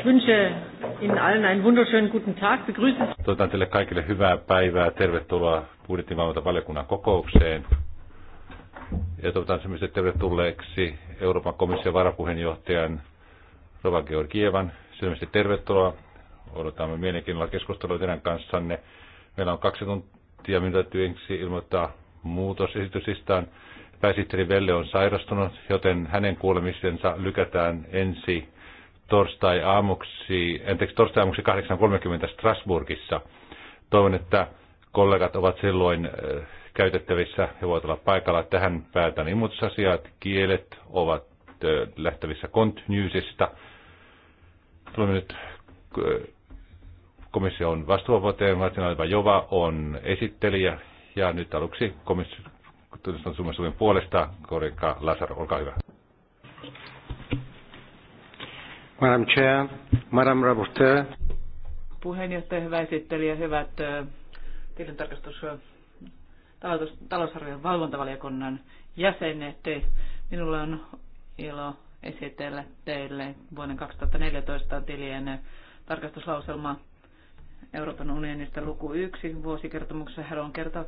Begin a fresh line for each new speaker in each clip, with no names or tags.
Ich wünsche Ihnen allen einen wunderschönen guten Tag.
Toivotan teille kaikille hyvää päivää. Tervetuloa valiokunnan kokoukseen. Ja toivotan semmoisesti tervetulleeksi Euroopan komission varapuheenjohtajan Rova Georgievan. Sydämesti tervetuloa. Odotamme mielenkiinnolla keskustelua teidän kanssanne. Meillä on kaksi tuntia, minun täytyy ensin ilmoittaa muutosesitysistään. Pääsihteeri Velle on sairastunut, joten hänen kuulemisensa lykätään ensi torstai-aamuksi, anteeksi, torstai-aamuksi 8.30 Strasbourgissa. Toivon, että kollegat ovat silloin äh, käytettävissä, he voivat olla paikalla tähän päätän niin imutusasiat, kielet ovat äh, lähtevissä Continuesista. Tulemme nyt äh, komission vastuuvuoteen, Martina Jova on esittelijä ja nyt aluksi komission Tunnustan Suomen puolesta, Korika Lasar, olkaa hyvä. Madam Chair, Madam Rapporteur.
Puheenjohtaja, hyvä esittelijä, hyvät tilintarkastus- talous- talousarvion valvontavaliokunnan jäsenet. Minulla on ilo esitellä teille vuoden 2014 tilien tarkastuslauselma Euroopan unionista luku 1 vuosikertomuksessa. Haluan kertoa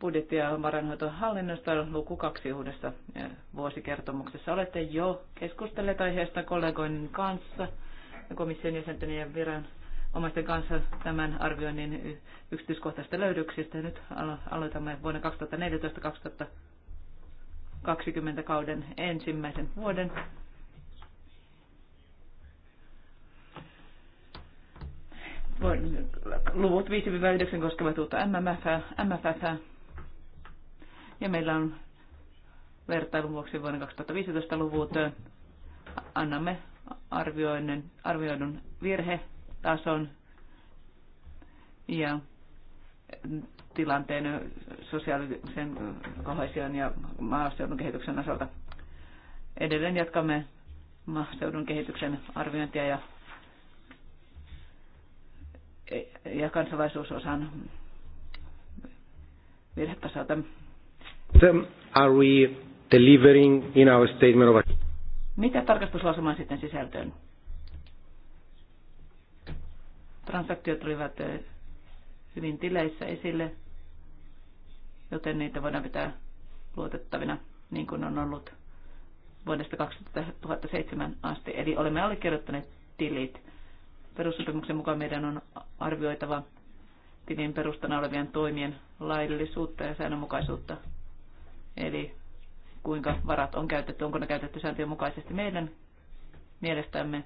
budjetti- ja varainhoitohallinnosta luku kaksi uudessa eh, vuosikertomuksessa. Olette jo keskustelleet aiheesta kollegoiden kanssa ja komission jäsenten ja viran omaisten kanssa tämän arvioinnin yksityiskohtaisista löydöksistä. Nyt aloitamme vuonna 2014-2020 kauden ensimmäisen vuoden. Luvut 5-9 koskevat uutta MFF, MFF ja meillä on vertailun vuoksi vuoden 2015 luvut. Annamme arvioinnin, arvioidun virhetason ja tilanteen sosiaalisen kohesion ja maaseudun kehityksen osalta. Edelleen jatkamme maaseudun kehityksen arviointia ja, ja kansalaisuusosan virhetasoita.
Are we delivering in our statement of...
Mitä tarkastuslausumaan sitten sisältöön? Transaktiot olivat hyvin tileissä esille, joten niitä voidaan pitää luotettavina, niin kuin on ollut vuodesta 2007 asti. Eli olemme allekirjoittaneet tilit. Perussopimuksen mukaan meidän on arvioitava tilin perustana olevien toimien laillisuutta ja säännönmukaisuutta Eli kuinka varat on käytetty, onko ne käytetty sääntöjen mukaisesti meidän mielestämme.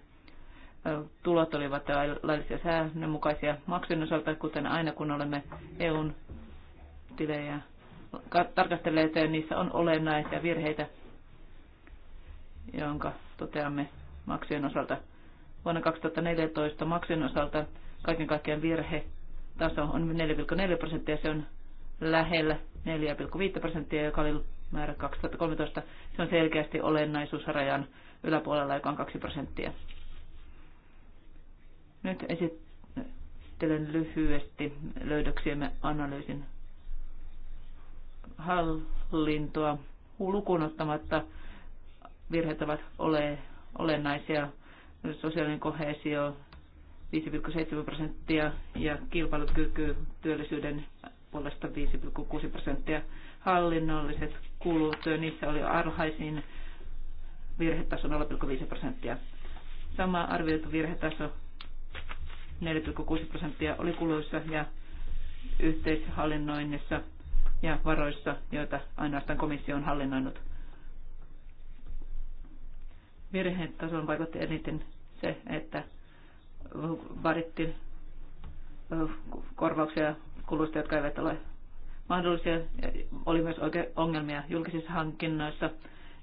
Tulot olivat laillisia säännönmukaisia maksujen osalta, kuten aina kun olemme EUn tilejä tarkastelleet, niissä on olennaisia virheitä, jonka toteamme maksujen osalta. Vuonna 2014 maksujen osalta kaiken kaikkiaan virhe taso on 4,4 prosenttia, se on lähellä 4,5 prosenttia, joka oli määrä 2013. Se on selkeästi olennaisuusrajan yläpuolella, joka on 2 prosenttia. Nyt esittelen lyhyesti löydöksiemme analyysin hallintoa lukuun ottamatta. Virheet ovat ole, olennaisia. Sosiaalinen kohesio 5,7 prosenttia ja kilpailukyky työllisyyden puolesta 5,6 prosenttia. Hallinnolliset kulut, niissä oli alhaisin virhetaso 0,5 prosenttia. Sama arvioitu virhetaso 4,6 prosenttia oli kuluissa ja yhteishallinnoinnissa ja varoissa, joita ainoastaan komissio on hallinnoinut. Virhetason vaikutti eniten se, että vaadittiin korvauksia kulusta, jotka eivät ole mahdollisia. Oli myös ongelmia julkisissa hankinnoissa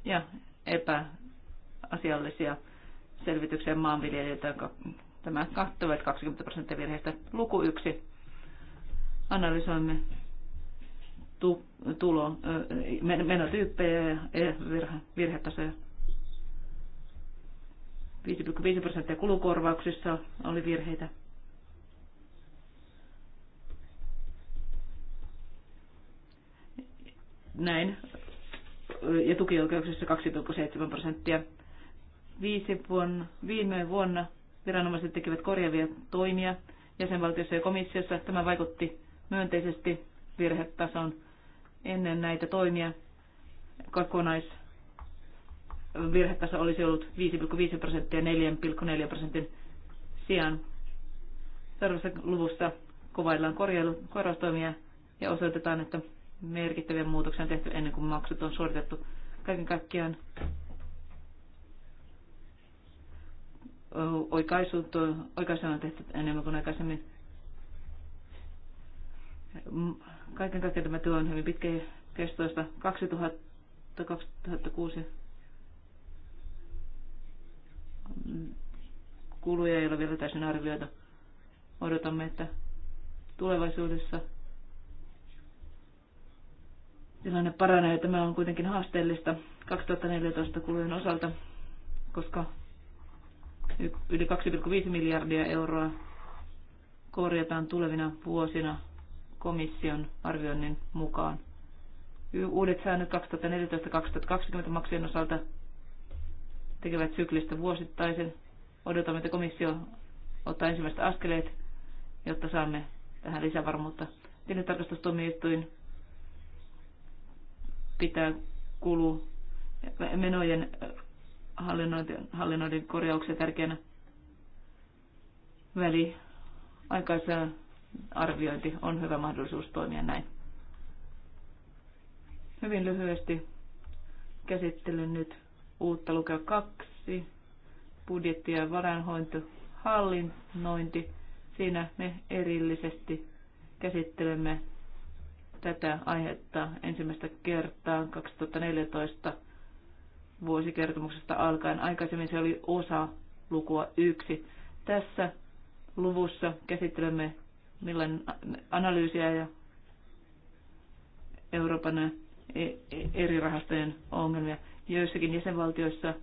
ja epäasiallisia selvityksiä maanviljelijöiltä, jotka tämä kattavat 20 prosenttia virheistä. Luku yksi. Analysoimme tu, tulo, menotyyppejä ja e-, virhe, virhetasoja. 5,5 prosenttia kulukorvauksissa oli virheitä. näin, ja tukioikeuksissa 2,7 prosenttia. Viisi vuonna, viime vuonna viranomaiset tekivät korjaavia toimia jäsenvaltiossa ja komissiossa. Tämä vaikutti myönteisesti virhetason ennen näitä toimia. Kokonais virhetaso olisi ollut 5,5 prosenttia 4,4 prosentin sijaan. Seuraavassa luvussa kuvaillaan korjaustoimia ja osoitetaan, että merkittäviä muutoksia on tehty ennen kuin maksut on suoritettu. Kaiken kaikkiaan oikaisu on tehty enemmän kuin aikaisemmin. Kaiken kaikkiaan tämä työ on hyvin kestoista. 2000-2006 kuluja ei ole vielä täysin arvioita. Odotamme, että tulevaisuudessa tilanne paranee. Tämä on kuitenkin haasteellista 2014 kulujen osalta, koska yli 2,5 miljardia euroa korjataan tulevina vuosina komission arvioinnin mukaan. Uudet säännöt 2014-2020 maksujen osalta tekevät syklistä vuosittaisen. Odotamme, että komissio ottaa ensimmäiset askeleet, jotta saamme tähän lisävarmuutta. Tilintarkastustuomioistuin pitää kulu menojen äh, hallinnoiden korjauksia tärkeänä väli aikaisen arviointi on hyvä mahdollisuus toimia näin. Hyvin lyhyesti käsittelen nyt uutta lukea kaksi, budjetti- ja hallinnointi Siinä me erillisesti käsittelemme tätä aihetta ensimmäistä kertaa 2014 vuosikertomuksesta alkaen. Aikaisemmin se oli osa lukua yksi. Tässä luvussa käsittelemme millainen analyysiä ja Euroopan e- e- eri rahastojen ongelmia. Joissakin jäsenvaltioissa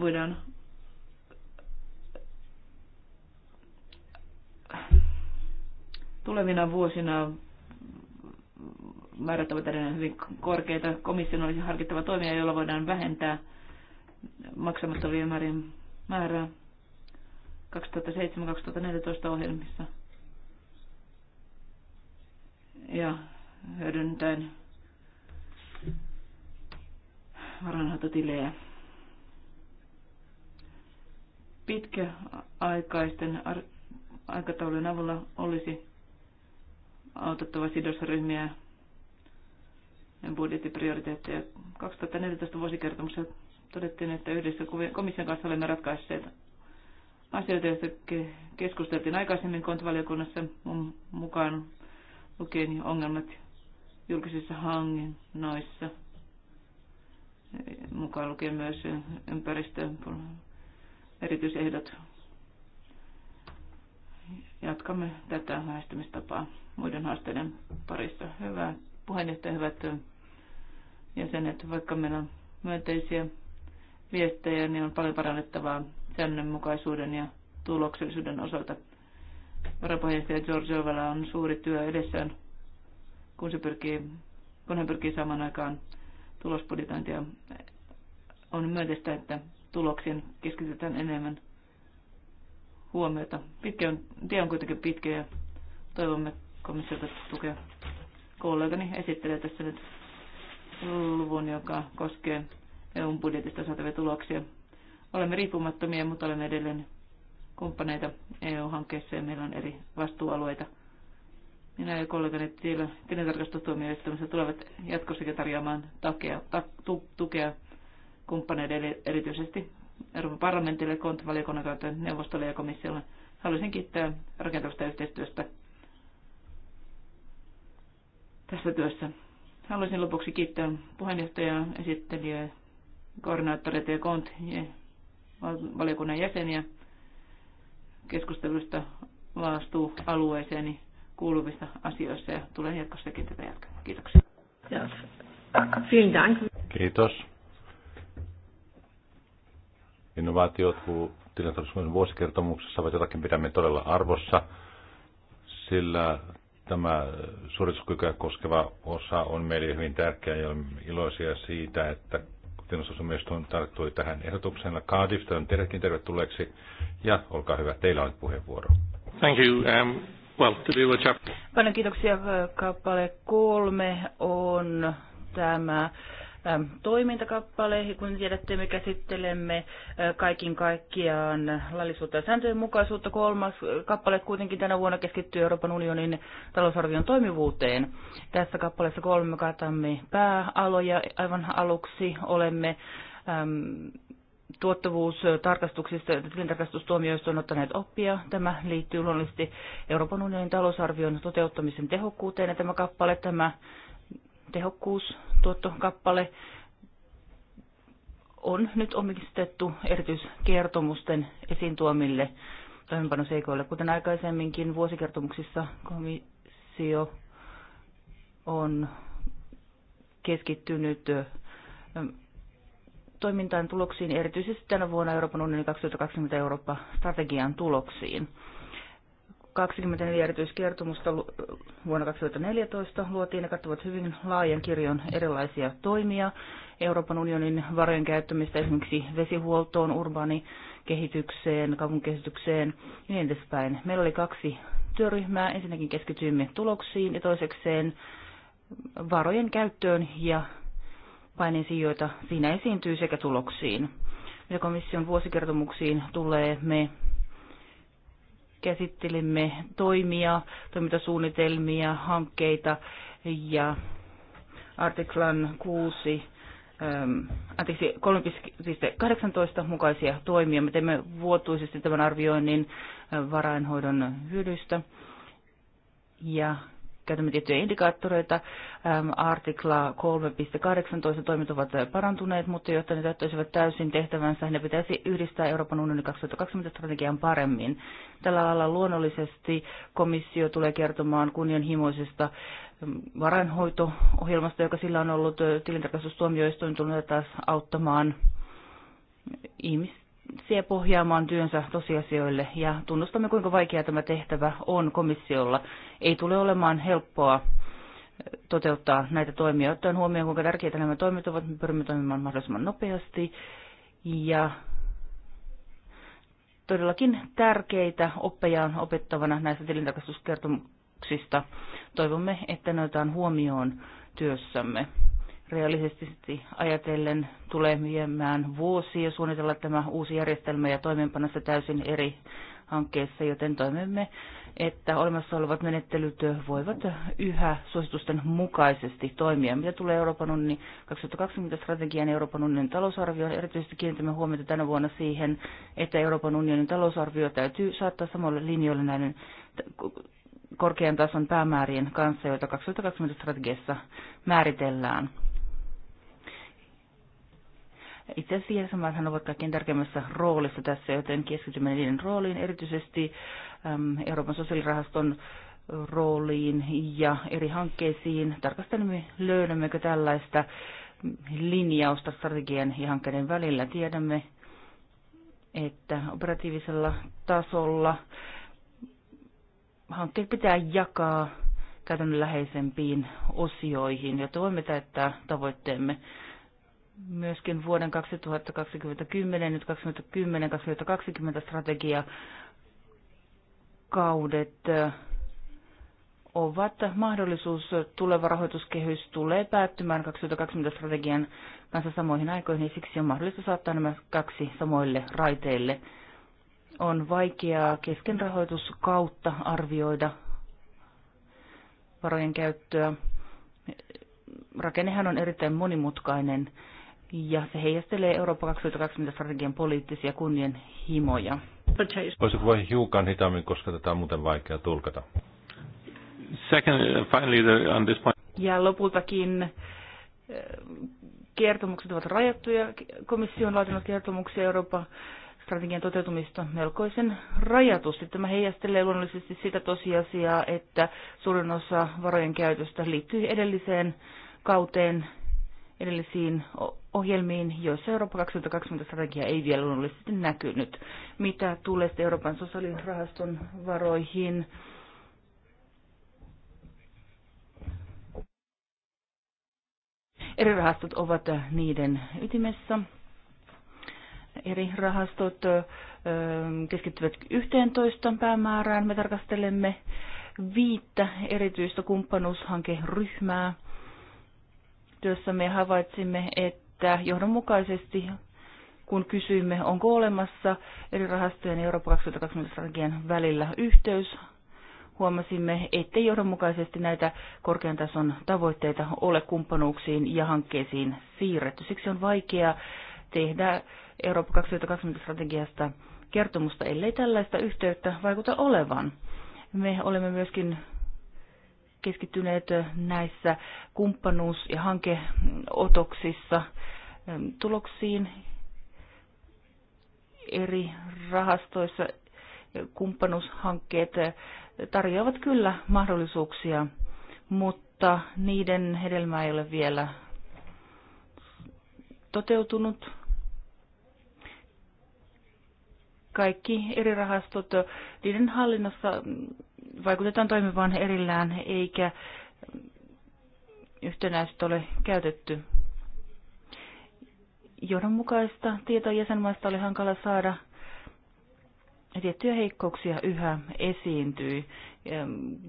voidaan Tulevina vuosina määrät ovat edelleen hyvin korkeita. Komission olisi harkittava toimia, jolla voidaan vähentää maksamattomien määrien määrää 2007-2014 ohjelmissa. Ja hyödyntäen varanhoitotilejä. Pitkäaikaisten ar- aikataulujen avulla olisi autettava sidosryhmiä ja budjettiprioriteetteja. 2014 vuosikertomuksessa todettiin, että yhdessä komission kanssa olemme ratkaisseet asioita, joista keskusteltiin aikaisemmin kontvaliokunnassa mukaan lukien ongelmat julkisissa hankinnoissa, mukaan lukien myös ympäristön erityisehdot. Jatkamme tätä lähestymistapaa muiden haasteiden parissa. Hyvä puheenjohtaja, hyvät jäsenet, vaikka meillä on myönteisiä viestejä, niin on paljon parannettavaa säännönmukaisuuden ja tuloksellisuuden osalta. Varapuheenjohtaja George Ovella on suuri työ edessään, kun, se pyrkii, kun hän pyrkii saamaan aikaan tulospuditointia. On myönteistä, että tuloksiin keskitytään enemmän huomiota. Pitkä on, tie on kuitenkin pitkä ja toivomme komissiota tukea. Kollegani esittelee tässä nyt luvun, joka koskee EUn budjetista saatavia tuloksia. Olemme riippumattomia, mutta olemme edelleen kumppaneita EU-hankkeessa ja meillä on eri vastuualueita. Minä ja kollegani tilintarkastustuomioistuimessa tulevat jatkossakin tarjoamaan takea, ta, tu, tukea kumppaneiden, erityisesti Euroopan parlamentille, kontavaliokunnan kautta neuvostolle ja komissiolle. Haluaisin kiittää rakentavasta yhteistyöstä tässä työssä. Haluaisin lopuksi kiittää puheenjohtajaa, esittelijää, koordinaattoreita ja kont ja valiokunnan jäseniä keskustelusta alueeseeni kuuluvissa asioissa ja tulen jatkossakin tätä jatkaa.
Kiitoksia. Kiitos. Innovaatiot tilintarkastuksen vuosikertomuksessa ovat jotakin pidämme todella arvossa, sillä tämä suorituskykyä koskeva osa on meille hyvin tärkeä ja olemme iloisia siitä, että tilastusomistuin tarttui tähän ehdotukseen. Cardiff, tämän teidätkin tervetulleeksi ja olkaa hyvä, teillä on puheenvuoro. Thank you. Um, well, to do a chap-
Paljon kiitoksia. Kappale kolme on tämä Ähm, toimintakappaleihin. Kun tiedätte, me käsittelemme äh, kaikin kaikkiaan laillisuutta ja sääntöjen mukaisuutta. Kolmas äh, kappale kuitenkin tänä vuonna keskittyy Euroopan unionin talousarvion toimivuuteen. Tässä kappaleessa kolme katamme pääaloja. Aivan aluksi olemme äm, tuottavuustarkastuksista tilintarkastustuomioista on ottaneet oppia. Tämä liittyy luonnollisesti Euroopan unionin talousarvion toteuttamisen tehokkuuteen ja tämä kappale, tämä tehokkuustuottokappale on nyt omistettu erityiskertomusten esiin tuomille toimenpanoseikoille. Kuten aikaisemminkin vuosikertomuksissa komissio on keskittynyt toimintaan tuloksiin, erityisesti tänä vuonna Euroopan unionin 2020 Eurooppa-strategian tuloksiin. 24 erityiskertomusta vuonna 2014 luotiin ja kattavat hyvin laajan kirjon erilaisia toimia. Euroopan unionin varojen käyttämistä esimerkiksi vesihuoltoon, urbaanikehitykseen, kaupunkikehitykseen ja niin edespäin. Meillä oli kaksi työryhmää. Ensinnäkin keskityimme tuloksiin ja toisekseen varojen käyttöön ja paineisiin, joita siinä esiintyy sekä tuloksiin. Ja komission vuosikertomuksiin tulee, me käsittelimme toimia, toimintasuunnitelmia, hankkeita ja artiklan 6 ähm, anteeksi, 3.18 mukaisia toimia. Me teemme vuotuisesti tämän arvioinnin äh, varainhoidon hyödyistä ja käytämme tiettyjä indikaattoreita. Artikla 3.18 toimet ovat parantuneet, mutta jotta ne täyttäisivät täysin tehtävänsä, ne pitäisi yhdistää Euroopan unionin 2020 strategian paremmin. Tällä alalla luonnollisesti komissio tulee kertomaan kunnianhimoisesta varainhoito-ohjelmasta, joka sillä on ollut tilintarkastustuomioistuin tulee taas auttamaan ihmis- se pohjaamaan työnsä tosiasioille ja tunnustamme, kuinka vaikea tämä tehtävä on komissiolla. Ei tule olemaan helppoa eh, toteuttaa näitä toimia. Ottaen huomioon, kuinka tärkeitä nämä toimet ovat, me pyrimme toimimaan mahdollisimman nopeasti ja todellakin tärkeitä oppeja on opettavana näistä tilintarkastuskertomuksista. Toivomme, että ne otetaan huomioon työssämme realistisesti ajatellen tulee viemään vuosia suunnitella tämä uusi järjestelmä ja toimeenpanossa täysin eri hankkeessa, joten toimimme, että olemassa olevat menettelyt voivat yhä suositusten mukaisesti toimia. Mitä tulee Euroopan unionin 2020 strategian Euroopan unionin talousarvioon, erityisesti kiinnitämme huomiota tänä vuonna siihen, että Euroopan unionin talousarvio täytyy saattaa samalle linjoille näiden korkean tason päämäärien kanssa, joita 2020 strategiassa määritellään. Itse asiassa jäsenmaathan ovat kaikkein tärkeimmässä roolissa tässä, joten keskitymme niiden rooliin, erityisesti Euroopan sosiaalirahaston rooliin ja eri hankkeisiin. Tarkastelemme, löydämmekö tällaista linjausta strategian ja hankkeiden välillä. Tiedämme, että operatiivisella tasolla hankkeet pitää jakaa käytännönläheisempiin osioihin, jotta voimme täyttää tavoitteemme myöskin vuoden 2020, nyt 2010-2020 strategia kaudet ovat mahdollisuus. Tuleva rahoituskehys tulee päättymään 2020 strategian kanssa samoihin aikoihin, ja niin siksi on mahdollista saattaa nämä kaksi samoille raiteille. On vaikeaa kesken rahoituskautta arvioida varojen käyttöä. Rakennehan on erittäin monimutkainen ja se heijastelee Eurooppa 2020 strategian poliittisia kunnianhimoja. Voisiko
voi hiukan hitaammin, koska tätä on muuten vaikea tulkata. Second, finally, the, on this point.
Ja lopultakin eh, kertomukset ovat rajattuja. Komissio on laatinut kertomuksia Euroopan strategian toteutumista melkoisen rajatusti. Tämä heijastelee luonnollisesti sitä tosiasiaa, että suurin osa varojen käytöstä liittyy edelliseen kauteen edellisiin ohjelmiin, joissa Eurooppa 2020-strategia ei vielä luonnollisesti näkynyt. Mitä tulee Euroopan sosiaalirahaston varoihin? Eri rahastot ovat niiden ytimessä. Eri rahastot keskittyvät 11 päämäärään. Me tarkastelemme viittä erityistä kumppanuushankeryhmää – työssämme havaitsimme, että johdonmukaisesti kun kysyimme, onko olemassa eri rahastojen ja Euroopan 2020 strategian välillä yhteys, huomasimme, ettei johdonmukaisesti näitä korkean tason tavoitteita ole kumppanuuksiin ja hankkeisiin siirretty. Siksi on vaikea tehdä Euroopan 2020 strategiasta kertomusta, ellei tällaista yhteyttä vaikuta olevan. Me olemme myöskin keskittyneet näissä kumppanuus- ja hankeotoksissa tuloksiin eri rahastoissa. Kumppanuushankkeet tarjoavat kyllä mahdollisuuksia, mutta niiden hedelmä ei ole vielä toteutunut. Kaikki eri rahastot, niiden hallinnossa vaikutetaan toimivan erillään, eikä yhtenäistä ole käytetty. Johdonmukaista tietoa jäsenmaista oli hankala saada. Tiettyjä heikkouksia yhä esiintyi.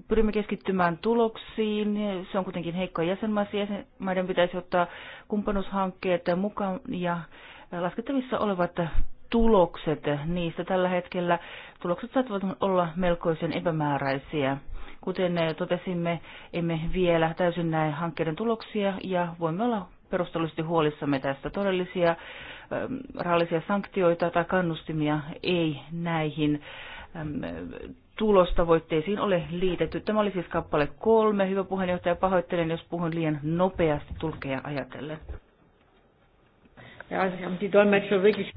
Pyrimme keskittymään tuloksiin. Se on kuitenkin heikko jäsenmaissa. Jäsenmaiden pitäisi ottaa kumppanuushankkeet mukaan ja laskettavissa olevat tulokset niistä tällä hetkellä. Tulokset saattavat olla melkoisen epämääräisiä. Kuten totesimme, emme vielä täysin näe hankkeiden tuloksia ja voimme olla perustellusti huolissamme tästä. Todellisia rahallisia sanktioita tai kannustimia ei näihin tulostavoitteisiin ole liitetty. Tämä oli siis kappale kolme. Hyvä puheenjohtaja, pahoittelen, jos puhun liian nopeasti tulkeja ajatellen. Ja, ja, die Dolmetscher wirklich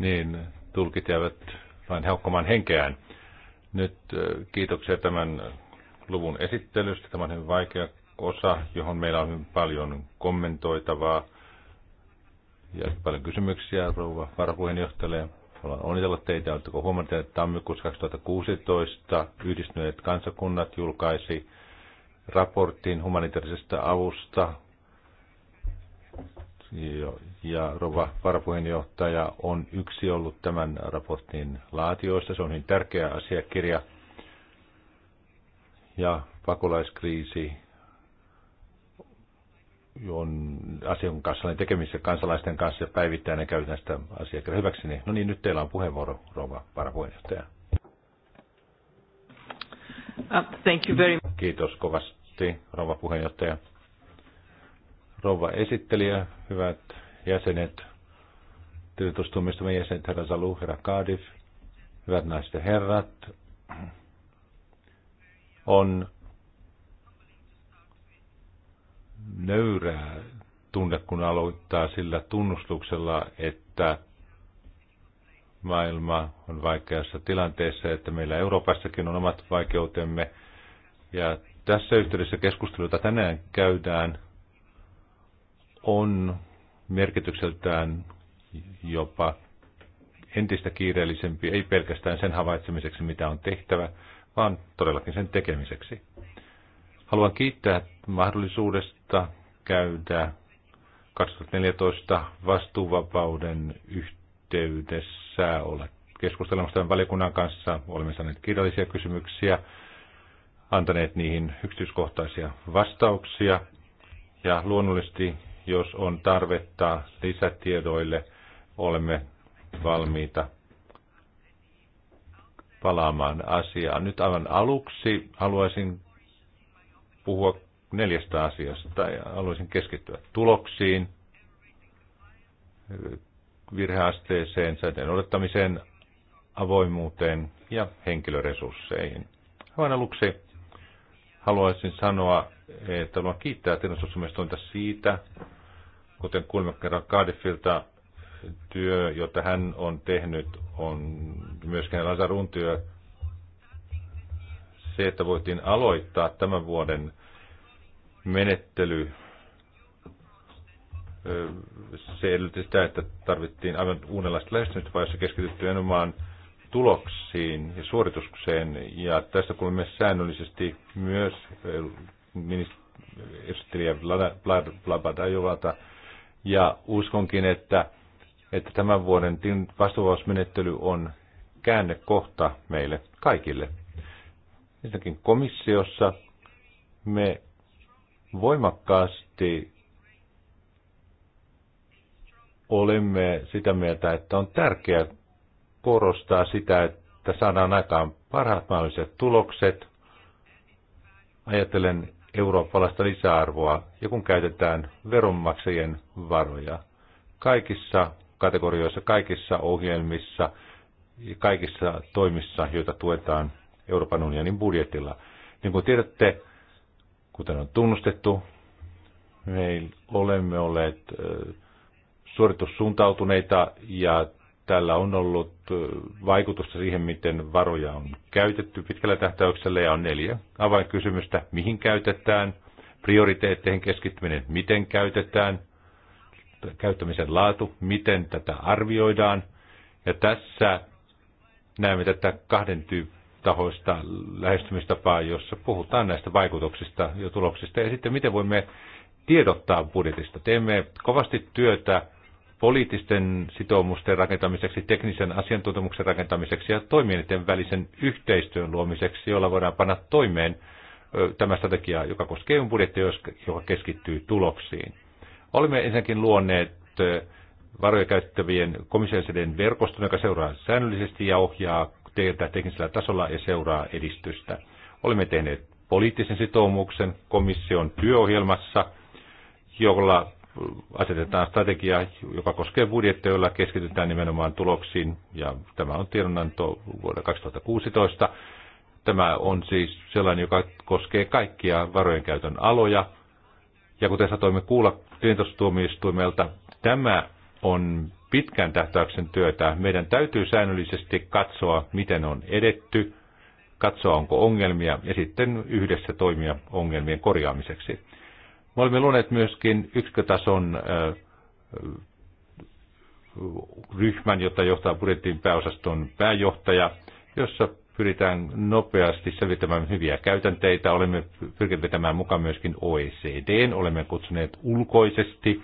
niin tulkit jäävät vain helkkomaan henkeään. Nyt kiitoksia tämän luvun esittelystä. Tämä on hyvin vaikea osa, johon meillä on hyvin paljon kommentoitavaa ja paljon kysymyksiä rouva varapuheenjohtajalle. Haluan onnitella teitä, oletteko huomannut, että tammikuussa 2016 yhdistyneet kansakunnat julkaisi raportin humanitaarisesta avusta, ja rova varapuheenjohtaja on yksi ollut tämän raportin laatioista. Se on niin tärkeä asiakirja. Ja pakolaiskriisi on asian kanssa olen tekemisissä kansalaisten kanssa ja päivittäin käytän sitä asiakirjaa hyväkseni. Niin, no niin, nyt teillä on puheenvuoro, rova varapuheenjohtaja. Uh, thank you very much. Kiitos kovasti, rova puheenjohtaja. Rova esittelijä, hyvät jäsenet, tilintustumistamme jäsenet, herra Zalu, herra Kadif, hyvät naiset ja herrat, on nöyrää tunne, kun aloittaa sillä tunnustuksella, että maailma on vaikeassa tilanteessa, että meillä Euroopassakin on omat vaikeutemme. Ja tässä yhteydessä keskustelu, jota tänään käydään, on merkitykseltään jopa entistä kiireellisempi, ei pelkästään sen havaitsemiseksi, mitä on tehtävä, vaan todellakin sen tekemiseksi. Haluan kiittää mahdollisuudesta käydä 2014 vastuuvapauden yhteydessä olla keskustelemassa tämän valiokunnan kanssa. Olemme saaneet kirjallisia kysymyksiä, antaneet niihin yksityiskohtaisia vastauksia ja luonnollisesti jos on tarvetta lisätiedoille, olemme valmiita palaamaan asiaan. Nyt aivan aluksi haluaisin puhua neljästä asiasta ja haluaisin keskittyä tuloksiin, virheasteeseen, säteen odottamiseen, avoimuuteen ja henkilöresursseihin. Aivan aluksi haluaisin sanoa, että haluan kiittää tilastusosaamistointa siitä, kuten kuulimme kerran Cardiffilta, työ, jota hän on tehnyt, on myöskin Lazarun työ. Se, että voitiin aloittaa tämän vuoden menettely, se edellytti sitä, että tarvittiin aivan uudenlaista lähestymistapaa, jossa keskityttiin enemmän tuloksiin ja suoritukseen. Ja tästä kuulemme säännöllisesti myös eh, ministeriä Blabadajovalta. Ja uskonkin, että, että tämän vuoden vastuuvausmenettely on käännekohta meille kaikille. Ensinnäkin komissiossa me voimakkaasti olemme sitä mieltä, että on tärkeää korostaa sitä, että saadaan aikaan parhaat mahdolliset tulokset. Ajattelen eurooppalaista lisäarvoa ja kun käytetään veronmaksajien varoja kaikissa kategorioissa, kaikissa ohjelmissa ja kaikissa toimissa, joita tuetaan Euroopan unionin budjetilla. Niin kuin tiedätte, kuten on tunnustettu, me olemme olleet suoritussuuntautuneita ja tällä on ollut vaikutusta siihen, miten varoja on käytetty pitkällä tähtäyksellä ja on neljä avainkysymystä, mihin käytetään, prioriteetteihin keskittyminen, miten käytetään, käyttämisen laatu, miten tätä arvioidaan. Ja tässä näemme tätä kahden tahoista lähestymistapaa, jossa puhutaan näistä vaikutuksista ja tuloksista. Ja sitten miten voimme tiedottaa budjetista. Teemme kovasti työtä poliittisten sitoumusten rakentamiseksi, teknisen asiantuntemuksen rakentamiseksi ja toimijoiden välisen yhteistyön luomiseksi, jolla voidaan panna toimeen tämä strategia, joka koskee eu budjettia, joka keskittyy tuloksiin. Olemme ensinnäkin luonneet varoja käyttävien komissioiden verkoston, joka seuraa säännöllisesti ja ohjaa teiltä teknisellä tasolla ja seuraa edistystä. Olemme tehneet poliittisen sitoumuksen komission työohjelmassa, jolla asetetaan strategia, joka koskee budjettia, jolla keskitytään nimenomaan tuloksiin, ja tämä on tiedonanto vuodelta 2016. Tämä on siis sellainen, joka koskee kaikkia varojen käytön aloja, ja kuten saatoimme kuulla tilintostuomioistuimelta, tämä on pitkän tähtäyksen työtä. Meidän täytyy säännöllisesti katsoa, miten on edetty, katsoa, onko ongelmia, ja sitten yhdessä toimia ongelmien korjaamiseksi. Me olemme luoneet myöskin yksikötason ryhmän, jota johtaa budjettiin pääosaston pääjohtaja, jossa pyritään nopeasti selvittämään hyviä käytänteitä. Olemme pyrkineet vetämään mukaan myöskin OECDn. Olemme kutsuneet ulkoisesti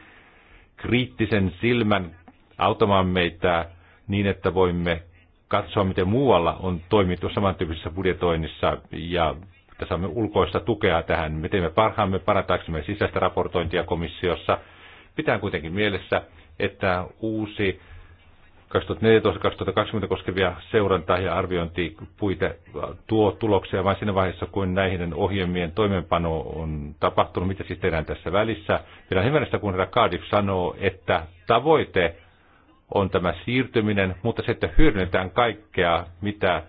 kriittisen silmän auttamaan meitä niin, että voimme katsoa, miten muualla on toimittu samantyyppisessä budjetoinnissa ja että saamme ulkoista tukea tähän. Me teemme parhaamme parantaaksemme sisäistä raportointia komissiossa. Pitää kuitenkin mielessä, että uusi 2014-2020 koskevia seuranta- ja arviointipuite tuo tuloksia vain siinä vaiheessa, kun näihin ohjelmien toimeenpano on tapahtunut. Mitä siis tehdään tässä välissä? Pidän hyvänä kun herra Cardiff sanoo, että tavoite on tämä siirtyminen, mutta se, että hyödynnetään kaikkea, mitä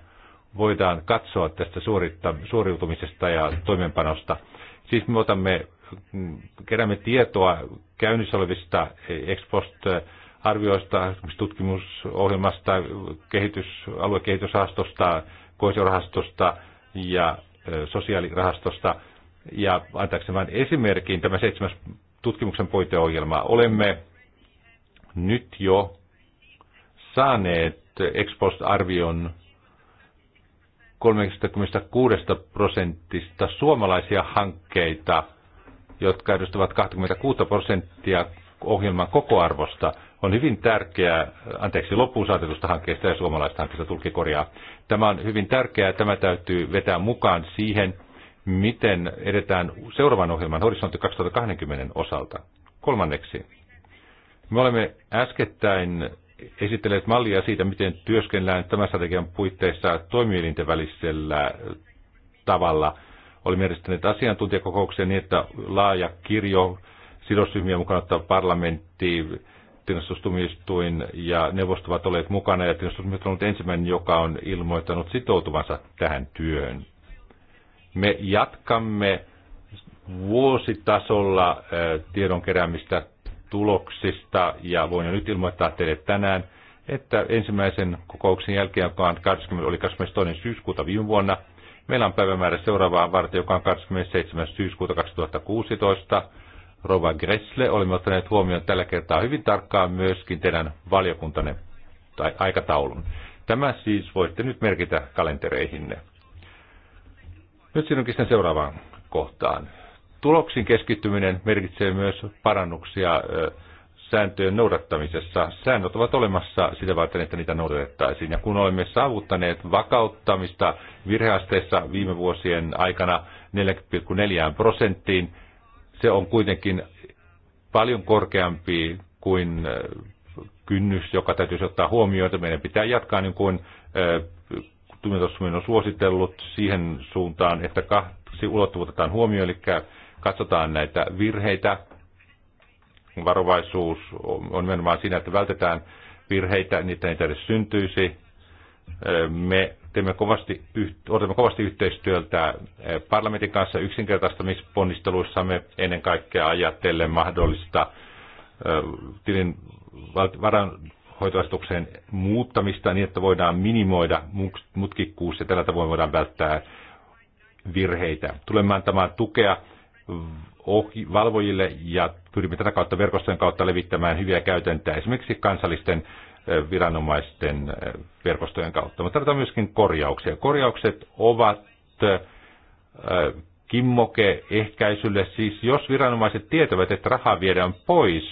voidaan katsoa tästä suoritta, suoriutumisesta ja toimenpanosta. Siis me otamme, mm, keräämme tietoa käynnissä olevista e, ex post e, arvioista, tutkimusohjelmasta, kehitys, aluekehitysrahastosta, koisorahastosta ja e, sosiaalirahastosta. Ja antaakseni vain esimerkin, tämä seitsemäs tutkimuksen puiteohjelma, olemme nyt jo saaneet ex post arvion 36 prosentista suomalaisia hankkeita, jotka edustavat 26 prosenttia ohjelman kokoarvosta, on hyvin tärkeää, anteeksi, loppuun saatetusta hankkeesta ja suomalaista hankkeesta korjaa. Tämä on hyvin tärkeää, tämä täytyy vetää mukaan siihen, miten edetään seuraavan ohjelman horisontti 2020 osalta. Kolmanneksi, me olemme äskettäin Esittelet mallia siitä, miten työskennellään tämän strategian puitteissa toimielinten välisellä tavalla. Olimme järjestäneet asiantuntijakokouksia niin, että laaja kirjo sidosryhmiä mukana ottaa parlamentti, tilastustumistuin ja neuvostot ovat olleet mukana ja tilastustumistuin on ollut ensimmäinen, joka on ilmoittanut sitoutuvansa tähän työhön. Me jatkamme vuositasolla tiedon keräämistä tuloksista ja voin jo nyt ilmoittaa teille tänään, että ensimmäisen kokouksen jälkeen, joka on 20, oli 22. syyskuuta viime vuonna, meillä on päivämäärä seuraavaan varten, joka on 27. syyskuuta 2016. Rova Gressle, olemme ottaneet huomioon tällä kertaa hyvin tarkkaan myöskin teidän valiokuntanne tai aikataulun. Tämä siis voitte nyt merkitä kalentereihinne. Nyt sinunkin sen seuraavaan kohtaan tuloksiin keskittyminen merkitsee myös parannuksia sääntöjen noudattamisessa. Säännöt ovat olemassa sitä varten, että niitä noudatettaisiin. Ja kun olemme saavuttaneet vakauttamista virheasteessa viime vuosien aikana 4,4 prosenttiin, se on kuitenkin paljon korkeampi kuin kynnys, joka täytyisi ottaa huomioon, että meidän pitää jatkaa niin kuin Tumitusmin on suositellut siihen suuntaan, että kaksi ulottuvuutetaan huomioon, eli katsotaan näitä virheitä. Varovaisuus on nimenomaan siinä, että vältetään virheitä, niitä ei edes syntyisi. Me teemme kovasti, odotamme kovasti yhteistyötä eh, parlamentin kanssa yksinkertaistamisponnisteluissamme ennen kaikkea ajatellen mahdollista eh, tilin varanhoitoasetuksen muuttamista niin, että voidaan minimoida mutkikkuus ja tällä tavoin voidaan välttää virheitä. Tulemme antamaan tukea valvojille ja pyrimme tätä kautta verkostojen kautta levittämään hyviä käytäntöjä esimerkiksi kansallisten viranomaisten verkostojen kautta. Mutta tarvitaan myöskin korjauksia. Korjaukset ovat kimmoke ehkäisylle. Siis jos viranomaiset tietävät, että rahaa viedään pois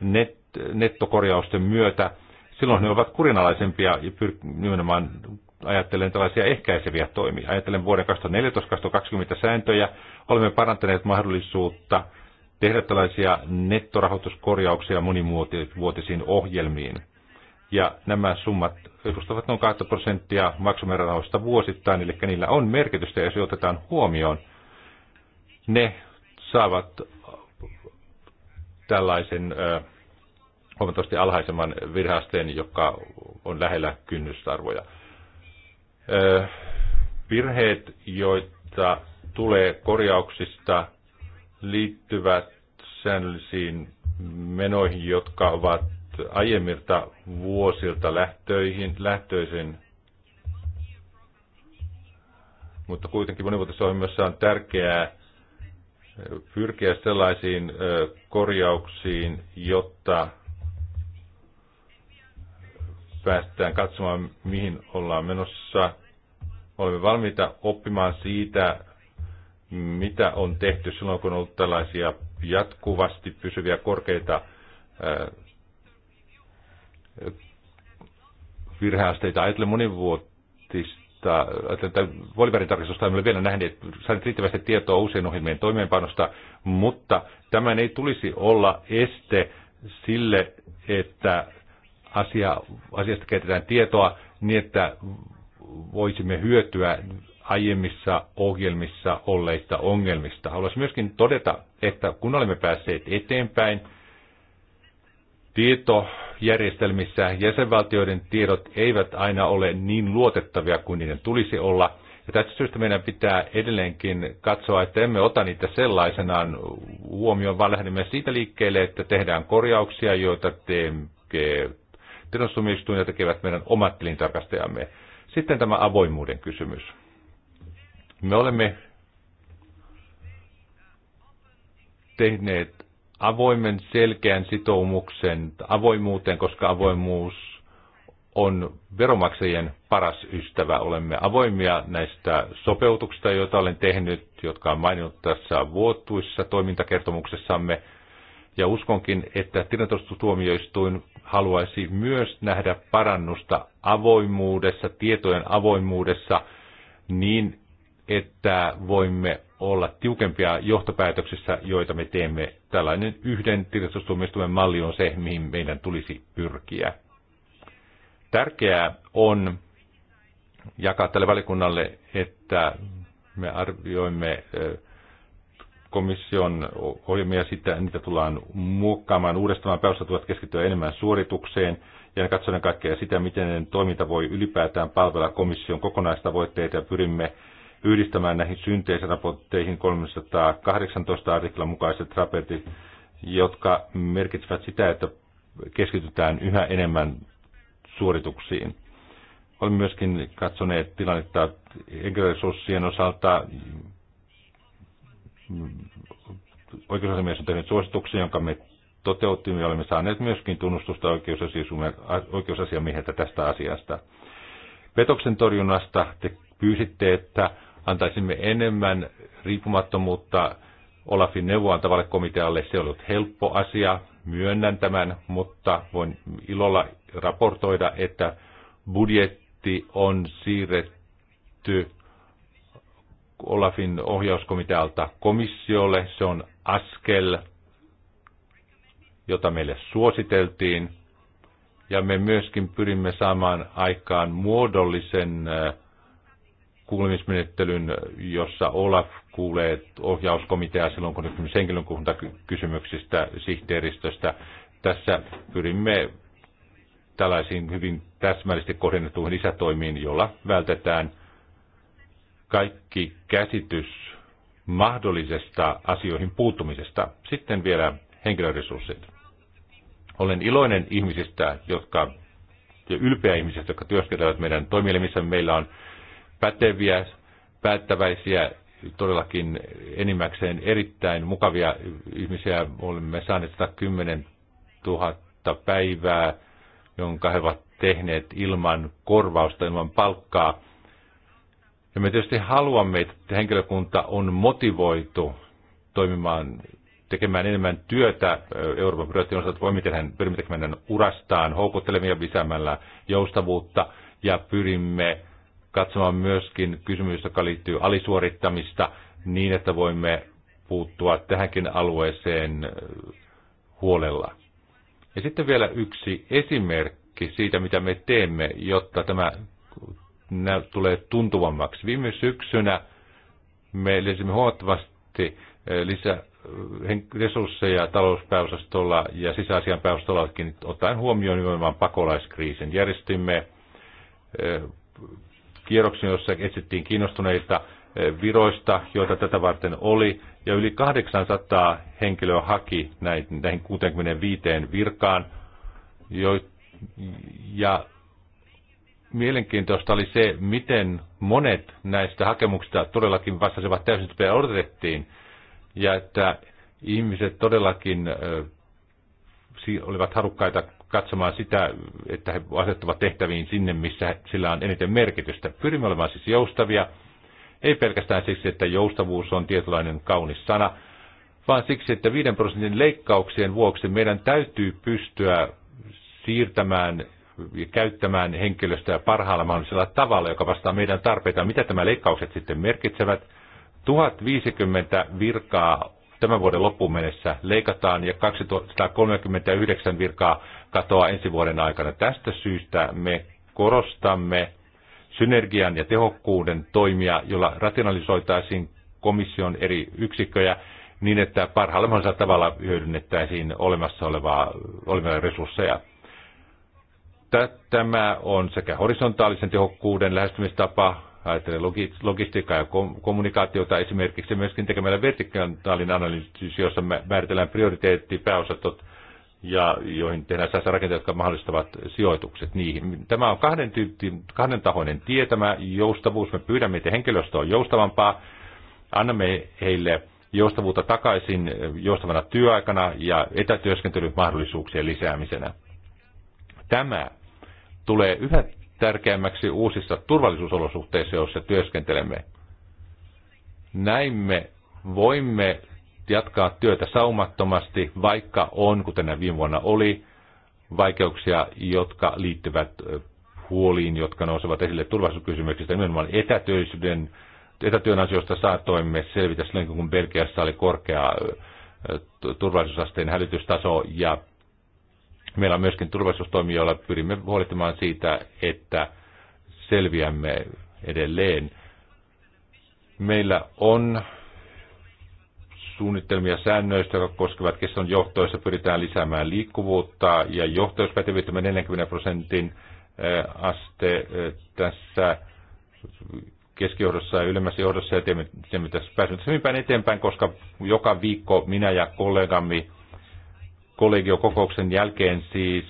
net, nettokorjausten myötä, silloin ne ovat kurinalaisempia ja pyr- nimenomaan ajattelen tällaisia ehkäiseviä toimia. Ajattelen vuoden 2014-2020 sääntöjä. Olemme parantaneet mahdollisuutta tehdä tällaisia nettorahoituskorjauksia monivuotisiin ohjelmiin. Ja nämä summat edustavat noin 2 prosenttia maksumäärärahoista vuosittain, eli niillä on merkitystä, jos otetaan huomioon. Ne saavat tällaisen huomattavasti alhaisemman virhasteen, joka on lähellä kynnysarvoja. Virheet, joita tulee korjauksista, liittyvät säännöllisiin menoihin, jotka ovat aiemmilta vuosilta lähtöihin, lähtöisin. Mutta kuitenkin monivuotisohjelmassa on tärkeää pyrkiä sellaisiin korjauksiin, jotta päästään katsomaan, mihin ollaan menossa. Olemme valmiita oppimaan siitä, mitä on tehty silloin, kun on ollut tällaisia jatkuvasti pysyviä korkeita virheasteita. Ajattelen monivuotista, ajattelen puoliväritarkistusta emme ole vielä nähneet, saaneet riittävästi tietoa uusien ohjelmien toimeenpanosta, mutta tämän ei tulisi olla este sille, että asia, asiasta käytetään tietoa niin, että voisimme hyötyä aiemmissa ohjelmissa olleista ongelmista. Haluaisin myöskin todeta, että kun olemme päässeet eteenpäin tietojärjestelmissä, jäsenvaltioiden tiedot eivät aina ole niin luotettavia kuin niiden tulisi olla. Ja tästä syystä meidän pitää edelleenkin katsoa, että emme ota niitä sellaisenaan huomioon, vaan lähdemme siitä liikkeelle, että tehdään korjauksia, joita teemme tilastumistuin ja tekevät meidän omat tilintarkastajamme. Sitten tämä avoimuuden kysymys. Me olemme tehneet avoimen selkeän sitoumuksen avoimuuteen, koska avoimuus on veromaksajien paras ystävä. Olemme avoimia näistä sopeutuksista, joita olen tehnyt, jotka on maininnut tässä vuotuissa toimintakertomuksessamme – ja uskonkin, että tilintarkastustuomioistuin haluaisi myös nähdä parannusta avoimuudessa, tietojen avoimuudessa, niin että voimme olla tiukempia johtopäätöksissä, joita me teemme. Tällainen yhden tilintarkastustuomioistuimen malli on se, mihin meidän tulisi pyrkiä. Tärkeää on jakaa tälle valikunnalle, että me arvioimme komission ohjelmia, sitä, niitä tullaan muokkaamaan uudestaan. Pääosat tulevat keskittyä enemmän suoritukseen ja katsoen kaikkea sitä, miten toiminta voi ylipäätään palvella komission kokonaistavoitteita ja pyrimme yhdistämään näihin synteisraportteihin 318 artiklan mukaiset raportit, jotka merkitsevät sitä, että keskitytään yhä enemmän suorituksiin. Olemme myöskin katsoneet tilannetta henkilöresurssien osalta, Oikeusasiamies on tehnyt suosituksen, jonka me toteuttimme ja olemme saaneet myöskin tunnustusta oikeusasiamieheltä tästä asiasta. Petoksen torjunnasta te pyysitte, että antaisimme enemmän riippumattomuutta Olafin neuvoantavalle komitealle. Se on ollut helppo asia, myönnän tämän, mutta voin ilolla raportoida, että budjetti on siirretty Olafin ohjauskomitealta komissiolle. Se on askel, jota meille suositeltiin. Ja me myöskin pyrimme saamaan aikaan muodollisen äh, kuulemismenettelyn, jossa Olaf kuulee ohjauskomitea silloin, kun henkilökunta kysymyksistä sihteeristöstä. Tässä pyrimme tällaisiin hyvin täsmällisesti kohdennettuihin lisätoimiin, jolla vältetään – kaikki käsitys mahdollisesta asioihin puuttumisesta. Sitten vielä henkilöresurssit. Olen iloinen ihmisistä, jotka, ja ylpeä ihmisistä, jotka työskentelevät meidän toimielimissä. Meillä on päteviä, päättäväisiä, todellakin enimmäkseen erittäin mukavia ihmisiä. Olemme saaneet 110 000 päivää, jonka he ovat tehneet ilman korvausta, ilman palkkaa – ja me tietysti haluamme, että henkilökunta on motivoitu toimimaan, tekemään enemmän työtä Euroopan projektin osalta, voimme tehdä, pyrimme tekemään urastaan houkuttelemia lisäämällä joustavuutta ja pyrimme katsomaan myöskin kysymys, joka liittyy alisuorittamista niin, että voimme puuttua tähänkin alueeseen huolella. Ja sitten vielä yksi esimerkki siitä, mitä me teemme, jotta tämä tulee tuntuvammaksi. Viime syksynä me lisäsimme huomattavasti eh, lisä, eh, resursseja talouspääosastolla ja sisäasian pääosastollakin ottaen huomioon nimenomaan pakolaiskriisin. Järjestimme eh, kierroksen, jossa etsittiin kiinnostuneita viroista, joita tätä varten oli, ja yli 800 henkilöä haki näihin 65 virkaan, jo, ja Mielenkiintoista oli se, miten monet näistä hakemuksista todellakin vastasivat täysin, mitä odotettiin, ja että ihmiset todellakin olivat harukkaita katsomaan sitä, että he asettavat tehtäviin sinne, missä sillä on eniten merkitystä. Pyrimme olemaan siis joustavia, ei pelkästään siksi, että joustavuus on tietynlainen kaunis sana, vaan siksi, että 5 prosentin leikkauksien vuoksi meidän täytyy pystyä siirtämään ja käyttämään henkilöstöä parhaalla mahdollisella tavalla, joka vastaa meidän tarpeita. Mitä tämä leikkaukset sitten merkitsevät? 1050 virkaa tämän vuoden loppuun mennessä leikataan ja 239 virkaa katoaa ensi vuoden aikana. Tästä syystä me korostamme synergian ja tehokkuuden toimia, jolla rationalisoitaisiin komission eri yksikköjä niin, että parhaalla mahdollisella tavalla hyödynnettäisiin olemassa olevaa, olevaa resursseja. Tämä on sekä horisontaalisen tehokkuuden lähestymistapa, ajatellen logistiikkaa ja kommunikaatiota esimerkiksi myöskin tekemällä vertikaalinen analyysi, jossa määritellään prioriteetti, pääosatot ja joihin tehdään säässä rakenteita, jotka mahdollistavat sijoitukset niihin. Tämä on kahden, tyyppi, kahden tahoinen tie, tämä joustavuus. Me pyydämme, että henkilöstö on joustavampaa. Annamme heille joustavuutta takaisin joustavana työaikana ja etätyöskentelymahdollisuuksien lisäämisenä. Tämä tulee yhä tärkeämmäksi uusissa turvallisuusolosuhteissa, joissa työskentelemme. Näimme voimme jatkaa työtä saumattomasti, vaikka on, kuten viime vuonna oli, vaikeuksia, jotka liittyvät huoliin, jotka nousevat esille turvallisuuskysymyksistä. Nimenomaan etätyöllisyyden, etätyön asioista saatoimme selvitä silloin, kun Belgiassa oli korkea turvallisuusasteen hälytystaso ja Meillä on myöskin turvallisuustoimijoilla, pyrimme huolehtimaan siitä, että selviämme edelleen. Meillä on suunnitelmia säännöistä, jotka koskevat keston johtoissa, pyritään lisäämään liikkuvuutta ja johtoispätevyyttä 40 prosentin eh, aste eh, tässä keskijohdossa ja ylemmässä johdossa ja teemme teemme tässä pääsemme hyvin päin eteenpäin, koska joka viikko minä ja kollegamme kollegiokokouksen jälkeen siis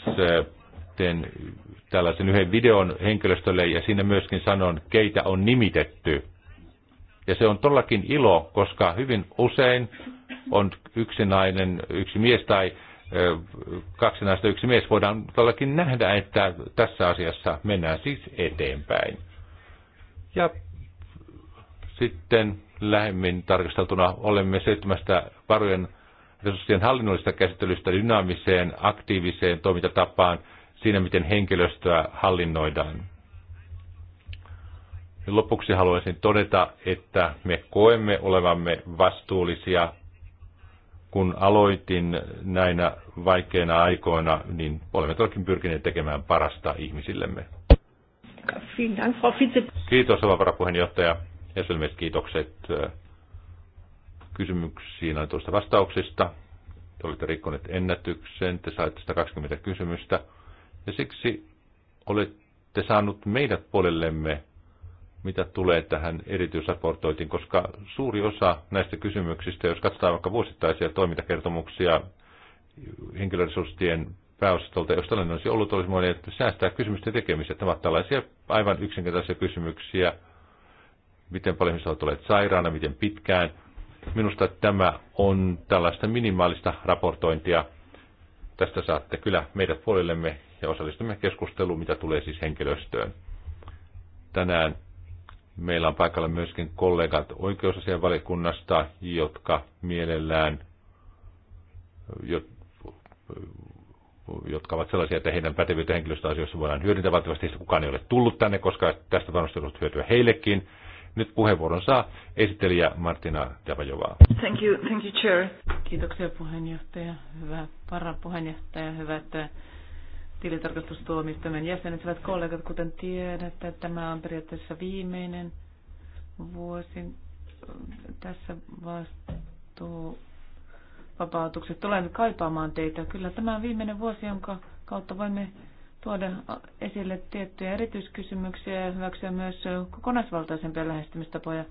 teen tällaisen yhden videon henkilöstölle ja siinä myöskin sanon, keitä on nimitetty. Ja se on todellakin ilo, koska hyvin usein on yksi nainen, yksi mies tai kaksi naista, yksi mies. Voidaan todellakin nähdä, että tässä asiassa mennään siis eteenpäin. Ja sitten lähemmin tarkasteltuna olemme seitsemästä varojen resurssien hallinnollista käsittelystä dynaamiseen, aktiiviseen toimintatapaan siinä, miten henkilöstöä hallinnoidaan. Lopuksi haluaisin todeta, että me koemme olevamme vastuullisia. Kun aloitin näinä vaikeina aikoina, niin olemme toki pyrkineet tekemään parasta ihmisillemme. Kiitos, vaparapuheenjohtaja. Ja myös kiitokset äh, kysymyksiin annetuista vastauksista. Te olette rikkoneet ennätyksen, te saitte 120 kysymystä. Ja siksi olette saanut meidät puolellemme, mitä tulee tähän erityisraportoitiin, koska suuri osa näistä kysymyksistä, jos katsotaan vaikka vuosittaisia toimintakertomuksia henkilöresurssien pääosastolta, jos tällainen olisi ollut, olisi että säästää kysymysten tekemistä. tämä on tällaisia aivan yksinkertaisia kysymyksiä, miten paljon ihmiset ovat olleet sairaana, miten pitkään – Minusta tämä on tällaista minimaalista raportointia. Tästä saatte kyllä meidät puolillemme ja osallistumme keskusteluun, mitä tulee siis henkilöstöön. Tänään meillä on paikalla myöskin kollegat oikeusasianvalikunnasta, jotka mielellään, jotka ovat sellaisia, että heidän pätevyyttä henkilöstöasioissa voidaan hyödyntää. Valtavasti kukaan ei ole tullut tänne, koska tästä varmasti on ollut hyötyä heillekin. Nyt puheenvuoron saa esittelijä Martina Javajovaa.
Thank you, thank you, Chair. Kiitoksia puheenjohtaja, hyvä varapuheenjohtaja, hyvät eh, tilintarkastustuomistamien jäsenet, hyvät kollegat, kuten tiedätte, tämä on periaatteessa viimeinen vuosi eh, tässä vastuu vapautukset. Tulen kaipaamaan teitä. Kyllä tämä on viimeinen vuosi, jonka kautta voimme tuoda esille tiettyjä erityiskysymyksiä ja hyväksyä myös kokonaisvaltaisempia lähestymistapoja.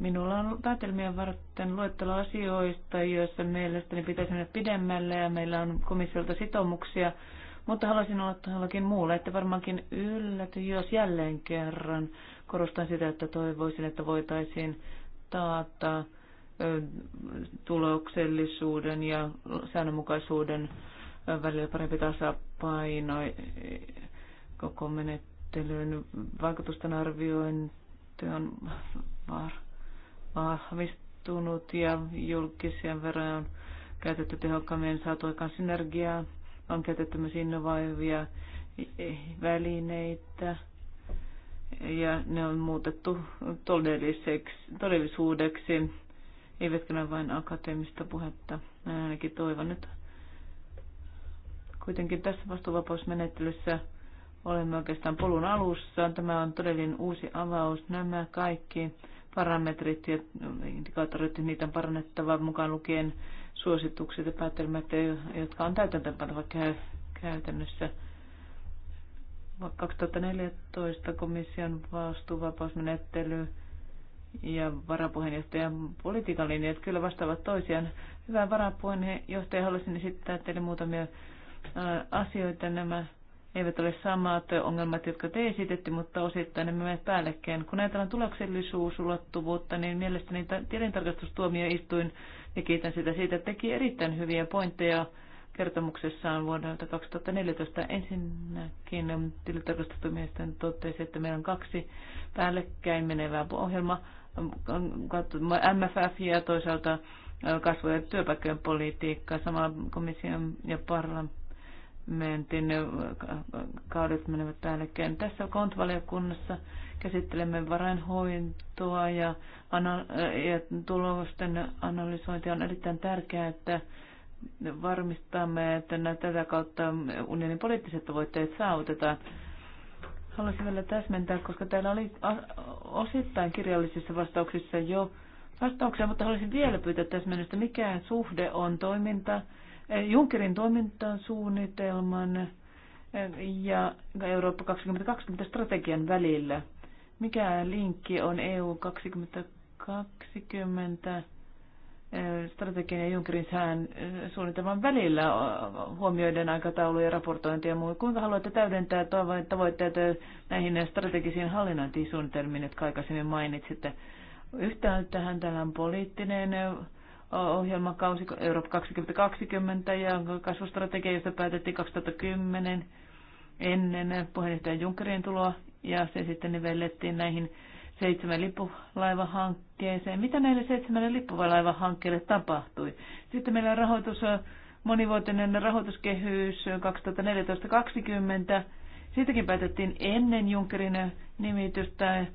Minulla on päätelmien varten luettelo asioista, joissa mielestäni pitäisi mennä pidemmälle ja meillä on komissiolta sitoumuksia, mutta haluaisin olla jollakin muulla, että varmaankin ylläty, jos jälleen kerran korostan sitä, että toivoisin, että voitaisiin taata tuloksellisuuden ja säännönmukaisuuden välillä parempi tasapaino e, koko menettelyn vaikutusten arviointi on vahvistunut ja julkisia veroja on käytetty tehokkaammin saatu aikaan synergiaa, on käytetty myös innovaivia välineitä ja ne on muutettu todelliseksi, todellisuudeksi eivätkä ne vain akateemista puhetta. Mä ainakin toivon nyt. Kuitenkin tässä vastuuvapausmenettelyssä olemme oikeastaan polun alussa. Tämä on todellinen uusi avaus. Nämä kaikki parametrit ja indikaattorit, niitä on parannettava mukaan lukien suositukset ja päätelmät, jotka on täytäntöönpantava käytännössä. 2014 komission vastuuvapausmenettely ja varapuheenjohtajan politiikan linjat kyllä vastaavat toisiaan. Hyvä varapuheenjohtaja, haluaisin esittää teille muutamia asioita. Nämä eivät ole samat ongelmat, jotka te esitette, mutta osittain ne menevät päällekkäin. Kun ajatellaan tuloksellisuusulottuvuutta, niin mielestäni tilintarkastustuomioistuin, ja kiitän sitä siitä, teki erittäin hyviä pointteja kertomuksessaan vuodelta 2014. Ensinnäkin tilintarkastustuomioistuin totesi, että meillä on kaksi päällekkäin menevää ohjelmaa MFF ja toisaalta kasvu- ja työpaikkojen politiikka. Samalla komission ja parlamentin kaudet menevät päällekkäin. Tässä kontvaliokunnassa käsittelemme varainhoitoa ja, ja tulosten analysointia. On erittäin tärkeää, että varmistamme, että tätä kautta unionin poliittiset tavoitteet saavutetaan. Haluaisin vielä täsmentää, koska täällä oli osittain kirjallisissa vastauksissa jo vastauksia, mutta haluaisin vielä pyytää täsmennystä, mikä suhde on toiminta, eh, Junckerin toimintasuunnitelman eh, ja Eurooppa 2020 strategian välillä. Mikä linkki on EU 2020 strategian ja Junckerin sään suunnitelman välillä huomioiden aikataulu ja raportointi ja muu. Kuinka haluatte täydentää tavoitteet näihin strategisiin hallinnointisuunnitelmiin, jotka aikaisemmin mainitsitte? tähän tällä on poliittinen ohjelmakausi Eurooppa 2020 ja kasvustrategia, josta päätettiin 2010 ennen puheenjohtajan Junckerin tuloa ja se sitten nivellettiin näihin seitsemän lippulaivahankkeeseen. Mitä näille seitsemän lippulaivahankkeelle tapahtui? Sitten meillä on rahoitus, monivuotinen rahoituskehys 2014-2020. Siitäkin päätettiin ennen Junckerin nimitystä.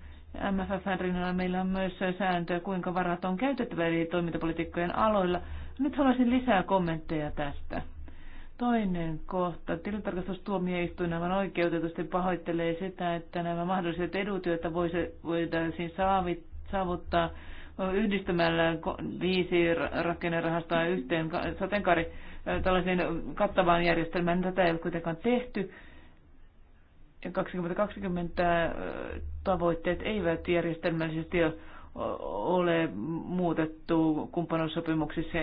MFFn rinnalla meillä on myös sääntöä, kuinka varat on käytettävä eri toimintapolitiikkojen aloilla. Nyt haluaisin lisää kommentteja tästä. Toinen kohta. Tilintarkastustuomioistuin aivan oikeutetusti pahoittelee sitä, että nämä mahdolliset edut, joita voitaisiin saavuttaa yhdistämällä viisi rakennerahastoa yhteen sateenkaari tällaisen kattavaan järjestelmään, tätä ei ole kuitenkaan tehty. 2020 tavoitteet eivät järjestelmällisesti ole muutettu kumppanuussopimuksiksi,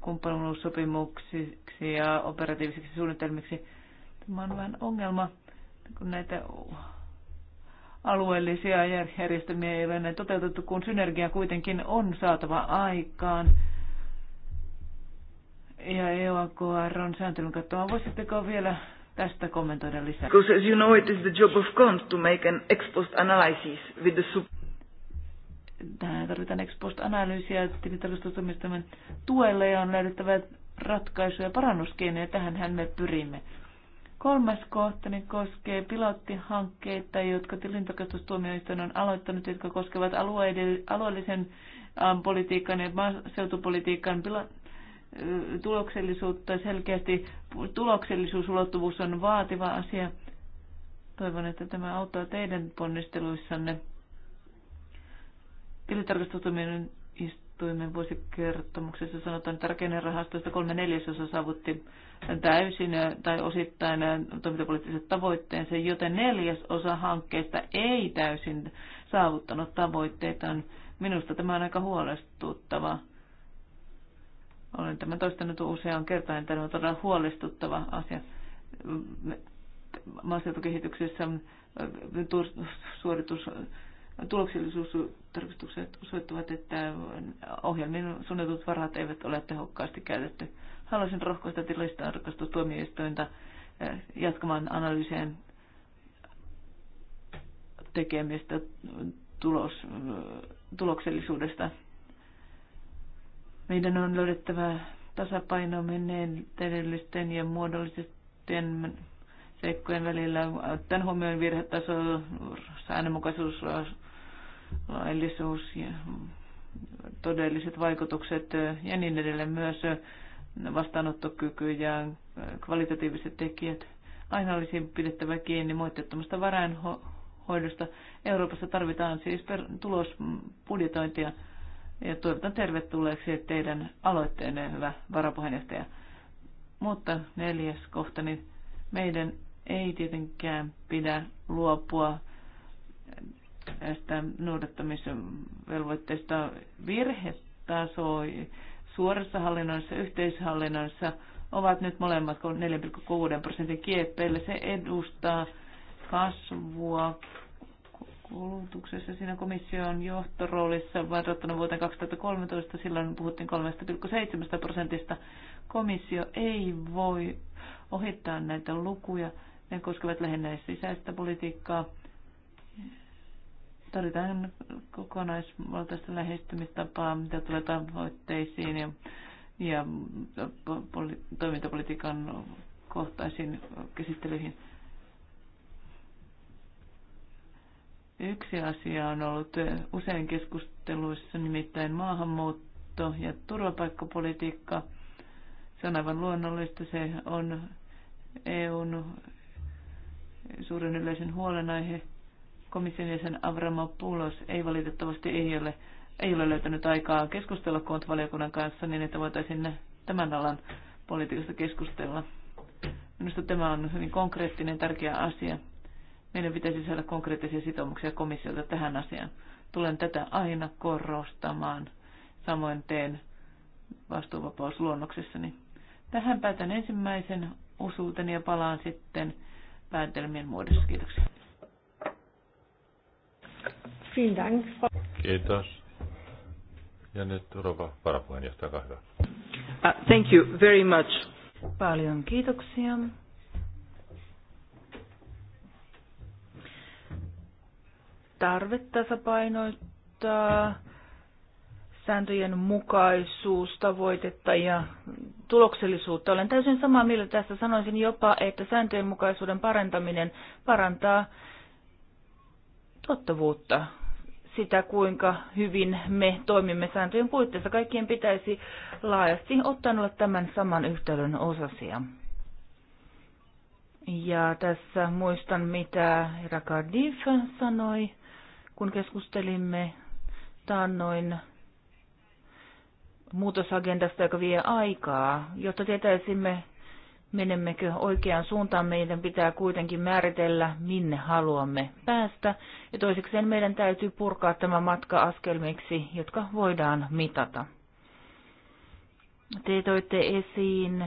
kumppanuussopimuksiksi ja operatiivisiksi suunnitelmiksi. Tämä on vähän ongelma, kun näitä alueellisia järjestelmiä ei ole näin toteutettu, kun synergia kuitenkin on saatava aikaan. Ja EOKR on sääntelyn kattoa. Voisitteko vielä tästä kommentoida lisää? Because as you know, it is
the job of CONT to make an ex post analysis with the super
Tähän tarvitaan ex post analyysiä tilintarkastustoimistamme tuelle ja on löydettävä ratkaisuja ja parannuskeinoja. Tähänhän me pyrimme. Kolmas niin koskee pilottihankkeita, jotka tilintarkastustuomioistuin on aloittanut, jotka koskevat alueellisen ähm, politiikan ja maaseutupolitiikan äh, tuloksellisuutta. Selkeästi tuloksellisuusulottuvuus on vaativa asia. Toivon, että tämä auttaa teidän ponnisteluissanne Tilitarkastustoimien istuimen vuosikertomuksessa sanotaan, että rakennerahastoista kolme neljäsosa saavutti täysin äh, tai osittain äh, toimintapoliittiset tavoitteensa, joten neljäs osa hankkeista ei täysin saavuttanut tavoitteitaan. Minusta tämä on aika huolestuttava. Olen tämän toistanut useaan kertaan, tämä on todella huolestuttava asia. Maaseutukehityksessä äh, suoritus, tuloksellisuus tarkastukset osoittavat, että ohjelmien suunnitut varat eivät ole tehokkaasti käytetty. Haluaisin rohkaista tilastarkastustuomioistuinta eh, jatkamaan analyysien tekemistä tulos, eh, tuloksellisuudesta. Meidän on löydettävä tasapaino menneen täydellisten ja muodollisten seikkojen välillä. Tämän huomioon virhetaso, säännönmukaisuus, laillisuus ja todelliset vaikutukset ja niin edelleen myös vastaanottokyky ja kvalitatiiviset tekijät. Aina olisi pidettävä kiinni moitteettomasta varainhoidosta. Euroopassa tarvitaan siis tulosbudjetointia ja toivotan tervetulleeksi teidän aloitteenne, hyvä varapuheenjohtaja. Mutta neljäs kohta, niin meidän ei tietenkään pidä luopua näistä noudattamisvelvoitteista virhetaso suorassa hallinnoissa, yhteishallinnoissa ovat nyt molemmat 4,6 prosentin kieppeillä. Se edustaa kasvua kulutuksessa siinä komission johtoroolissa verrattuna vuoteen 2013. Silloin puhuttiin 3,7 prosentista. Komissio ei voi ohittaa näitä lukuja. Ne koskevat lähinnä sisäistä politiikkaa Tarvitaan kokonaisvaltaista lähestymistapaa, mitä tulee tavoitteisiin ja, ja poli, toimintapolitiikan kohtaisiin käsittelyihin. Yksi asia on ollut usein keskusteluissa, nimittäin maahanmuutto ja turvapaikkapolitiikka. Se on aivan luonnollista, se on EUn suuren yleisen huolenaihe komission jäsen Avramopoulos ei valitettavasti ei ole, ei ole löytänyt aikaa keskustella kontvaliokunnan kanssa niin, että voitaisiin tämän alan politiikasta keskustella. Minusta tämä on hyvin konkreettinen, tärkeä asia. Meidän pitäisi saada konkreettisia sitoumuksia komissiolta tähän asiaan. Tulen tätä aina korostamaan. Samoin teen vastuuvapausluonnoksessani. Tähän päätän ensimmäisen osuuteni ja palaan sitten päätelmien muodossa. Kiitoksia. Vielen Dank, Frau.
Kiitos. Ja nyt rouva varapuheenjohtaja, olkaa hyvä. Uh,
thank you very much. Paljon kiitoksia. Tarve tasapainottaa sääntöjen mukaisuus, tavoitetta ja tuloksellisuutta. Olen täysin samaa mieltä tässä Sanoisin jopa, että sääntöjen mukaisuuden parantaminen parantaa uskottavuutta, sitä kuinka hyvin me toimimme sääntöjen puitteissa. Kaikkien pitäisi laajasti ottaa olla tämän saman yhtälön osasia. Ja tässä muistan, mitä herra Cardiff sanoi, kun keskustelimme taannoin muutosagendasta, joka vie aikaa, jotta tietäisimme menemmekö oikeaan suuntaan, meidän pitää kuitenkin määritellä, minne haluamme päästä. Ja toisekseen meidän täytyy purkaa tämä matka askelmiksi, jotka voidaan mitata. Te toitte esiin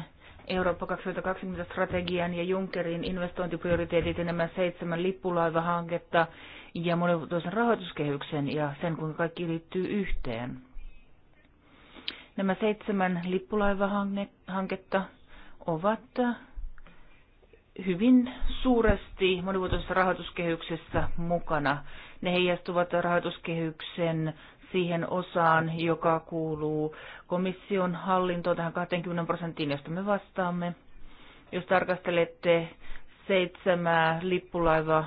Eurooppa 2020-strategian ja Junckerin investointiprioriteetit ja nämä seitsemän lippulaivahanketta ja monivuotoisen rahoituskehyksen ja sen, kuinka kaikki liittyy yhteen. Nämä seitsemän lippulaivahanketta ovat hyvin suuresti monivuotoisessa rahoituskehyksessä mukana. Ne heijastuvat rahoituskehyksen siihen osaan, joka kuuluu komission hallintoon tähän 20 prosenttiin, josta me vastaamme. Jos tarkastelette seitsemää lippulaiva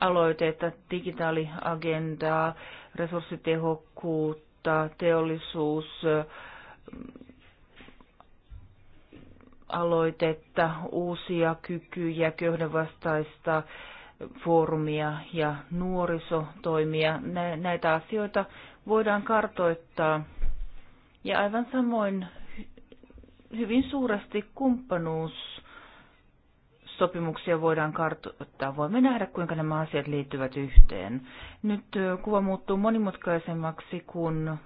aloitetta, digitaaliagendaa, resurssitehokkuutta, teollisuus, aloitetta, uusia kykyjä, köyhdenvastaista foorumia ja nuorisotoimia. Näitä asioita voidaan kartoittaa ja aivan samoin hyvin suuresti kumppanuussopimuksia voidaan kartoittaa. Voimme nähdä, kuinka nämä asiat liittyvät yhteen. Nyt kuva muuttuu monimutkaisemmaksi, kun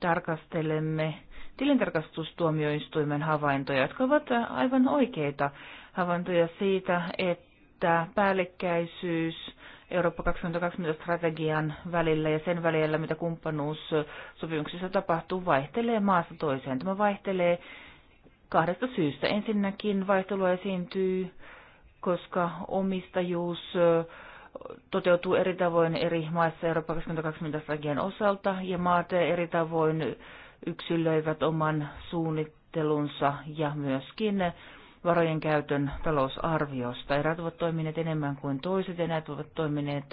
tarkastelemme tilintarkastustuomioistuimen havaintoja, jotka ovat aivan oikeita havaintoja siitä, että päällekkäisyys Eurooppa 2020 strategian välillä ja sen välillä, mitä kumppanuussopimuksissa tapahtuu, vaihtelee maasta toiseen. Tämä vaihtelee kahdesta syystä. Ensinnäkin vaihtelua esiintyy, koska omistajuus toteutuu eri tavoin eri maissa Eurooppa 2020 strategian osalta ja maat eri tavoin yksilöivät oman suunnittelunsa ja myöskin varojen käytön talousarviosta. Erät ovat toimineet enemmän kuin toiset, eräät ovat toimineet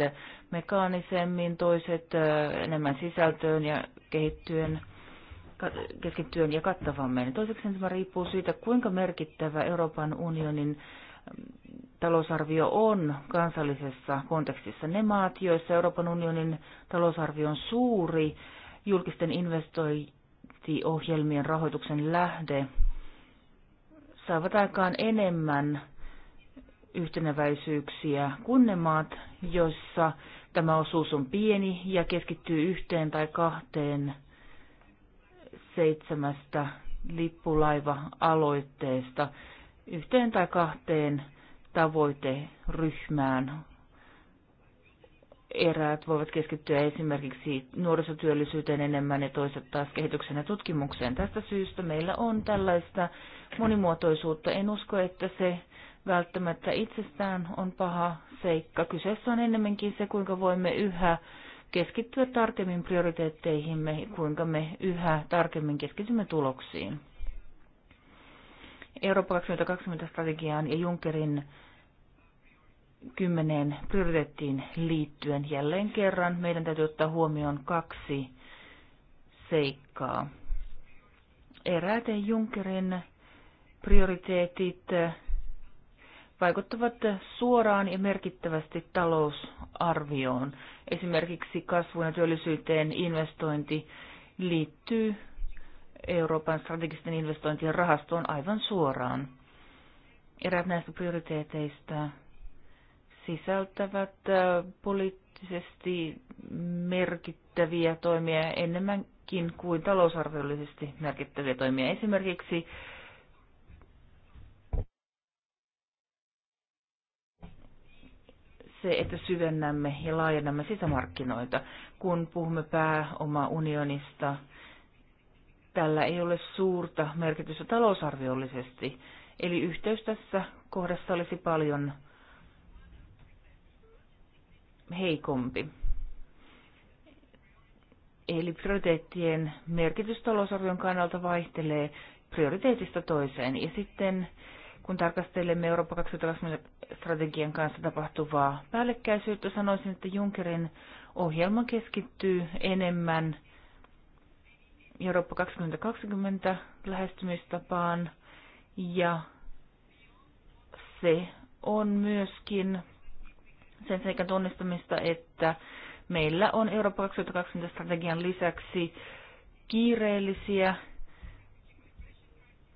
mekaanisemmin, toiset äh, enemmän sisältöön ja kehittyen keskittyen ja kattavammin. Toiseksi tämä riippuu siitä, kuinka merkittävä Euroopan unionin ähm, talousarvio on kansallisessa kontekstissa. Ne maat, joissa Euroopan unionin talousarvio on suuri, julkisten investointien investointiohjelmien rahoituksen lähde saavat aikaan enemmän yhteneväisyyksiä kuin ne maat, joissa tämä osuus on pieni ja keskittyy yhteen tai kahteen seitsemästä lippulaiva-aloitteesta yhteen tai kahteen tavoiteryhmään eräät voivat keskittyä esimerkiksi nuorisotyöllisyyteen enemmän ja toiset taas kehityksen ja tutkimukseen. Tästä syystä meillä on tällaista monimuotoisuutta. En usko, että se välttämättä itsestään on paha seikka. Kyseessä on enemmänkin se, kuinka voimme yhä keskittyä tarkemmin prioriteetteihimme, kuinka me yhä tarkemmin keskitymme tuloksiin. Eurooppa 2020 strategiaan ja Junckerin kymmeneen prioriteettiin liittyen jälleen kerran meidän täytyy ottaa huomioon kaksi seikkaa. Eräten Junckerin prioriteetit vaikuttavat suoraan ja merkittävästi talousarvioon. Esimerkiksi kasvuun ja työllisyyteen investointi liittyy Euroopan strategisten investointien rahastoon aivan suoraan. Eräät näistä prioriteeteista sisältävät äh, poliittisesti merkittäviä toimia enemmänkin kuin talousarviollisesti merkittäviä toimia. Esimerkiksi se, että syvennämme ja laajennamme sisämarkkinoita. Kun puhumme pääomaunionista, tällä ei ole suurta merkitystä talousarviollisesti. Eli yhteys tässä kohdassa olisi paljon heikompi. Eli prioriteettien merkitys talousarvion kannalta vaihtelee prioriteetista toiseen. Ja sitten kun tarkastelemme Eurooppa 2020 strategian kanssa tapahtuvaa päällekkäisyyttä, sanoisin, että Junckerin ohjelma keskittyy enemmän Eurooppa 2020 lähestymistapaan ja se on myöskin sen sekä tunnistamista, että meillä on Eurooppa 2020 strategian lisäksi kiireellisiä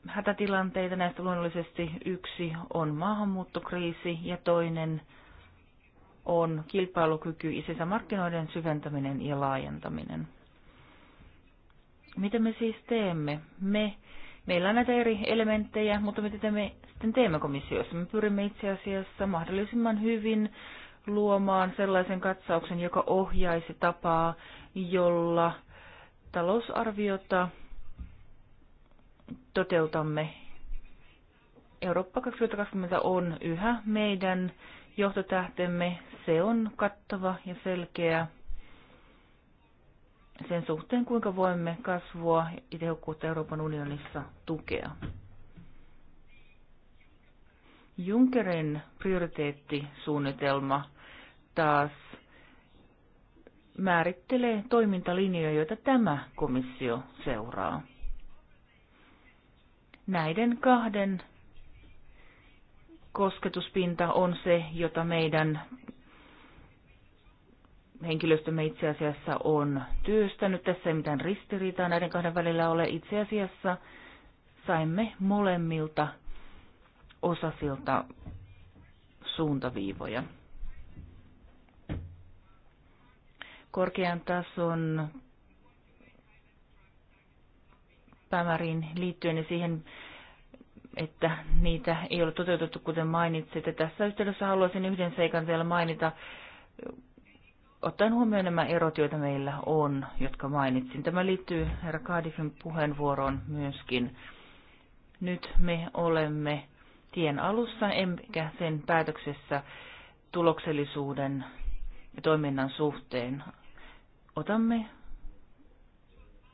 hätätilanteita. Näistä luonnollisesti yksi on maahanmuuttokriisi ja toinen on kilpailukyky ja markkinoiden syventäminen ja laajentaminen. Mitä me siis teemme? Me, meillä on näitä eri elementtejä, mutta mitä me sitten teemme komissiossa? Me pyrimme itse asiassa mahdollisimman hyvin luomaan sellaisen katsauksen, joka ohjaisi tapaa, jolla talousarviota toteutamme. Eurooppa 2020 on yhä meidän johtotähtemme. Se on kattava ja selkeä sen suhteen, kuinka voimme kasvua ja tehokkuutta Euroopan unionissa tukea. Junckerin prioriteettisuunnitelma taas määrittelee toimintalinjoja, joita tämä komissio seuraa. Näiden kahden kosketuspinta on se, jota meidän henkilöstömme itse asiassa on työstänyt. Tässä ei mitään ristiriitaa näiden kahden välillä ole. Itse asiassa saimme molemmilta osasilta suuntaviivoja. korkean tason päämääriin liittyen ja siihen, että niitä ei ole toteutettu, kuten mainitsit. tässä yhteydessä haluaisin yhden seikan vielä mainita, ottaen huomioon nämä erot, joita meillä on, jotka mainitsin. Tämä liittyy herra Cardiffin puheenvuoroon myöskin. Nyt me olemme tien alussa, emmekä sen päätöksessä tuloksellisuuden ja toiminnan suhteen. Otamme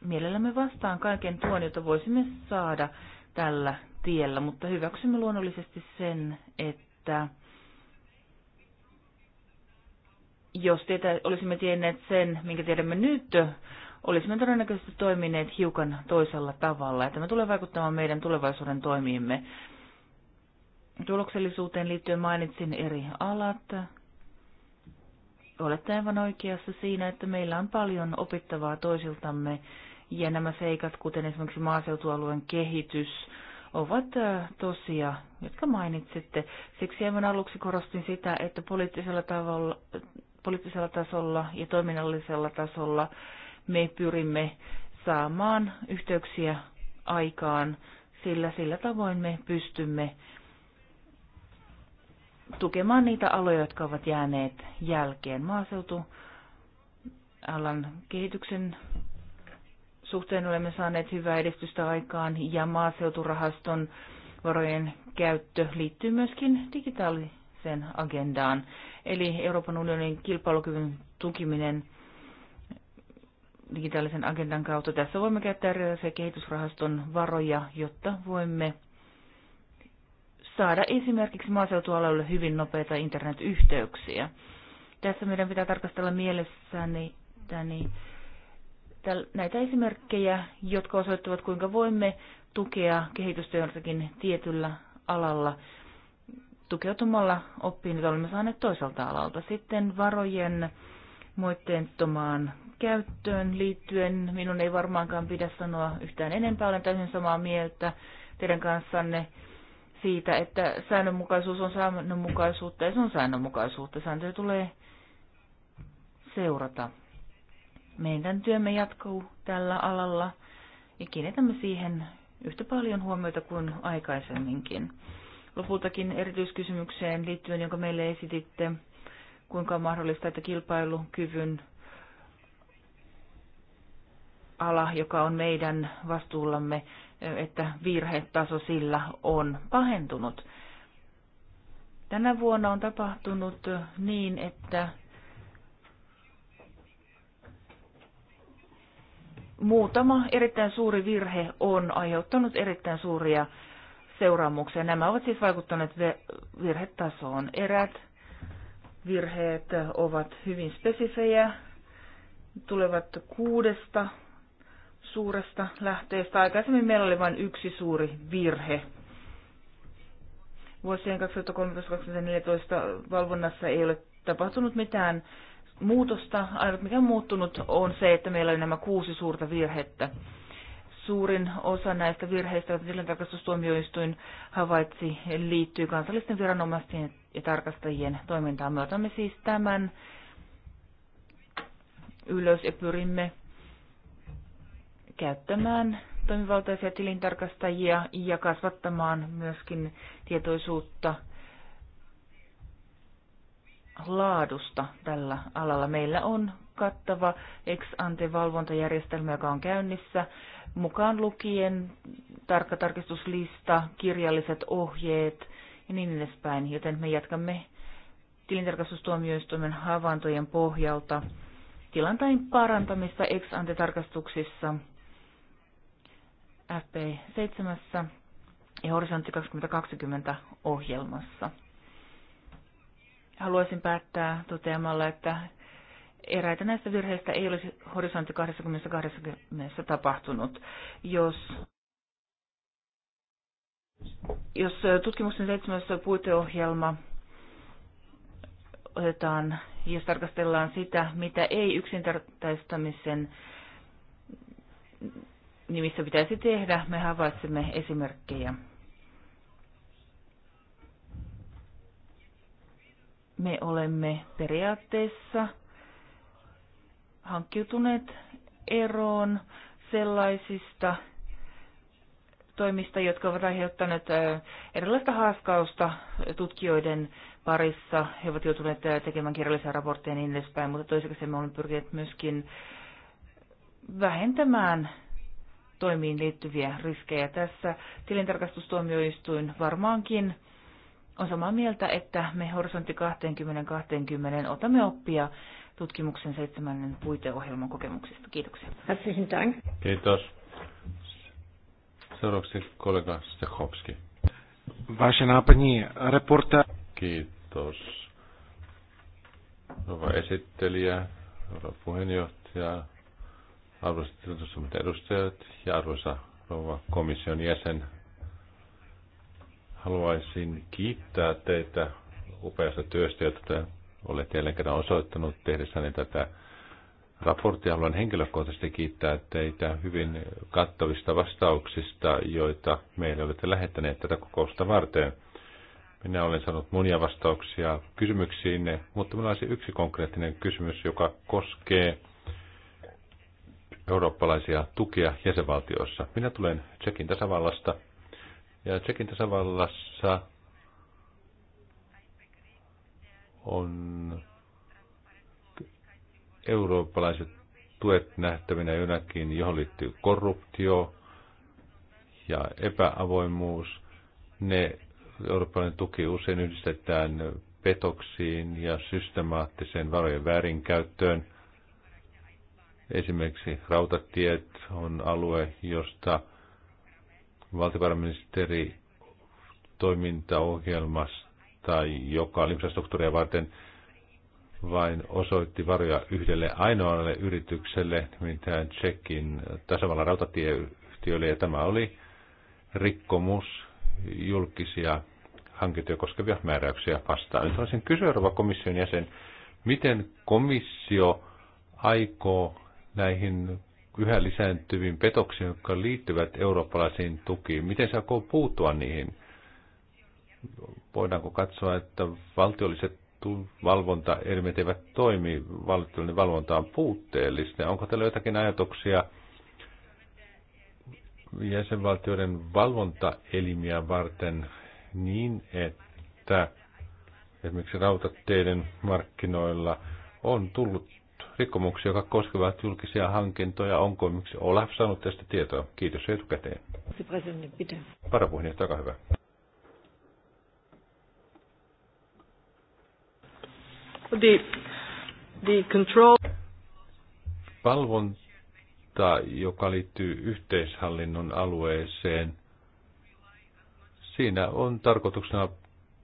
mielellämme vastaan kaiken tuon, jota voisimme saada tällä tiellä, mutta hyväksymme luonnollisesti sen, että jos tietä, olisimme tienneet sen, minkä tiedämme nyt, olisimme todennäköisesti toimineet hiukan toisella tavalla. Ja tämä tulee vaikuttamaan meidän tulevaisuuden toimiimme. Tuloksellisuuteen liittyen mainitsin eri alat, olette aivan oikeassa siinä, että meillä on paljon opittavaa toisiltamme ja nämä seikat, kuten esimerkiksi maaseutualueen kehitys, ovat tosia, jotka mainitsitte. Siksi aivan aluksi korostin sitä, että poliittisella, tavalla, poliittisella tasolla ja toiminnallisella tasolla me pyrimme saamaan yhteyksiä aikaan, sillä sillä tavoin me pystymme tukemaan niitä aloja, jotka ovat jääneet jälkeen. Maaseutu alan kehityksen suhteen olemme saaneet hyvää edistystä aikaan ja maaseuturahaston varojen käyttö liittyy myöskin digitaaliseen agendaan. Eli Euroopan unionin kilpailukyvyn tukiminen digitaalisen agendan kautta. Tässä voimme käyttää erilaisia kehitysrahaston varoja, jotta voimme saada esimerkiksi maaseutualueille hyvin nopeita internetyhteyksiä. Tässä meidän pitää tarkastella mielessäni tänne, näitä esimerkkejä, jotka osoittavat, kuinka voimme tukea kehitystä tietyllä alalla tukeutumalla oppiin, joita olemme saaneet toiselta alalta. Sitten varojen moitteettomaan käyttöön liittyen minun ei varmaankaan pidä sanoa yhtään enempää. Olen täysin samaa mieltä teidän kanssanne siitä, että säännönmukaisuus on säännönmukaisuutta ja se on säännönmukaisuutta. Sääntöjä tulee seurata. Meidän työmme jatkuu tällä alalla ja kiinnitämme siihen yhtä paljon huomiota kuin aikaisemminkin. Lopultakin erityiskysymykseen liittyen, jonka meille esititte, kuinka on mahdollista, että kilpailukyvyn ala, joka on meidän vastuullamme, että virhetaso sillä on pahentunut. Tänä vuonna on tapahtunut niin, että muutama erittäin suuri virhe on aiheuttanut erittäin suuria seuraamuksia. Nämä ovat siis vaikuttaneet virhetasoon. Erät virheet ovat hyvin spesifejä, tulevat kuudesta suuresta lähteestä. Aikaisemmin meillä oli vain yksi suuri virhe. Vuosien 2013-2014 valvonnassa ei ole tapahtunut mitään muutosta. Ainut mikä on muuttunut on se, että meillä oli nämä kuusi suurta virhettä. Suurin osa näistä virheistä, joita tilintarkastustuomioistuin havaitsi, liittyy kansallisten viranomaisten ja tarkastajien toimintaan. Me otamme siis tämän ylös ja pyrimme käyttämään toimivaltaisia tilintarkastajia ja kasvattamaan myöskin tietoisuutta laadusta tällä alalla. Meillä on kattava ex-ante-valvontajärjestelmä, joka on käynnissä, mukaan lukien tarkka tarkistuslista, kirjalliset ohjeet ja niin edespäin, joten me jatkamme tilintarkastustuomioistuimen havaintojen pohjalta tilanteen parantamista ex-ante-tarkastuksissa – FP7 ja Horisontti 2020 ohjelmassa. Haluaisin päättää toteamalla, että eräitä näistä virheistä ei olisi Horisontti 2020 tapahtunut, jos jos tutkimuksen seitsemässä puiteohjelma otetaan, jos tarkastellaan sitä, mitä ei yksinkertaistamisen nimissä pitäisi tehdä. Me havaitsemme esimerkkejä. Me olemme periaatteessa hankkiutuneet eroon sellaisista toimista, jotka ovat aiheuttaneet erilaista haaskausta tutkijoiden parissa. He ovat joutuneet tekemään kirjallisia raportteja ja niin edespäin, mutta toiseksi me olemme pyrkineet myöskin vähentämään toimiin liittyviä riskejä. Tässä tilintarkastustuomioistuin varmaankin on samaa mieltä, että me Horisontti 2020 otamme oppia tutkimuksen seitsemännen puiteohjelman kokemuksista. Kiitoksia.
Kiitos. Seuraavaksi kollega Stechowski. Vážená reporta. Kiitos. Rova esittelijä, rova puheenjohtaja, Arvoisat tilintarkastussuunnitelmat edustajat ja arvoisa rouva komission jäsen, haluaisin kiittää teitä upeasta työstä, jota olette jälleen kerran osoittanut tehdessäni tätä raporttia. Haluan henkilökohtaisesti kiittää teitä hyvin kattavista vastauksista, joita meille olette lähettäneet tätä kokousta varten. Minä olen saanut monia vastauksia kysymyksiinne, mutta minulla olisi yksi konkreettinen kysymys, joka koskee eurooppalaisia tukia jäsenvaltioissa. Minä tulen Tsekin tasavallasta ja Tsekin tasavallassa on eurooppalaiset tuet nähtävinä jonakin, johon liittyy korruptio ja epäavoimuus. Ne eurooppalainen tuki usein yhdistetään petoksiin ja systemaattiseen varojen väärinkäyttöön – Esimerkiksi rautatiet on alue, josta valtiovarainministeri toimintaohjelmasta, joka oli infrastruktuuria varten, vain osoitti varoja yhdelle ainoalle yritykselle, nimittäin Tsekin tasavallan rautatieyhtiölle, ja tämä oli rikkomus julkisia hankintoja koskevia määräyksiä vastaan. Nyt olisin kysyä, komission jäsen, miten komissio aikoo näihin yhä lisääntyviin petoksiin, jotka liittyvät eurooppalaisiin tukiin. Miten se alkoi puuttua niihin? Voidaanko katsoa, että valtiolliset valvontaelimet eivät toimi, valtiollinen valvonta on puutteellista. Onko teillä jotakin ajatuksia jäsenvaltioiden valvontaelimiä varten niin, että esimerkiksi rautateiden markkinoilla on tullut rikkomuksia, jotka koskevat julkisia hankintoja. Onko miksi Olaf saanut tästä tietoa? Kiitos etukäteen. Varapuheenjohtaja, takaa hyvä.
The, the control...
Valvonta, joka liittyy yhteishallinnon alueeseen, siinä on tarkoituksena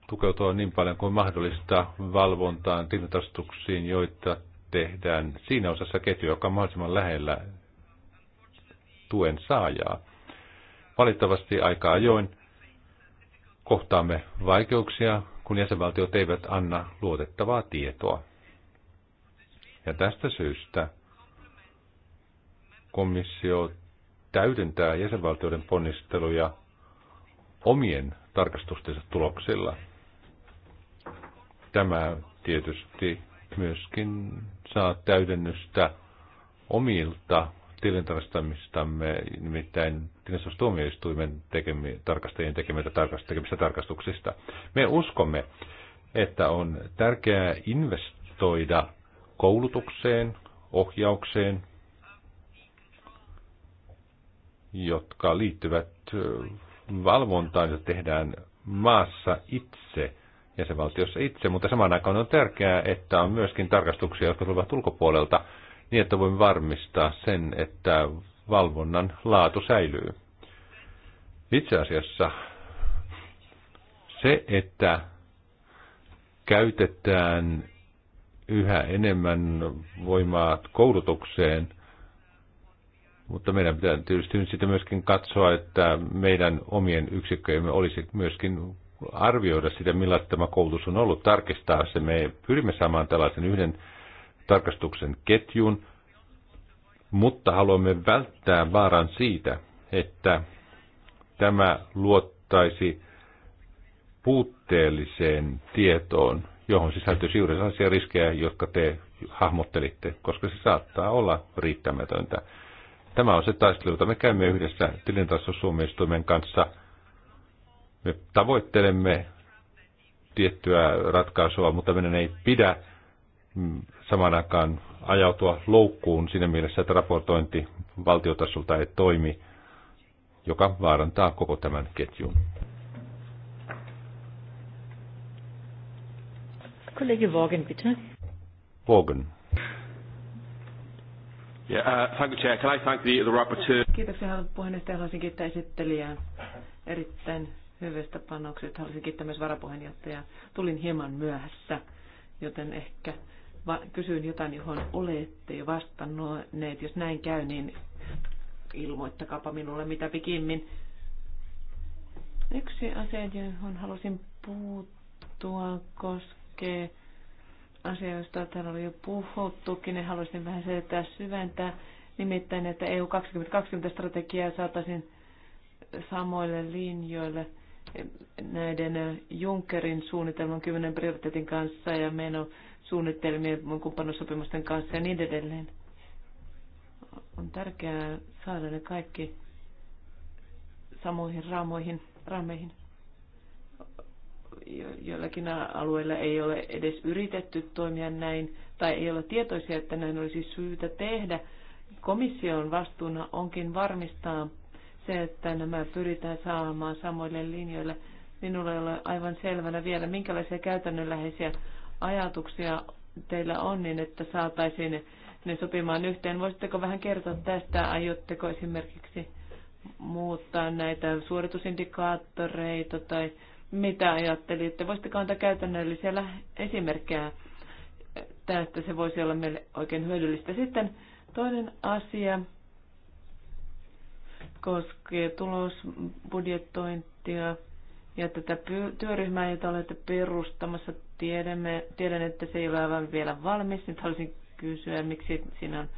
tukeutua niin paljon kuin mahdollista valvontaan, tilintarkastuksiin, joita tehdään siinä osassa ketjua, joka on mahdollisimman lähellä tuen saajaa. Valitettavasti aika ajoin kohtaamme vaikeuksia, kun jäsenvaltiot eivät anna luotettavaa tietoa. Ja tästä syystä komissio täydentää jäsenvaltioiden ponnisteluja omien tarkastustensa tuloksilla. Tämä tietysti myöskin saa täydennystä omilta tilintarkastamistamme, nimittäin tilintarkastustuomioistuimen tekemi, tarkastajien tekemistä tekemistä tarkastuksista. Me uskomme, että on tärkeää investoida koulutukseen, ohjaukseen, jotka liittyvät valvontaan, jota tehdään maassa itse – jäsenvaltiossa itse, mutta samaan aikaan on tärkeää, että on myöskin tarkastuksia, jotka tulevat ulkopuolelta, niin että voimme varmistaa sen, että valvonnan laatu säilyy. Itse asiassa se, että käytetään yhä enemmän voimaa koulutukseen, mutta meidän pitää tietysti sitä sitten myöskin katsoa, että meidän omien yksikköjemme olisi myöskin arvioida sitä, millaista tämä koulutus on ollut, tarkistaa se. Me pyrimme saamaan tällaisen yhden tarkastuksen ketjun, mutta haluamme välttää vaaran siitä, että tämä luottaisi puutteelliseen tietoon, johon sisältyy juuri sellaisia riskejä, jotka te hahmottelitte, koska se saattaa olla riittämätöntä. Tämä on se taistelu, jota me käymme yhdessä tilintasossuomioistuimen kanssa – me tavoittelemme tiettyä ratkaisua, mutta meidän ei pidä mm, saman aikaan ajautua loukkuun siinä mielessä, että raportointi valtiotasolta ei toimi, joka vaarantaa koko tämän ketjun.
Kollegi Wogen, bitte.
Wogen. Yeah, uh, thank you, Chair. Can I thank the, the rapporteur?
Kiitoksia puheenjohtaja. Haluaisin kiittää esittelijää erittäin hyvistä panoksista. Haluaisin kiittää myös varapuheenjohtajaa. Tulin hieman myöhässä, joten ehkä kysyin jotain, johon olette jo vastanneet. Jos näin käy, niin ilmoittakaapa minulle mitä pikimmin. Yksi asia, johon halusin puuttua, koskee asioista, täällä oli jo puhuttukin, ja haluaisin vähän selittää syventää. Nimittäin, että EU 2020-strategiaa saataisiin samoille linjoille näiden Junckerin suunnitelman kymmenen prioriteetin kanssa ja menosuunnitelmien kumppanuussopimusten kanssa ja niin edelleen. On tärkeää saada ne kaikki samoihin raamoihin, raameihin. Joillakin alueilla ei ole edes yritetty toimia näin, tai ei ole tietoisia, että näin olisi syytä tehdä. Komission vastuuna onkin varmistaa se, että nämä pyritään saamaan samoille linjoille. Minulle ei ole aivan selvänä vielä, minkälaisia käytännönläheisiä ajatuksia teillä on niin, että saataisiin ne sopimaan yhteen. Voisitteko vähän kertoa tästä? Aiotteko esimerkiksi muuttaa näitä suoritusindikaattoreita tai mitä ajattelitte? Voisitteko antaa käytännöllisiä esimerkkejä tästä? Se voisi olla meille oikein hyödyllistä. Sitten toinen asia koskee tulosbudjetointia ja tätä työryhmää, jota olette perustamassa. Tiedämme, tiedän, että se ei ole aivan vielä valmis. Nyt haluaisin kysyä, miksi siinä on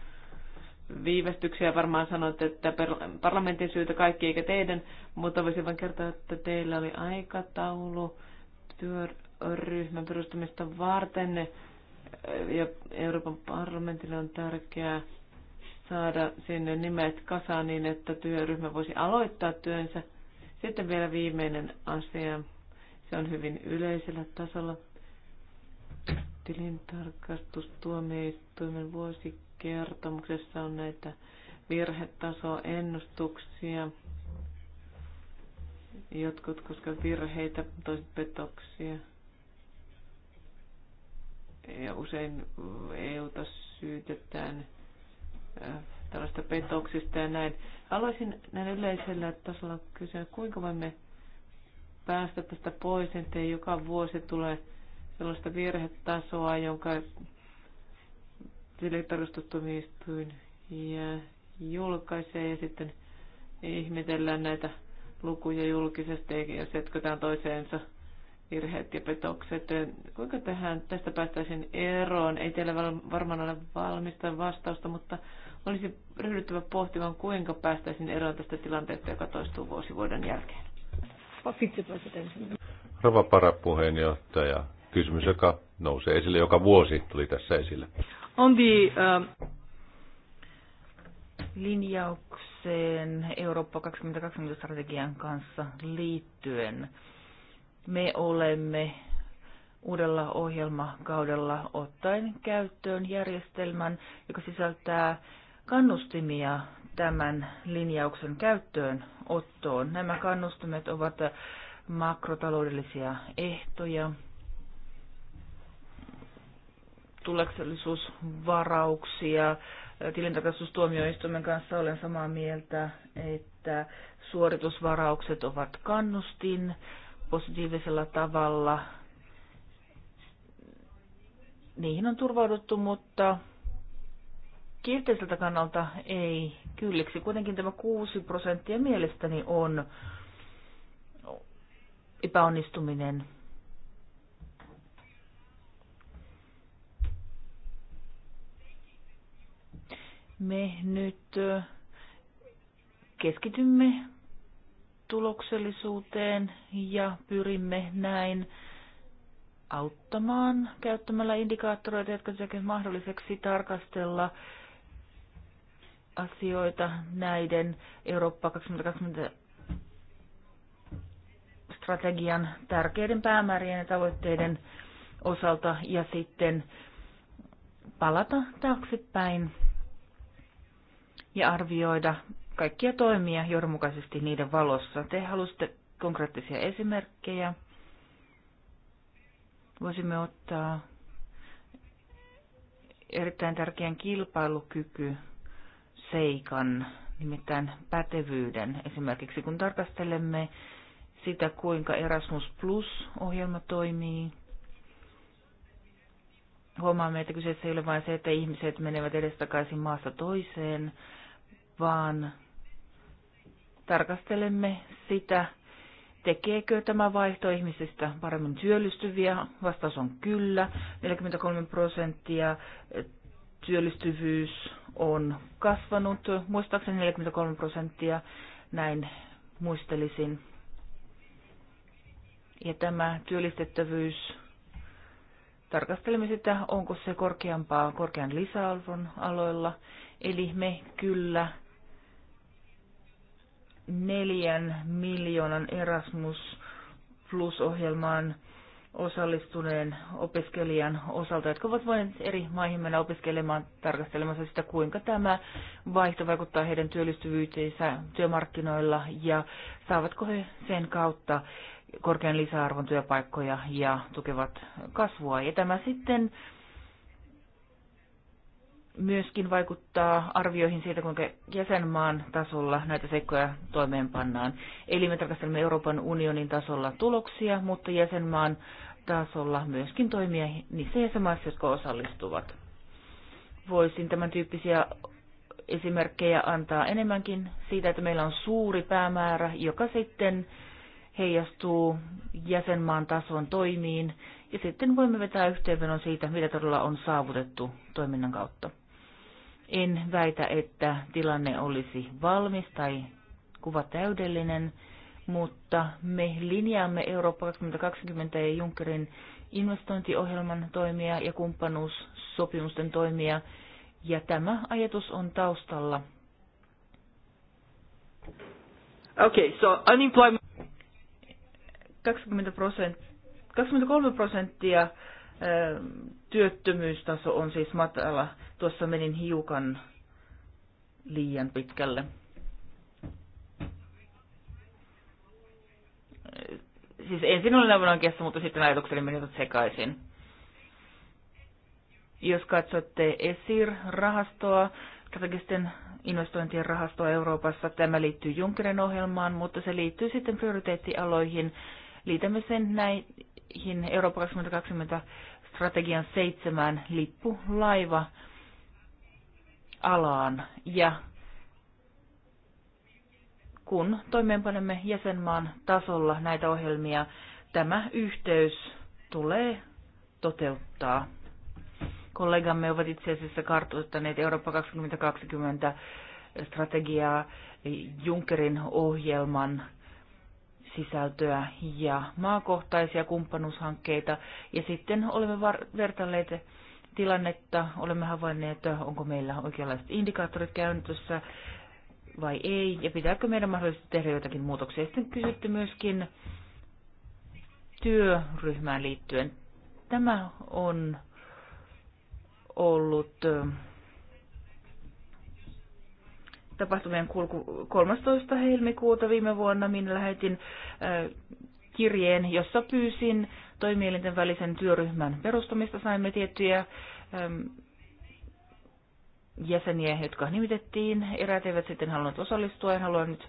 viivästyksiä. Varmaan sanoitte, että parlamentin syytä kaikki eikä teidän, mutta voisin vain kertoa, että teillä oli aikataulu työryhmän perustamista varten. Ja Euroopan parlamentille on tärkeää saada sinne nimet kasaan niin, että työryhmä voisi aloittaa työnsä. Sitten vielä viimeinen asia. Se on hyvin yleisellä tasolla. Tilintarkastustuomioistuimen vuosikertomuksessa on näitä virhetasoennustuksia. Jotkut koskevat virheitä, toiset petoksia. Ja usein EUta syytetään tällaista petoksista ja näin. Haluaisin näin yleisellä tasolla kysyä, kuinka voimme päästä tästä pois, ettei joka vuosi tulee sellaista virhetasoa, jonka tilintarkastustuomioistuin ja julkaisee ja sitten ihmetellään näitä lukuja julkisesti ja setkotaan toiseensa virheet ja petokset. Kuinka tähän, tästä päästäisiin eroon? Ei teillä varmaan ole valmista vastausta, mutta olisi ryhdyttävä pohtimaan, kuinka päästäisiin eroon tästä tilanteesta, joka toistuu vuosi vuoden jälkeen.
Rova parapuheenjohtaja, kysymys, joka nousee esille joka vuosi, tuli tässä esille.
On the, uh, äh, linjaukseen Eurooppa 2020-strategian kanssa liittyen. Me olemme uudella ohjelmakaudella ottaen käyttöön järjestelmän, joka sisältää kannustimia tämän linjauksen käyttöön ottoon. Nämä kannustimet ovat makrotaloudellisia ehtoja, tuloksellisuusvarauksia. Tilintarkastustuomioistuimen kanssa olen samaa mieltä, että suoritusvaraukset ovat kannustin positiivisella tavalla. Niihin on turvauduttu, mutta kielteiseltä kannalta ei kylliksi. Kuitenkin tämä 6 prosenttia mielestäni on epäonnistuminen. Me nyt keskitymme tuloksellisuuteen ja pyrimme näin auttamaan käyttämällä indikaattoreita, jotka tekevät mahdolliseksi tarkastella asioita näiden Eurooppa 2020 strategian tärkeiden päämäärien ja tavoitteiden osalta ja sitten palata taaksepäin ja arvioida kaikkia toimia johdonmukaisesti niiden valossa. Te halusitte konkreettisia esimerkkejä. Voisimme ottaa erittäin tärkeän kilpailukyky seikan, nimittäin pätevyyden. Esimerkiksi kun tarkastelemme sitä, kuinka Erasmus Plus-ohjelma toimii, huomaamme, että kyseessä ei ole vain se, että ihmiset menevät edestakaisin maasta toiseen, vaan tarkastelemme sitä, tekeekö tämä vaihto ihmisistä paremmin työllistyviä. Vastaus on kyllä. 43 prosenttia työllistyvyys on kasvanut, muistaakseni 43 prosenttia, näin muistelisin. Ja tämä työllistettävyys, tarkastelemme sitä, onko se korkeampaa korkean lisäalvon aloilla. Eli me kyllä neljän miljoonan Erasmus Plus-ohjelmaan osallistuneen opiskelijan osalta, jotka ovat voineet eri maihin mennä opiskelemaan tarkastelemassa sitä, kuinka tämä vaihto vaikuttaa heidän työllistyvyyteensä työmarkkinoilla ja saavatko he sen kautta korkean lisäarvon työpaikkoja ja tukevat kasvua. Ja tämä sitten myöskin vaikuttaa arvioihin siitä, kuinka jäsenmaan tasolla näitä seikkoja toimeenpannaan. Eli me tarkastelemme Euroopan unionin tasolla tuloksia, mutta jäsenmaan tasolla myöskin toimia niissä jäsenmaissa, jotka osallistuvat. Voisin tämän tyyppisiä esimerkkejä antaa enemmänkin siitä, että meillä on suuri päämäärä, joka sitten heijastuu jäsenmaan tason toimiin, ja sitten voimme vetää yhteenvenon siitä, mitä todella on saavutettu toiminnan kautta. En väitä, että tilanne olisi valmis tai kuva täydellinen, mutta me linjaamme Eurooppa 2020 ja Junckerin investointiohjelman toimia ja kumppanuussopimusten toimia, ja tämä ajatus on taustalla. Okay, so unemployment 20 prosenttia, 23 prosenttia työttömyystaso on siis matala. Tuossa menin hiukan liian pitkälle. Siis ensin olin aivan oikeassa, mutta sitten ajatukseni meni tuota sekaisin. Jos katsotte ESIR-rahastoa, strategisten investointien rahastoa Euroopassa, tämä liittyy Junckerin ohjelmaan, mutta se liittyy sitten prioriteettialoihin. Liitämme sen näihin Eurooppa 2020 strategian seitsemän laiva alaan ja kun toimeenpanemme jäsenmaan tasolla näitä ohjelmia, tämä yhteys tulee toteuttaa. Kollegamme ovat itse asiassa kartoittaneet Eurooppa 2020 strategiaa Junckerin ohjelman sisältöä ja maakohtaisia kumppanuushankkeita. Ja sitten olemme var- vertailleet tilannetta, olemme havainneet, onko meillä oikeanlaiset indikaattorit käynnissä vai ei, ja pitääkö meidän mahdollisesti tehdä jotakin muutoksia. Sitten kysytty myöskin työryhmään liittyen. Tämä on ollut tapahtumien kulku 13. helmikuuta viime vuonna minä lähetin kirjeen, jossa pyysin toimielinten välisen työryhmän perustamista. Saimme tiettyjä jäseniä, jotka nimitettiin. Eräät eivät sitten halunneet osallistua. En halua nyt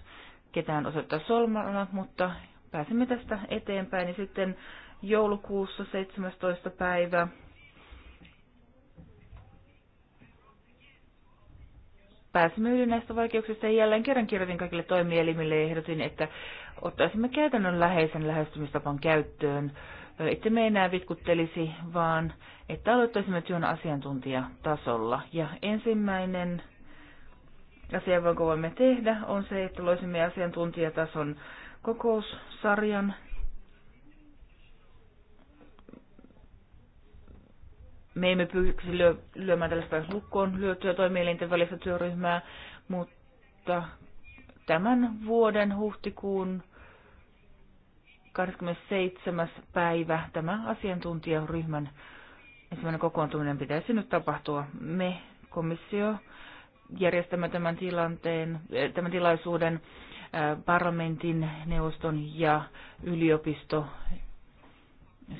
ketään osoittaa solmalla, mutta pääsimme tästä eteenpäin. Ja sitten joulukuussa 17. päivä pääsimme yli näistä vaikeuksista. Ja jälleen kerran kirjoitin kaikille toimielimille ja ehdotin, että ottaisimme käytännön läheisen lähestymistapan käyttöön, että me enää vitkuttelisi, vaan että aloittaisimme työn asiantuntijatasolla. Ja ensimmäinen asia, jonka voimme tehdä, on se, että loisimme asiantuntijatason kokoussarjan me emme pyyksi lyö, lyömään tällaista lukkoon lyötyä toimielinten välistä työryhmää, mutta tämän vuoden huhtikuun 27. päivä tämä asiantuntijaryhmän ensimmäinen kokoontuminen pitäisi nyt tapahtua. Me, komissio, järjestämme tämän, tilanteen, eh, tämän tilaisuuden eh, parlamentin, neuvoston ja yliopisto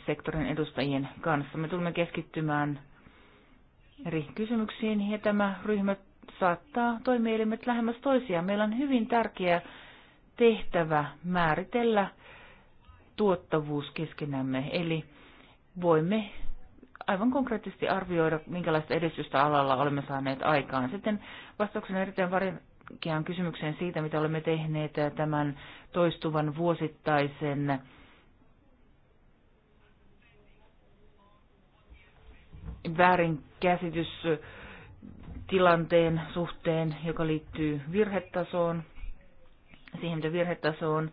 sektorin edustajien kanssa. Me tulemme keskittymään eri kysymyksiin ja tämä ryhmä saattaa toimielimet lähemmäs toisiaan. Meillä on hyvin tärkeä tehtävä määritellä tuottavuus keskenämme, eli voimme aivan konkreettisesti arvioida, minkälaista edistystä alalla olemme saaneet aikaan. Sitten vastauksena erittäin vaikeaan kysymykseen siitä, mitä olemme tehneet tämän toistuvan vuosittaisen väärinkäsitys tilanteen suhteen, joka liittyy virhetasoon, siihen mitä virhetaso on.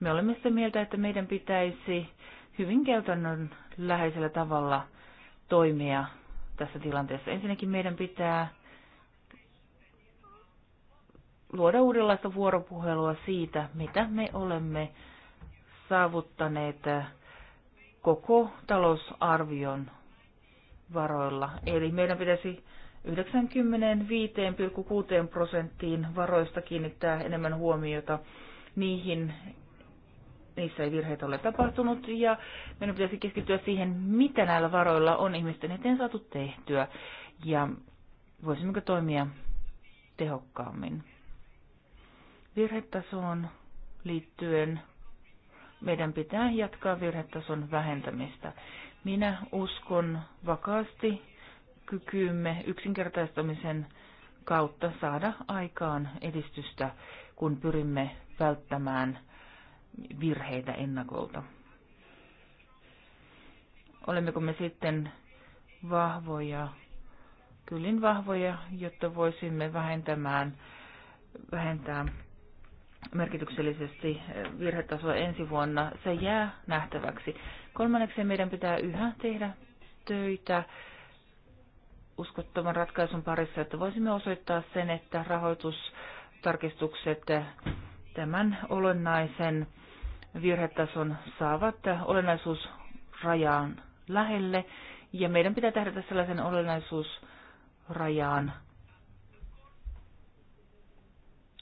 Me olemme sitä mieltä, että meidän pitäisi hyvin käytännön läheisellä tavalla toimia tässä tilanteessa. Ensinnäkin meidän pitää luoda uudenlaista vuoropuhelua siitä, mitä me olemme saavuttaneet koko talousarvion varoilla. Eli meidän pitäisi 95,6 prosenttiin varoista kiinnittää enemmän huomiota niihin, niissä ei virheitä ole tapahtunut ja meidän pitäisi keskittyä siihen, mitä näillä varoilla on ihmisten eteen saatu tehtyä ja voisimmeko toimia tehokkaammin. Virhetasoon liittyen meidän pitää jatkaa virhetason vähentämistä. Minä uskon vakaasti kykyymme yksinkertaistamisen kautta saada aikaan edistystä, kun pyrimme välttämään virheitä ennakolta. Olemmeko me sitten vahvoja, kyllin vahvoja, jotta voisimme vähentämään, vähentää merkityksellisesti virhetasoa ensi vuonna, se jää nähtäväksi. Kolmanneksi meidän pitää yhä tehdä töitä uskottavan ratkaisun parissa, että voisimme osoittaa sen, että rahoitustarkistukset tämän olennaisen virhetason saavat olennaisuusrajaan lähelle. Ja meidän pitää tähdätä sellaisen olennaisuusrajaan,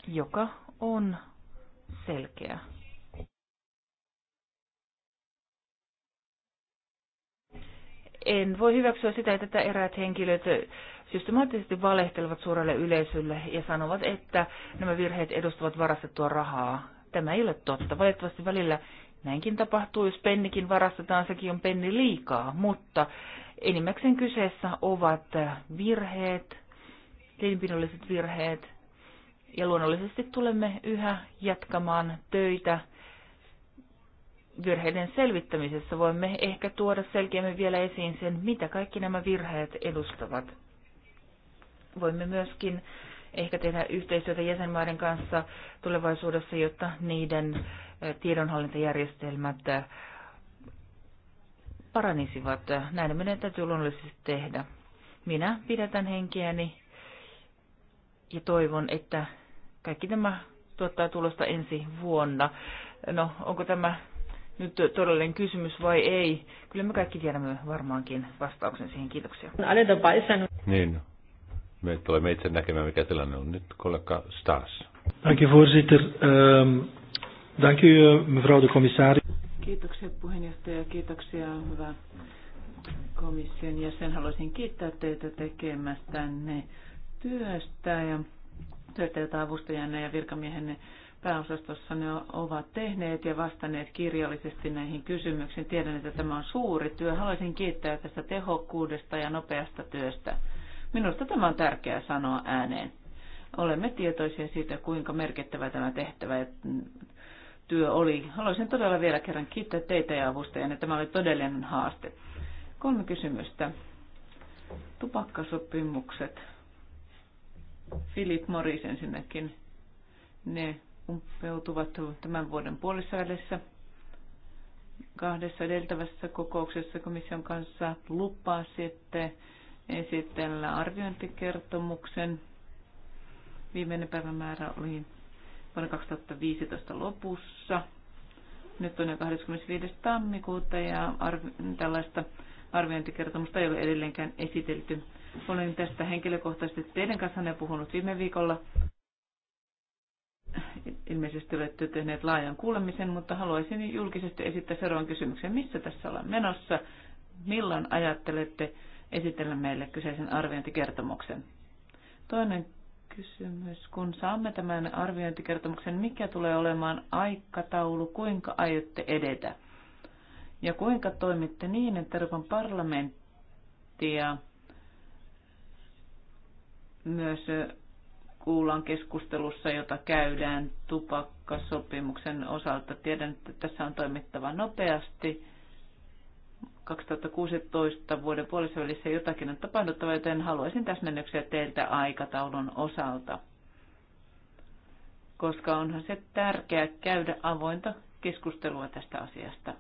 joka on selkeä. En voi hyväksyä sitä, että eräät henkilöt systemaattisesti valehtelevat suurelle yleisölle ja sanovat, että nämä virheet edustavat varastettua rahaa. Tämä ei ole totta. Valitettavasti välillä näinkin tapahtuu, jos pennikin varastetaan, sekin on penni liikaa, mutta enimmäkseen kyseessä ovat virheet, tilinpidolliset virheet, ja luonnollisesti tulemme yhä jatkamaan töitä virheiden selvittämisessä voimme ehkä tuoda selkeämmin vielä esiin sen, mitä kaikki nämä virheet edustavat. Voimme myöskin ehkä tehdä yhteistyötä jäsenmaiden kanssa tulevaisuudessa, jotta niiden eh, tiedonhallintajärjestelmät eh, paranisivat. Näin meidän täytyy luonnollisesti tehdä. Minä pidätän henkiäni ja toivon, että kaikki tämä tuottaa tulosta ensi vuonna. No, onko tämä nyt todellinen kysymys vai ei. Kyllä me kaikki tiedämme varmaankin
vastauksen siihen. Kiitoksia. Niin. Me tulemme itse näkemään, mikä tilanne on. Nyt kollega Stas.
Ehm,
kiitoksia puheenjohtaja, kiitoksia hyvä komission jäsen. Haluaisin kiittää teitä tekemästänne työstä ja työtä, jota avustajanne ja virkamiehenne pääosastossa ne ovat tehneet ja vastanneet kirjallisesti näihin kysymyksiin. Tiedän, että tämä on suuri työ. Haluaisin kiittää tästä tehokkuudesta ja nopeasta työstä. Minusta tämä on tärkeää sanoa ääneen. Olemme tietoisia siitä, kuinka merkittävä tämä tehtävä ja työ oli. Haluaisin todella vielä kerran kiittää teitä ja avustajanne. Tämä oli todellinen haaste. Kolme kysymystä. Tupakkasopimukset. Philip Morris ensinnäkin. Ne umpeutuvat tämän vuoden puolisäädessä Kahdessa edeltävässä kokouksessa komission kanssa lupaa sitten esitellä arviointikertomuksen. Viimeinen päivämäärä oli vuonna 2015 lopussa. Nyt on jo 25. tammikuuta ja arvi- tällaista arviointikertomusta ei ole edelleenkään esitelty. Olen tästä henkilökohtaisesti teidän kanssanne puhunut viime viikolla ilmeisesti olette tehneet laajan kuulemisen, mutta haluaisin julkisesti esittää seuraavan kysymyksen. Missä tässä ollaan menossa? Milloin ajattelette esitellä meille kyseisen arviointikertomuksen? Toinen kysymys. Kun saamme tämän arviointikertomuksen, mikä tulee olemaan aikataulu, kuinka aiotte edetä? Ja kuinka toimitte niin, että Euroopan parlamenttia myös kuullaan keskustelussa, jota käydään tupakkasopimuksen osalta. Tiedän, että tässä on toimittava nopeasti. 2016 vuoden puolessa välissä jotakin on tapahduttava, joten haluaisin täsmennyksiä teiltä aikataulun osalta. Koska onhan se tärkeää käydä avointa keskustelua tästä asiasta.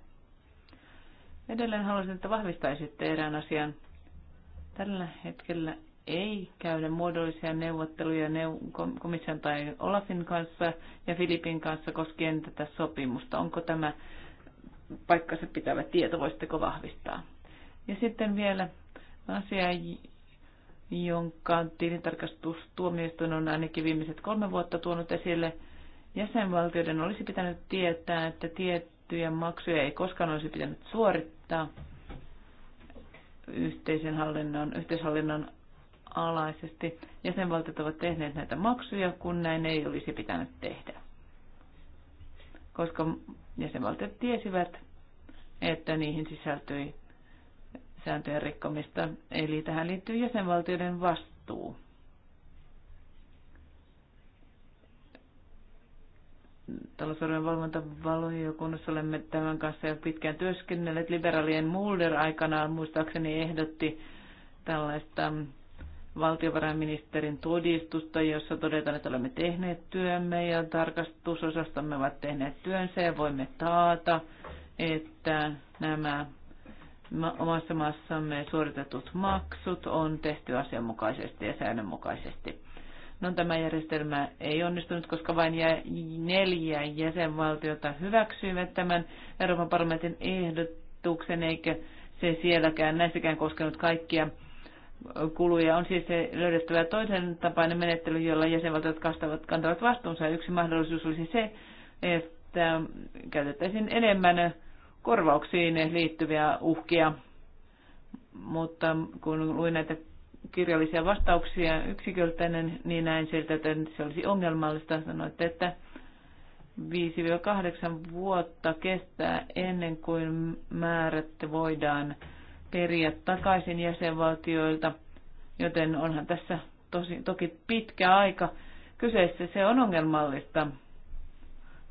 Edelleen haluaisin, että vahvistaisitte erään asian. Tällä hetkellä ei käydä muodollisia neuvotteluja komission tai Olafin kanssa ja Filipin kanssa koskien tätä sopimusta. Onko tämä paikkansa pitävä tieto, voisitteko vahvistaa? Ja sitten vielä asia, jonka tilintarkastustuomioistuin on ainakin viimeiset kolme vuotta tuonut esille. Jäsenvaltioiden olisi pitänyt tietää, että tiettyjä maksuja ei koskaan olisi pitänyt suorittaa yhteisen hallinnon, yhteishallinnon alaisesti. Jäsenvaltiot ovat tehneet näitä maksuja, kun näin ei olisi pitänyt tehdä. Koska jäsenvaltiot tiesivät, että niihin sisältyi sääntöjen rikkomista, eli tähän liittyy jäsenvaltioiden vastuu. talousarvion valvontavaliokunnassa olemme tämän kanssa jo pitkään työskennelleet. Liberaalien Mulder aikanaan muistaakseni ehdotti tällaista valtiovarainministerin todistusta, jossa todetaan, että olemme tehneet työmme ja tarkastusosastamme ovat tehneet työnsä ja voimme taata, että nämä omassa maassamme suoritetut maksut on tehty asianmukaisesti ja säännönmukaisesti. No tämä järjestelmä ei onnistunut, koska vain neljä jäsenvaltiota hyväksyivät tämän Euroopan parlamentin ehdotuksen, eikä se sielläkään näissäkään koskenut kaikkia kuluja. On siis löydettävä toisen tapainen menettely, jolla jäsenvaltiot kastavat kantavat vastuunsa. Yksi mahdollisuus olisi se, että käytettäisiin enemmän korvauksiin liittyviä uhkia. Mutta kun luin näitä kirjallisia vastauksia yksiköltäinen, niin näin sieltä, että se olisi ongelmallista. Sanoitte, että 5-8 vuotta kestää ennen kuin määrät voidaan periä takaisin jäsenvaltioilta, joten onhan tässä tosi, toki pitkä aika kyseessä. Se on ongelmallista,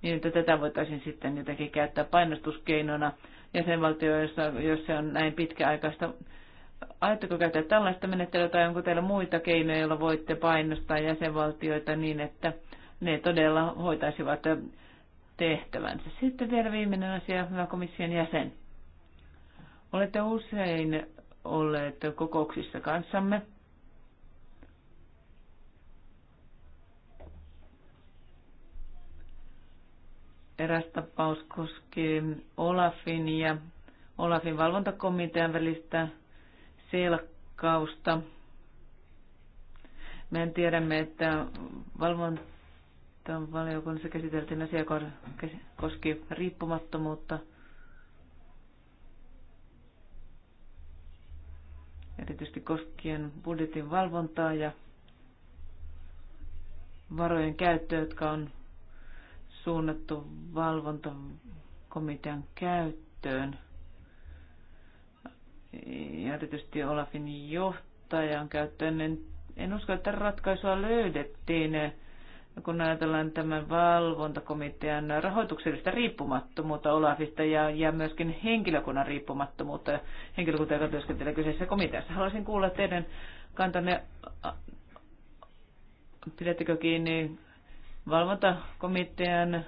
niin että tätä voitaisiin sitten jotenkin käyttää painostuskeinona jäsenvaltioissa, jos se on näin pitkäaikaista. Ajatteko käyttää tällaista menettelyä tai onko teillä muita keinoja, joilla voitte painostaa jäsenvaltioita niin, että ne todella hoitaisivat tehtävänsä? Sitten vielä viimeinen asia, hyvä komission jäsen Olette usein olleet kokouksissa kanssamme. Eräs tapaus koskee Olafin ja Olafin valvontakomitean välistä selkkausta. Me tiedämme, että valvontavaliokunnassa käsiteltiin asiaa koski riippumattomuutta – erityisesti koskien budjetin valvontaa ja varojen käyttöä, jotka on suunnattu valvontakomitean käyttöön. Ja erityisesti Olafin johtajan käyttöön. En, en usko, että ratkaisua löydettiin kun ajatellaan tämän valvontakomitean rahoituksellista riippumattomuutta Olafista ja, ja myöskin henkilökunnan riippumattomuutta, henkilökunta, joka työskentelee kyseisessä komiteassa. Haluaisin kuulla teidän kantanne, pidättekö kiinni valvontakomitean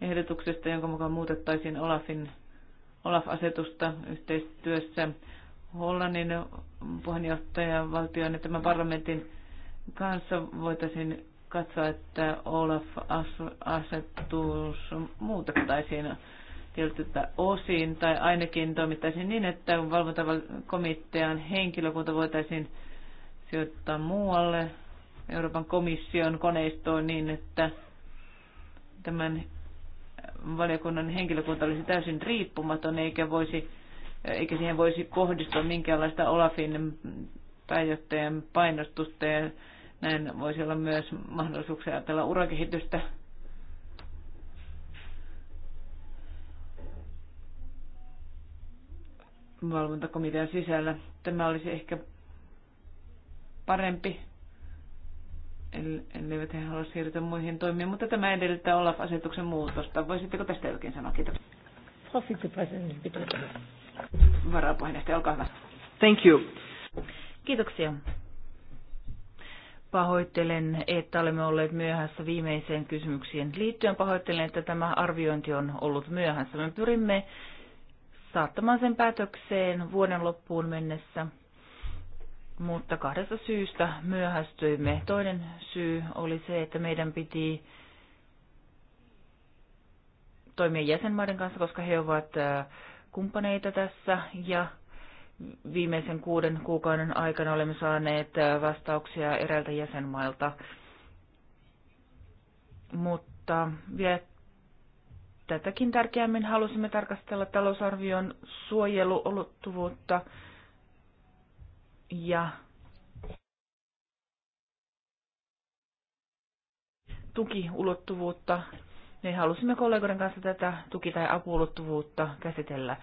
ehdotuksesta, jonka mukaan muutettaisiin Olafin, Olaf-asetusta yhteistyössä Hollannin puheenjohtajan valtion ja tämän parlamentin kanssa voitaisiin katsoa, että Olaf-asetus muutettaisiin tietyltä osin, tai ainakin toimittaisiin niin, että valvontakomitean henkilökunta voitaisiin sijoittaa muualle Euroopan komission koneistoon niin, että tämän valiokunnan henkilökunta olisi täysin riippumaton, eikä, voisi, eikä siihen voisi kohdistua minkäänlaista Olafin pääjohtajan painostusta ja näin voisi olla myös mahdollisuuksia ajatella urakehitystä. valvontakomitean sisällä. Tämä olisi ehkä parempi, elleivät he halua siirtyä muihin toimiin, mutta tämä edellyttää Olaf-asetuksen muutosta. Voisitteko tästä jokin sanoa? Kiitos. Varapuheenjohtaja, olkaa hyvä.
Thank you. Kiitoksia. Pahoittelen, että olemme olleet myöhässä viimeiseen kysymykseen liittyen. Pahoittelen, että tämä arviointi on ollut myöhässä. Me pyrimme saattamaan sen päätökseen vuoden loppuun mennessä, mutta kahdesta syystä myöhästyimme. Toinen syy oli se, että meidän piti toimia jäsenmaiden kanssa, koska he ovat äh, kumppaneita tässä ja viimeisen kuuden kuukauden aikana olemme saaneet äh, vastauksia eräiltä jäsenmailta. Mutta vielä tätäkin tärkeämmin halusimme tarkastella talousarvion suojeluolottuvuutta ja tukiulottuvuutta. Me halusimme kollegoiden kanssa tätä tuki- tai apuulottuvuutta käsitellä.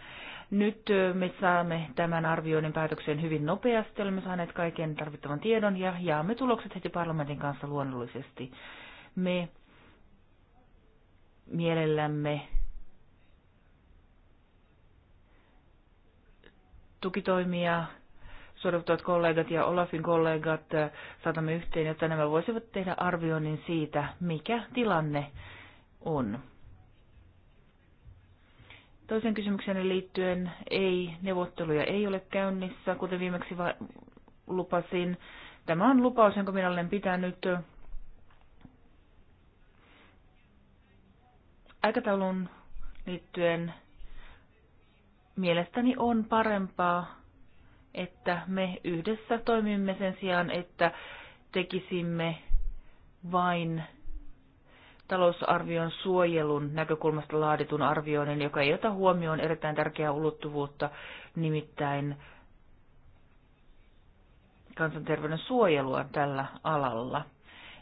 Nyt me saamme tämän arvioinnin päätökseen hyvin nopeasti. Olemme saaneet kaiken tarvittavan tiedon ja jaamme tulokset heti parlamentin kanssa luonnollisesti. Me mielellämme tukitoimia suorittavat kollegat ja Olafin kollegat saatamme yhteen, jotta nämä voisivat tehdä arvioinnin siitä, mikä tilanne on. Toisen kysymyksen liittyen ei, neuvotteluja ei ole käynnissä, kuten viimeksi lupasin. Tämä on lupaus, jonka minä olen pitänyt aikataulun liittyen mielestäni on parempaa, että me yhdessä toimimme sen sijaan, että tekisimme vain talousarvion suojelun näkökulmasta laaditun arvioinnin, joka ei ota huomioon erittäin tärkeää ulottuvuutta, nimittäin kansanterveyden suojelua tällä alalla.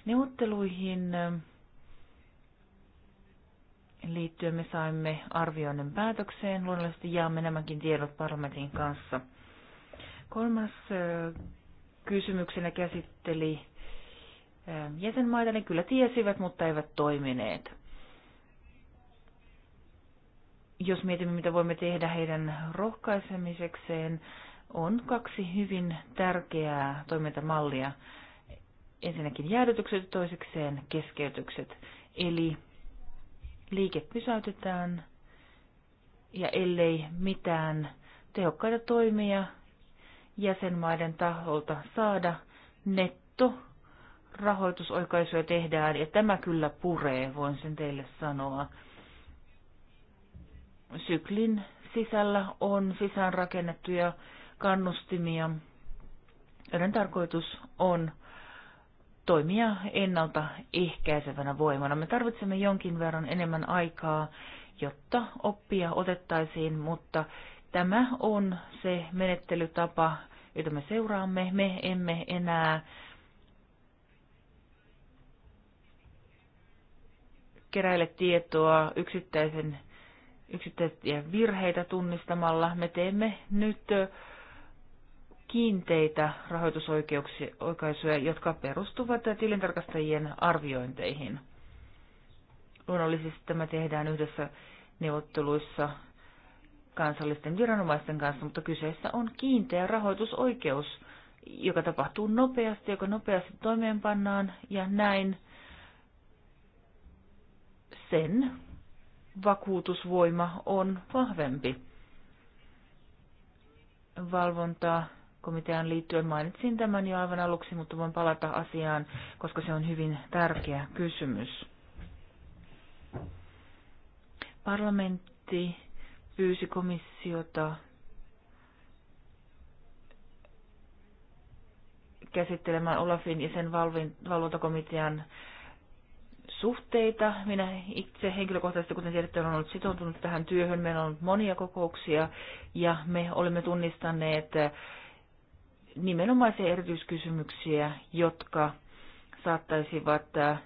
Neuvotteluihin liittyen me saimme arvioinnin päätökseen. Luonnollisesti jaamme nämäkin tiedot parlamentin kanssa. Kolmas kysymyksenä käsitteli Ähm, jäsenmaita, ne kyllä tiesivät, mutta eivät toimineet. Jos mietimme, mitä voimme tehdä heidän rohkaisemisekseen, on kaksi hyvin tärkeää toimintamallia. Ensinnäkin jäädytykset, toisekseen keskeytykset. Eli liike pysäytetään ja ellei mitään tehokkaita toimia jäsenmaiden taholta saada, netto rahoitusoikaisuja tehdään, ja tämä kyllä puree, voin sen teille sanoa. Syklin sisällä on sisäänrakennettuja kannustimia, joiden tarkoitus on toimia ennalta ehkäisevänä voimana. Me tarvitsemme jonkin verran enemmän aikaa, jotta oppia otettaisiin, mutta tämä on se menettelytapa, jota me seuraamme. Me emme enää keräile tietoa yksittäisen, yksittäisiä virheitä tunnistamalla. Me teemme nyt kiinteitä rahoitusoikaisuja, jotka perustuvat tilintarkastajien arviointeihin. Luonnollisesti tämä tehdään yhdessä neuvotteluissa kansallisten viranomaisten kanssa, mutta kyseessä on kiinteä rahoitusoikeus, joka tapahtuu nopeasti, joka nopeasti toimeenpannaan ja näin sen vakuutusvoima on vahvempi. Valvontaa komitean liittyen mainitsin tämän jo aivan aluksi, mutta voin palata asiaan, koska se on hyvin tärkeä kysymys. Parlamentti pyysi komissiota käsittelemään Olafin ja sen valvontakomitean suhteita. Minä itse henkilökohtaisesti, kuten tiedätte, olen ollut sitoutunut tähän työhön. Meillä on ollut monia kokouksia ja me olemme tunnistaneet nimenomaisia erityiskysymyksiä, jotka saattaisivat äh,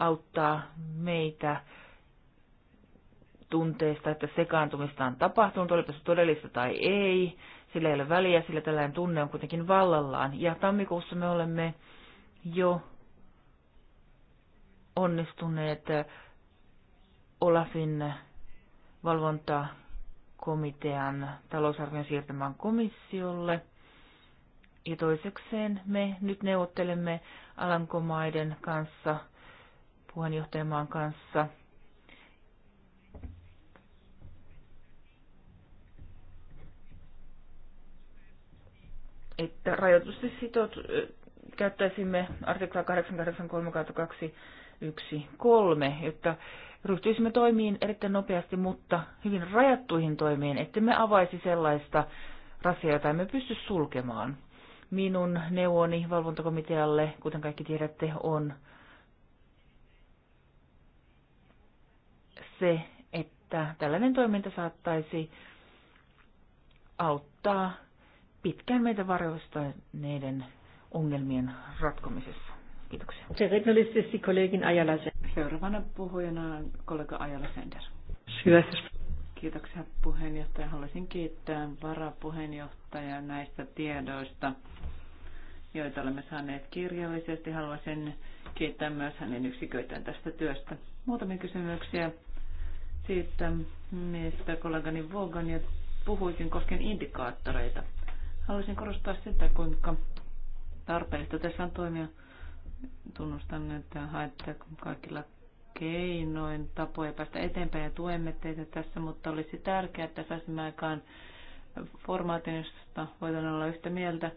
auttaa meitä tunteesta, että sekaantumista on tapahtunut, olipa se todellista tai ei. Sillä ei ole väliä, sillä tällainen tunne on kuitenkin vallallaan. Ja tammikuussa me olemme jo onnistuneet eh, Olafin valvontakomitean talousarvion siirtämään komissiolle. Ja toisekseen me nyt neuvottelemme Alankomaiden kanssa, puheenjohtajamaan kanssa, että rajoitusti sitot, eh, käyttäisimme artikla 883-2 yksi, kolme, jotta ryhtyisimme toimiin erittäin nopeasti, mutta hyvin rajattuihin toimiin, että me avaisi sellaista rasiaa, jota emme pysty sulkemaan. Minun neuvoni valvontakomitealle, kuten kaikki tiedätte, on se, että tällainen toiminta saattaisi auttaa pitkään meitä varjoistaneiden ongelmien ratkomisessa. Kiitoksia. Se
kollegin Ajala Seuraavana puhujana kollega Ajala Sender. Kiitoksia puheenjohtaja. Haluaisin kiittää varapuheenjohtajaa näistä tiedoista, joita olemme saaneet kirjallisesti. Haluaisin kiittää myös hänen yksiköitään tästä työstä. Muutamia kysymyksiä siitä, mistä kollegani Vogan ja puhuikin koskien indikaattoreita. Haluaisin korostaa sitä, kuinka tarpeellista tässä on toimia Tunnustan, että haette kaikilla keinoin tapoja päästä eteenpäin ja tuemme teitä tässä, mutta olisi tärkeää, että saisimme aikaan formaatin, josta voidaan olla yhtä mieltä.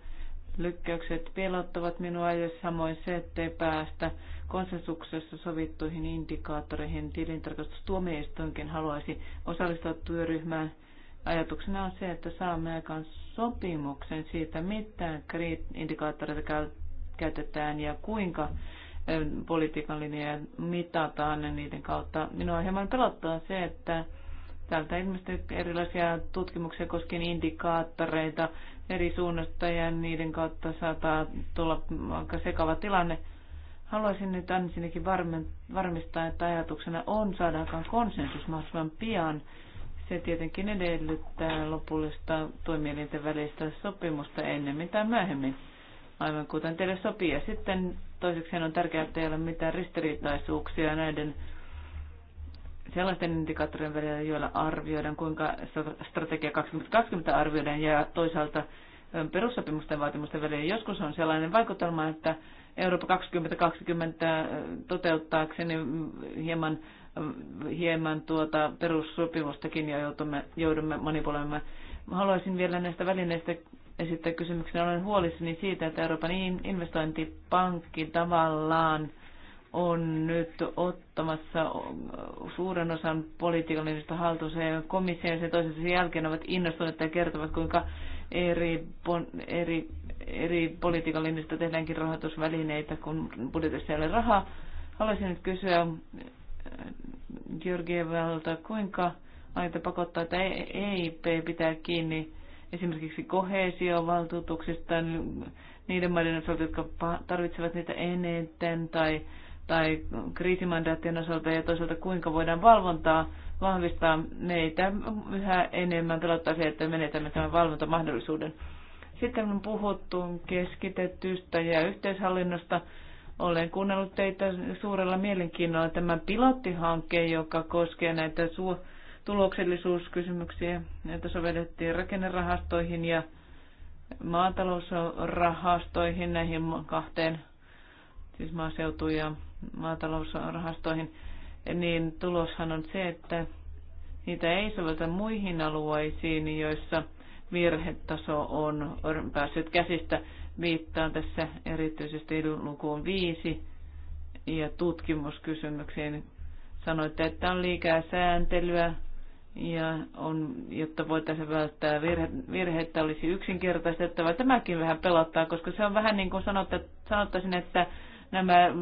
Lykkäykset pelottavat minua ja samoin se, ei päästä konsensuksessa sovittuihin indikaattoreihin. Tilintarkastustuomioistuinkin haluaisi osallistua työryhmään. Ajatuksena on se, että saamme aikaan sopimuksen siitä, mitä indikaattoreita käytetään ja kuinka politiikan linjoja mitataan niiden kautta. Minua hieman pelottaa se, että täältä ilmeisesti erilaisia tutkimuksia koskien indikaattoreita eri suunnasta ja niiden kautta saattaa tulla aika sekava tilanne. Haluaisin nyt ensinnäkin varmistaa, että ajatuksena on saadaankaan konsensus mahdollisimman pian. Se tietenkin edellyttää lopullista toimielinten välistä sopimusta ennemmin tai myöhemmin aivan kuten teille sopii. Ja sitten toiseksi on tärkeää, että ei ole mitään ristiriitaisuuksia näiden sellaisten indikaattorien välillä, joilla arvioidaan, kuinka strategia 2020 arvioidaan ja toisaalta perussopimusten vaatimusten välillä. Joskus on sellainen vaikutelma, että Eurooppa 2020 toteuttaakseni hieman, hieman tuota perussopimustakin ja joudumme, joudumme manipuloimaan. Haluaisin vielä näistä välineistä esittää kysymyksen. Olen huolissani siitä, että Euroopan investointipankki tavallaan on nyt ottamassa suuren osan politiikallisesta haltuunsa ja komissio ja sen toisensa jälkeen ovat innostuneet ja kertovat, kuinka eri, eri, eri politiikan linjasta tehdäänkin rahoitusvälineitä, kun budjetissa ei ole rahaa. Haluaisin nyt kysyä Georgievalta, kuinka aita pakottaa, että EIP e pitää kiinni esimerkiksi kohesiovaltuutuksista niiden maiden osalta, jotka tarvitsevat niitä eniten tai, tai kriisimandaattien osalta ja toisaalta kuinka voidaan valvontaa vahvistaa. Meitä yhä enemmän pelottaa se, että menetämme tämän valvontamahdollisuuden. Sitten on puhuttu keskitettystä ja yhteishallinnosta. Olen kuunnellut teitä suurella mielenkiinnolla tämän pilottihankkeen, joka koskee näitä su- tuloksellisuuskysymyksiä, joita sovellettiin rakennerahastoihin ja maatalousrahastoihin, näihin kahteen, siis maaseutu- ja maatalousrahastoihin, niin tuloshan on se, että niitä ei sovelleta muihin alueisiin, joissa virhetaso on päässyt käsistä. Viittaan tässä erityisesti lukuun viisi ja tutkimuskysymyksiin. Sanoitte, että on liikaa sääntelyä, ja on, jotta voitaisiin välttää virhe, virheitä, olisi yksinkertaistettava. Tämäkin vähän pelottaa, koska se on vähän niin kuin sanotta, sanottaisin, että nämä äh,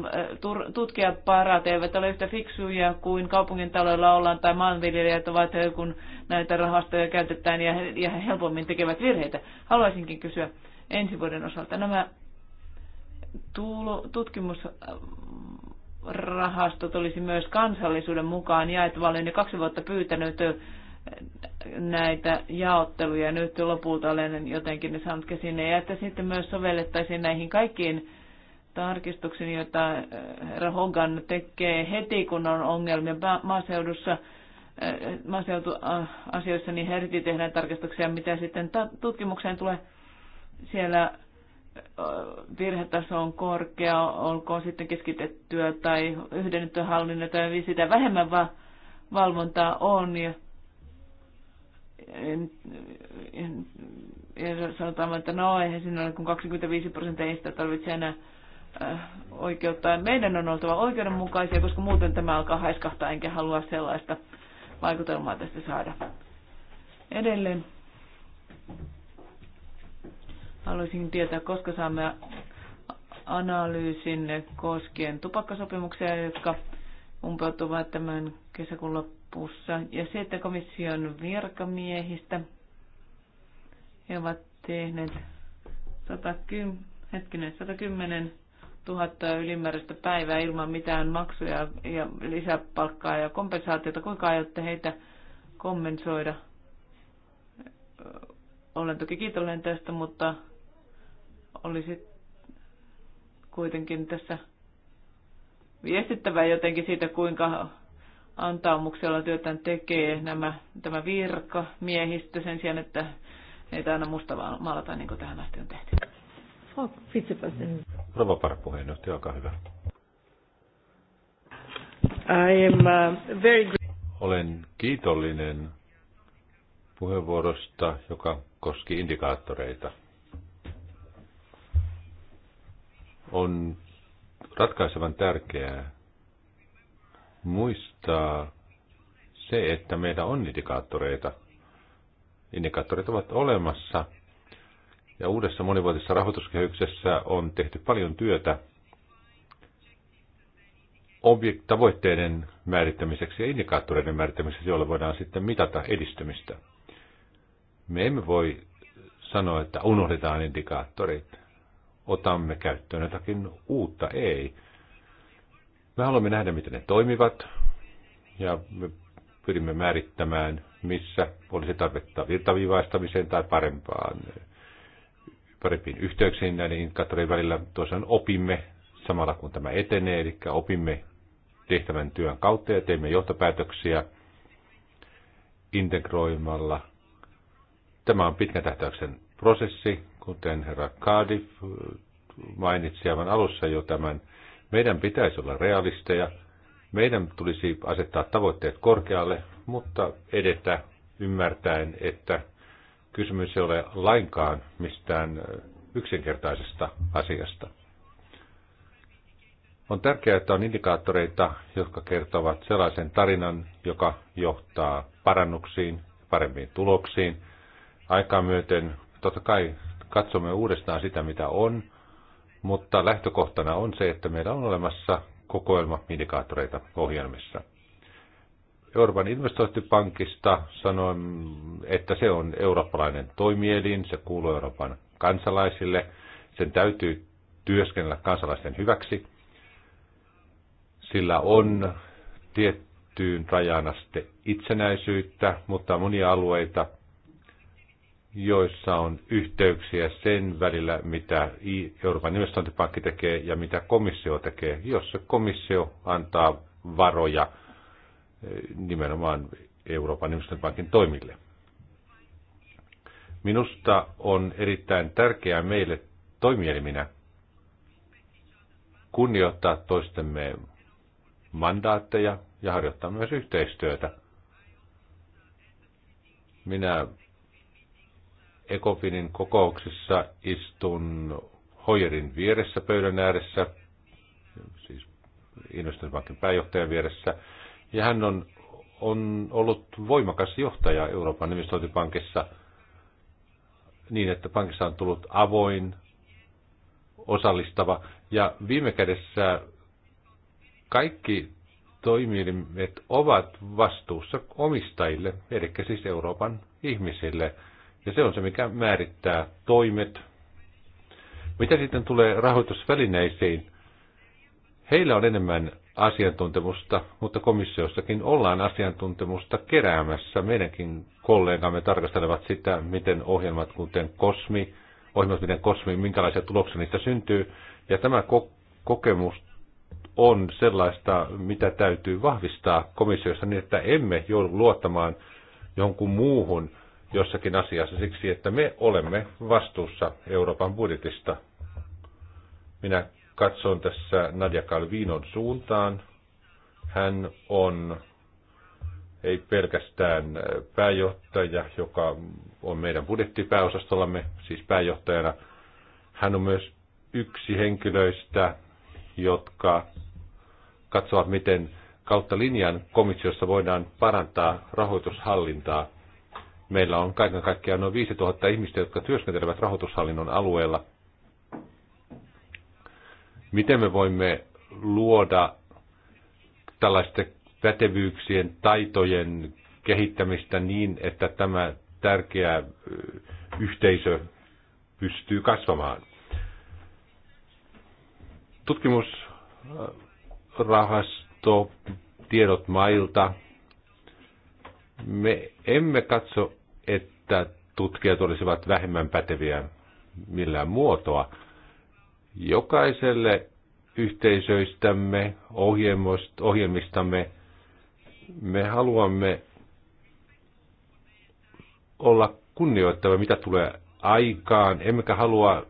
tutkijaparat eivät ole yhtä fiksuja kuin kaupungin taloilla ollaan tai maanviljelijät ovat, äh, kun näitä rahastoja käytetään ja, ja helpommin tekevät virheitä. Haluaisinkin kysyä ensi vuoden osalta nämä tutkimus äh, Rahastot olisi myös kansallisuuden mukaan jaettava. Olen jo kaksi vuotta pyytänyt näitä jaotteluja. Nyt lopulta olen jotenkin ne saanut käsin. Ja että sitten myös sovellettaisiin näihin kaikkiin tarkistuksiin, joita Rahogan tekee heti, kun on ongelmia maaseudussa maaseutuasioissa, niin heti tehdään tarkistuksia, mitä sitten tutkimukseen tulee. Siellä virhetaso on korkea, olkoon sitten keskitettyä tai yhdennettyä hallinnon tai sitä vähemmän va- valvontaa on. Ja, ja, ja sanotaan, että no eihän siinä ole kuin 25 prosenttia, ei sitä tarvitse enää äh, oikeuttaa. Meidän on oltava oikeudenmukaisia, koska muuten tämä alkaa haiskahtaa, enkä halua sellaista vaikutelmaa tästä saada. Edelleen Haluaisin tietää, koska saamme analyysin koskien tupakkasopimuksia, jotka umpeutuvat tämän kesäkuun lopussa. Ja se, että komission virkamiehistä he ovat tehneet 110, hetkinen, 110 000 ylimääräistä päivää ilman mitään maksuja ja lisäpalkkaa ja kompensaatiota. Kuinka aiotte heitä kompensoida? Olen toki kiitollinen tästä, mutta olisi kuitenkin tässä viestittävä jotenkin siitä, kuinka antaumuksella työtään tekee nämä, tämä virka miehistö sen sijaan, että tämä aina musta maalata niin kuin tähän asti on tehty. Oh,
Rova varapuheenjohtaja, olkaa hyvä.
I am, uh, very
Olen kiitollinen puheenvuorosta, joka koski indikaattoreita. on ratkaisevan tärkeää muistaa se, että meillä on indikaattoreita. Indikaattorit ovat olemassa. Ja uudessa monivuotisessa rahoituskehyksessä on tehty paljon työtä tavoitteiden määrittämiseksi ja indikaattoreiden määrittämiseksi, joilla voidaan sitten mitata edistymistä. Me emme voi sanoa, että unohdetaan indikaattorit otamme käyttöön jotakin uutta, ei. Me haluamme nähdä, miten ne toimivat, ja me pyrimme määrittämään, missä olisi tarvetta virtaviivaistamiseen tai parempaan, parempiin yhteyksiin näiden indikaattorien välillä. Toisaalta opimme samalla, kun tämä etenee, eli opimme tehtävän työn kautta ja teemme johtopäätöksiä integroimalla. Tämä on pitkän tähtäyksen prosessi, kuten herra Cardiff mainitsi aivan alussa jo tämän, meidän pitäisi olla realisteja, meidän tulisi asettaa tavoitteet korkealle, mutta edetä ymmärtäen, että kysymys ei ole lainkaan mistään yksinkertaisesta asiasta. On tärkeää, että on indikaattoreita, jotka kertovat sellaisen tarinan, joka johtaa parannuksiin, parempiin tuloksiin. Aikaa myöten totta kai katsomme uudestaan sitä, mitä on, mutta lähtökohtana on se, että meillä on olemassa kokoelma indikaattoreita ohjelmissa. Euroopan investointipankista sanoin, että se on eurooppalainen toimielin, se kuuluu Euroopan kansalaisille, sen täytyy työskennellä kansalaisten hyväksi. Sillä on tiettyyn rajaan asti itsenäisyyttä, mutta monia alueita, joissa on yhteyksiä sen välillä, mitä Euroopan investointipankki tekee ja mitä komissio tekee, jos komissio antaa varoja eh, nimenomaan Euroopan investointipankin toimille. Minusta on erittäin tärkeää meille toimielminä kunnioittaa toistemme mandaatteja ja harjoittaa myös yhteistyötä. Minä Ekofinin kokouksissa istun Hoyerin vieressä pöydän ääressä, siis investointipankin pääjohtajan vieressä, ja hän on, on ollut voimakas johtaja Euroopan investointipankissa niin, että pankissa on tullut avoin, osallistava, ja viime kädessä kaikki toimielimet ovat vastuussa omistajille, eli siis Euroopan ihmisille – ja se on se, mikä määrittää toimet. Mitä sitten tulee rahoitusvälineisiin? Heillä on enemmän asiantuntemusta, mutta komissiossakin ollaan asiantuntemusta keräämässä. Meidänkin kollegamme tarkastelevat sitä, miten ohjelmat, kuten Kosmi, ohjelmat, miten Kosmi, minkälaisia tuloksia niistä syntyy. Ja tämä ko- kokemus on sellaista, mitä täytyy vahvistaa komissiossa niin, että emme joudu luottamaan jonkun muuhun – jossakin asiassa siksi, että me olemme vastuussa Euroopan budjetista. Minä katson tässä Nadia Calvinon suuntaan. Hän on ei pelkästään pääjohtaja, joka on meidän budjettipääosastollamme, siis pääjohtajana. Hän on myös yksi henkilöistä, jotka katsovat, miten kautta linjan komissiossa voidaan parantaa rahoitushallintaa. Meillä on kaiken kaikkiaan noin 5000 ihmistä, jotka työskentelevät rahoitushallinnon alueella. Miten me voimme luoda tällaisten pätevyyksien, taitojen kehittämistä niin, että tämä tärkeä yhteisö pystyy kasvamaan. Tutkimusrahasto, tiedot mailta, me emme katso, että tutkijat olisivat vähemmän päteviä millään muotoa. Jokaiselle yhteisöistämme, ohjelmistamme, me haluamme olla kunnioittava, mitä tulee aikaan, emmekä halua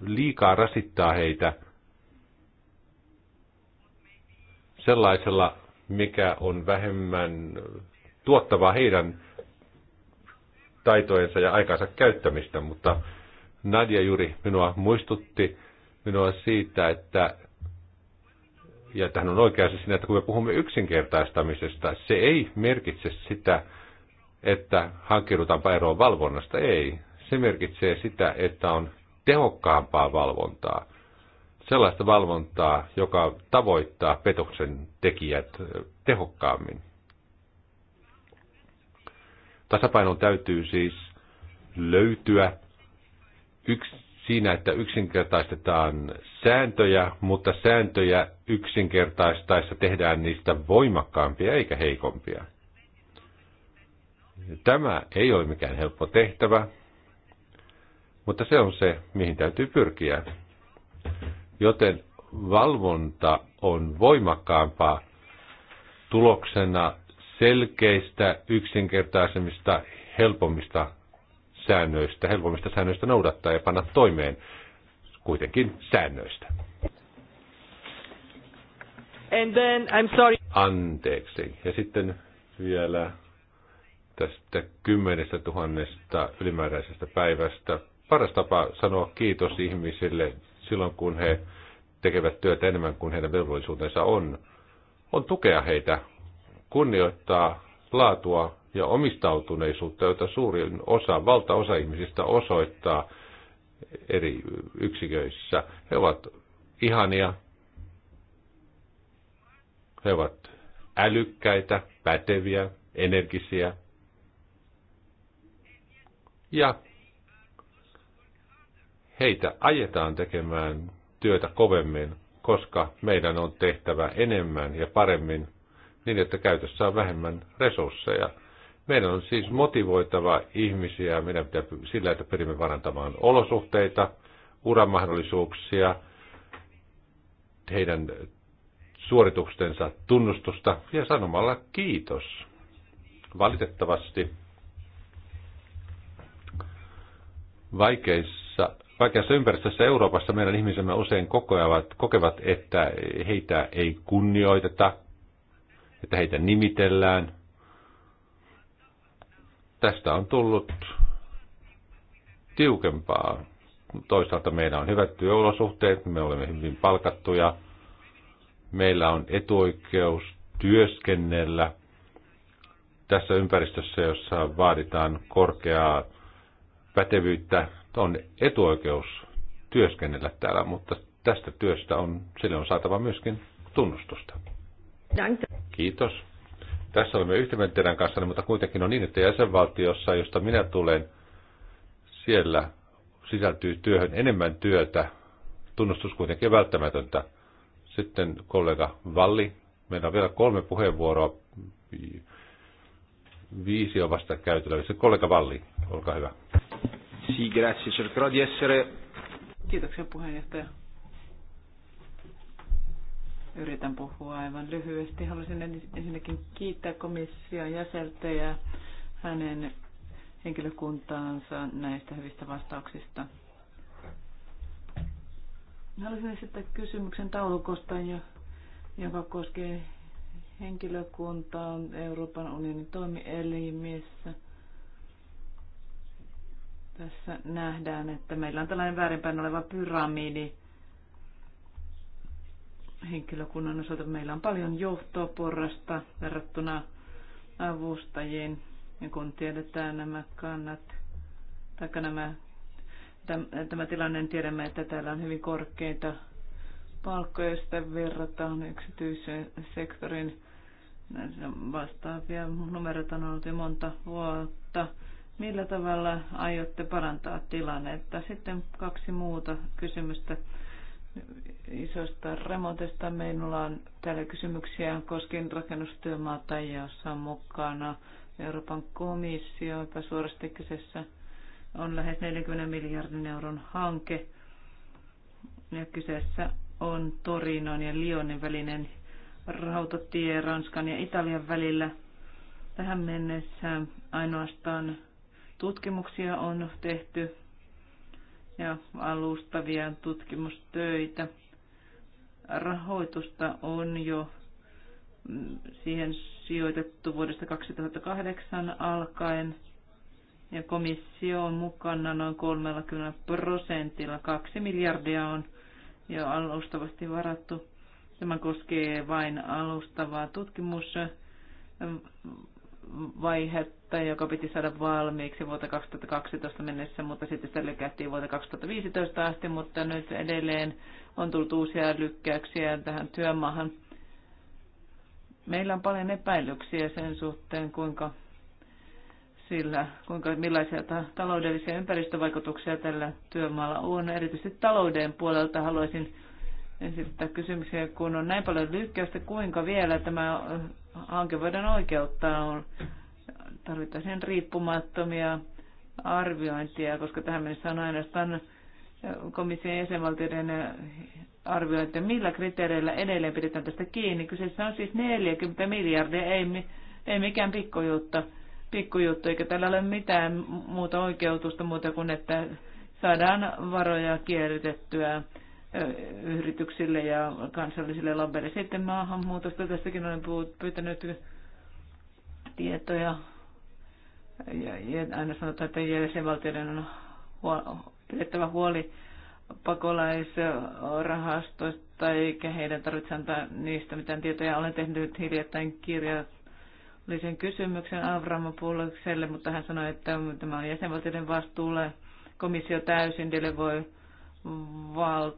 liikaa rasittaa heitä sellaisella, mikä on vähemmän tuottavaa heidän taitojensa ja aikansa käyttämistä, mutta Nadia juuri minua muistutti minua siitä, että ja tähän on oikeassa siinä, että kun me puhumme yksinkertaistamisesta, se ei merkitse sitä, että hankkiudutaanpa eroon valvonnasta. Ei. Se merkitsee sitä, että on tehokkaampaa valvontaa. Sellaista valvontaa, joka tavoittaa petoksen tekijät tehokkaammin. Tasapainon täytyy siis löytyä yksi, siinä, että yksinkertaistetaan sääntöjä, mutta sääntöjä yksinkertaistaessa tehdään niistä voimakkaampia eikä heikompia. Tämä ei ole mikään helppo tehtävä, mutta se on se, mihin täytyy pyrkiä. Joten valvonta on voimakkaampaa tuloksena selkeistä, yksinkertaisemmista, helpommista säännöistä, helpommista säännöistä noudattaa ja panna toimeen kuitenkin säännöistä.
And then, I'm sorry.
Anteeksi. Ja sitten vielä tästä kymmenestä tuhannesta ylimääräisestä päivästä. Paras tapa sanoa kiitos ihmisille silloin, kun he tekevät työtä enemmän kuin heidän velvollisuutensa on, on tukea heitä kunnioittaa laatua ja omistautuneisuutta, jota suurin osa, valtaosa ihmisistä osoittaa eri yksiköissä. He ovat ihania, he ovat älykkäitä, päteviä, energisiä. Ja heitä ajetaan tekemään työtä kovemmin, koska meidän on tehtävä enemmän ja paremmin niin, että käytössä on vähemmän resursseja. Meidän on siis motivoitava ihmisiä meidän pitää, sillä, että pyrimme parantamaan olosuhteita, uramahdollisuuksia, heidän suorituksensa tunnustusta ja sanomalla kiitos. Valitettavasti vaikeissa, vaikeassa ympäristössä Euroopassa meidän ihmisemme usein kokevat, kokevat, että heitä ei kunnioiteta, että heitä nimitellään. Tästä on tullut tiukempaa. Toisaalta meillä on hyvät työolosuhteet, me olemme hyvin palkattuja, meillä on etuoikeus työskennellä tässä ympäristössä, jossa vaaditaan korkeaa pätevyyttä, on etuoikeus työskennellä täällä, mutta tästä työstä on, sille on saatava myöskin tunnustusta. Dank Kiitos. Tässä olemme yhtä teidän kanssa, mutta kuitenkin on niin, että jäsenvaltiossa, josta minä tulen, siellä sisältyy työhön enemmän työtä. Tunnustus kuitenkin välttämätöntä. Sitten kollega Valli. Meillä on vielä kolme puheenvuoroa. Viisi on vasta käytöllä. Se kollega Valli, olkaa hyvä. Sì, grazie. Cercherò di essere... Kiitoksia puheenjohtaja
Yritän puhua aivan lyhyesti. Haluaisin ensinnäkin kiittää komission jäseltä ja hänen henkilökuntaansa näistä hyvistä vastauksista. Haluaisin esittää kysymyksen taulukosta, joka koskee henkilökuntaa Euroopan unionin toimielimissä. Tässä nähdään, että meillä on tällainen väärinpäin oleva pyramidi henkilökunnan osalta meillä on paljon johtoporrasta verrattuna avustajiin. Ja kun tiedetään nämä kannat, tai nämä, tämä tilanne, niin tiedämme, että täällä on hyvin korkeita palkkoja, jos verrataan yksityisen sektorin vastaavia numerot on ollut jo monta vuotta. Millä tavalla aiotte parantaa tilannetta? Sitten kaksi muuta kysymystä isosta remontista. Meillä on täällä kysymyksiä koskien rakennustyömaata, jossa on mukana Euroopan komissio, joka suorasti kyseessä on lähes 40 miljardin euron hanke. Ja kyseessä on Torinon ja Lyonin välinen rautatie Ranskan ja Italian välillä. Tähän mennessä ainoastaan tutkimuksia on tehty ja alustavia tutkimustöitä. Rahoitusta on jo mm, siihen sijoitettu vuodesta 2008 alkaen ja komissio on mukana noin 30 prosentilla. 2 miljardia on jo alustavasti varattu. Tämä koskee vain alustavaa tutkimusta vaihetta, joka piti saada valmiiksi vuoteen 2012 mennessä, mutta sitten sitä lykättiin vuoteen 2015 asti, mutta nyt edelleen on tullut uusia lykkäyksiä tähän työmaahan. Meillä on paljon epäilyksiä sen suhteen, kuinka sillä, kuinka, millaisia ta- taloudellisia ympäristövaikutuksia tällä työmaalla on. Erityisesti talouden puolelta haluaisin esittää kysymyksiä, kun on näin paljon lykkäystä, kuinka vielä tämä äh, hanke voidaan oikeuttaa. Tarvittaisiin riippumattomia arviointia, koska tähän mennessä on ainoastaan äh, komission jäsenvaltioiden äh, arviointi, millä kriteereillä edelleen pidetään tästä kiinni. Kyseessä on siis 40 miljardia, ei, ei mikään pikkujuttu, pikkujuttu, eikä tällä ole mitään muuta oikeutusta muuta kuin, että saadaan varoja kierrätettyä yrityksille ja kansallisille labeille. Sitten maahanmuutosta, tästäkin olen pyytänyt tietoja. Ja, ja aina sanotaan, että jäsenvaltioiden on pidettävä huoli pakolaisrahastoista, eikä heidän tarvitse antaa niistä mitään tietoja. Olen tehnyt hiljattain kirjallisen kysymyksen Avramopulokselle, mutta hän sanoi, että tämä on jäsenvaltioiden vastuulla. Komissio täysin delegoi val,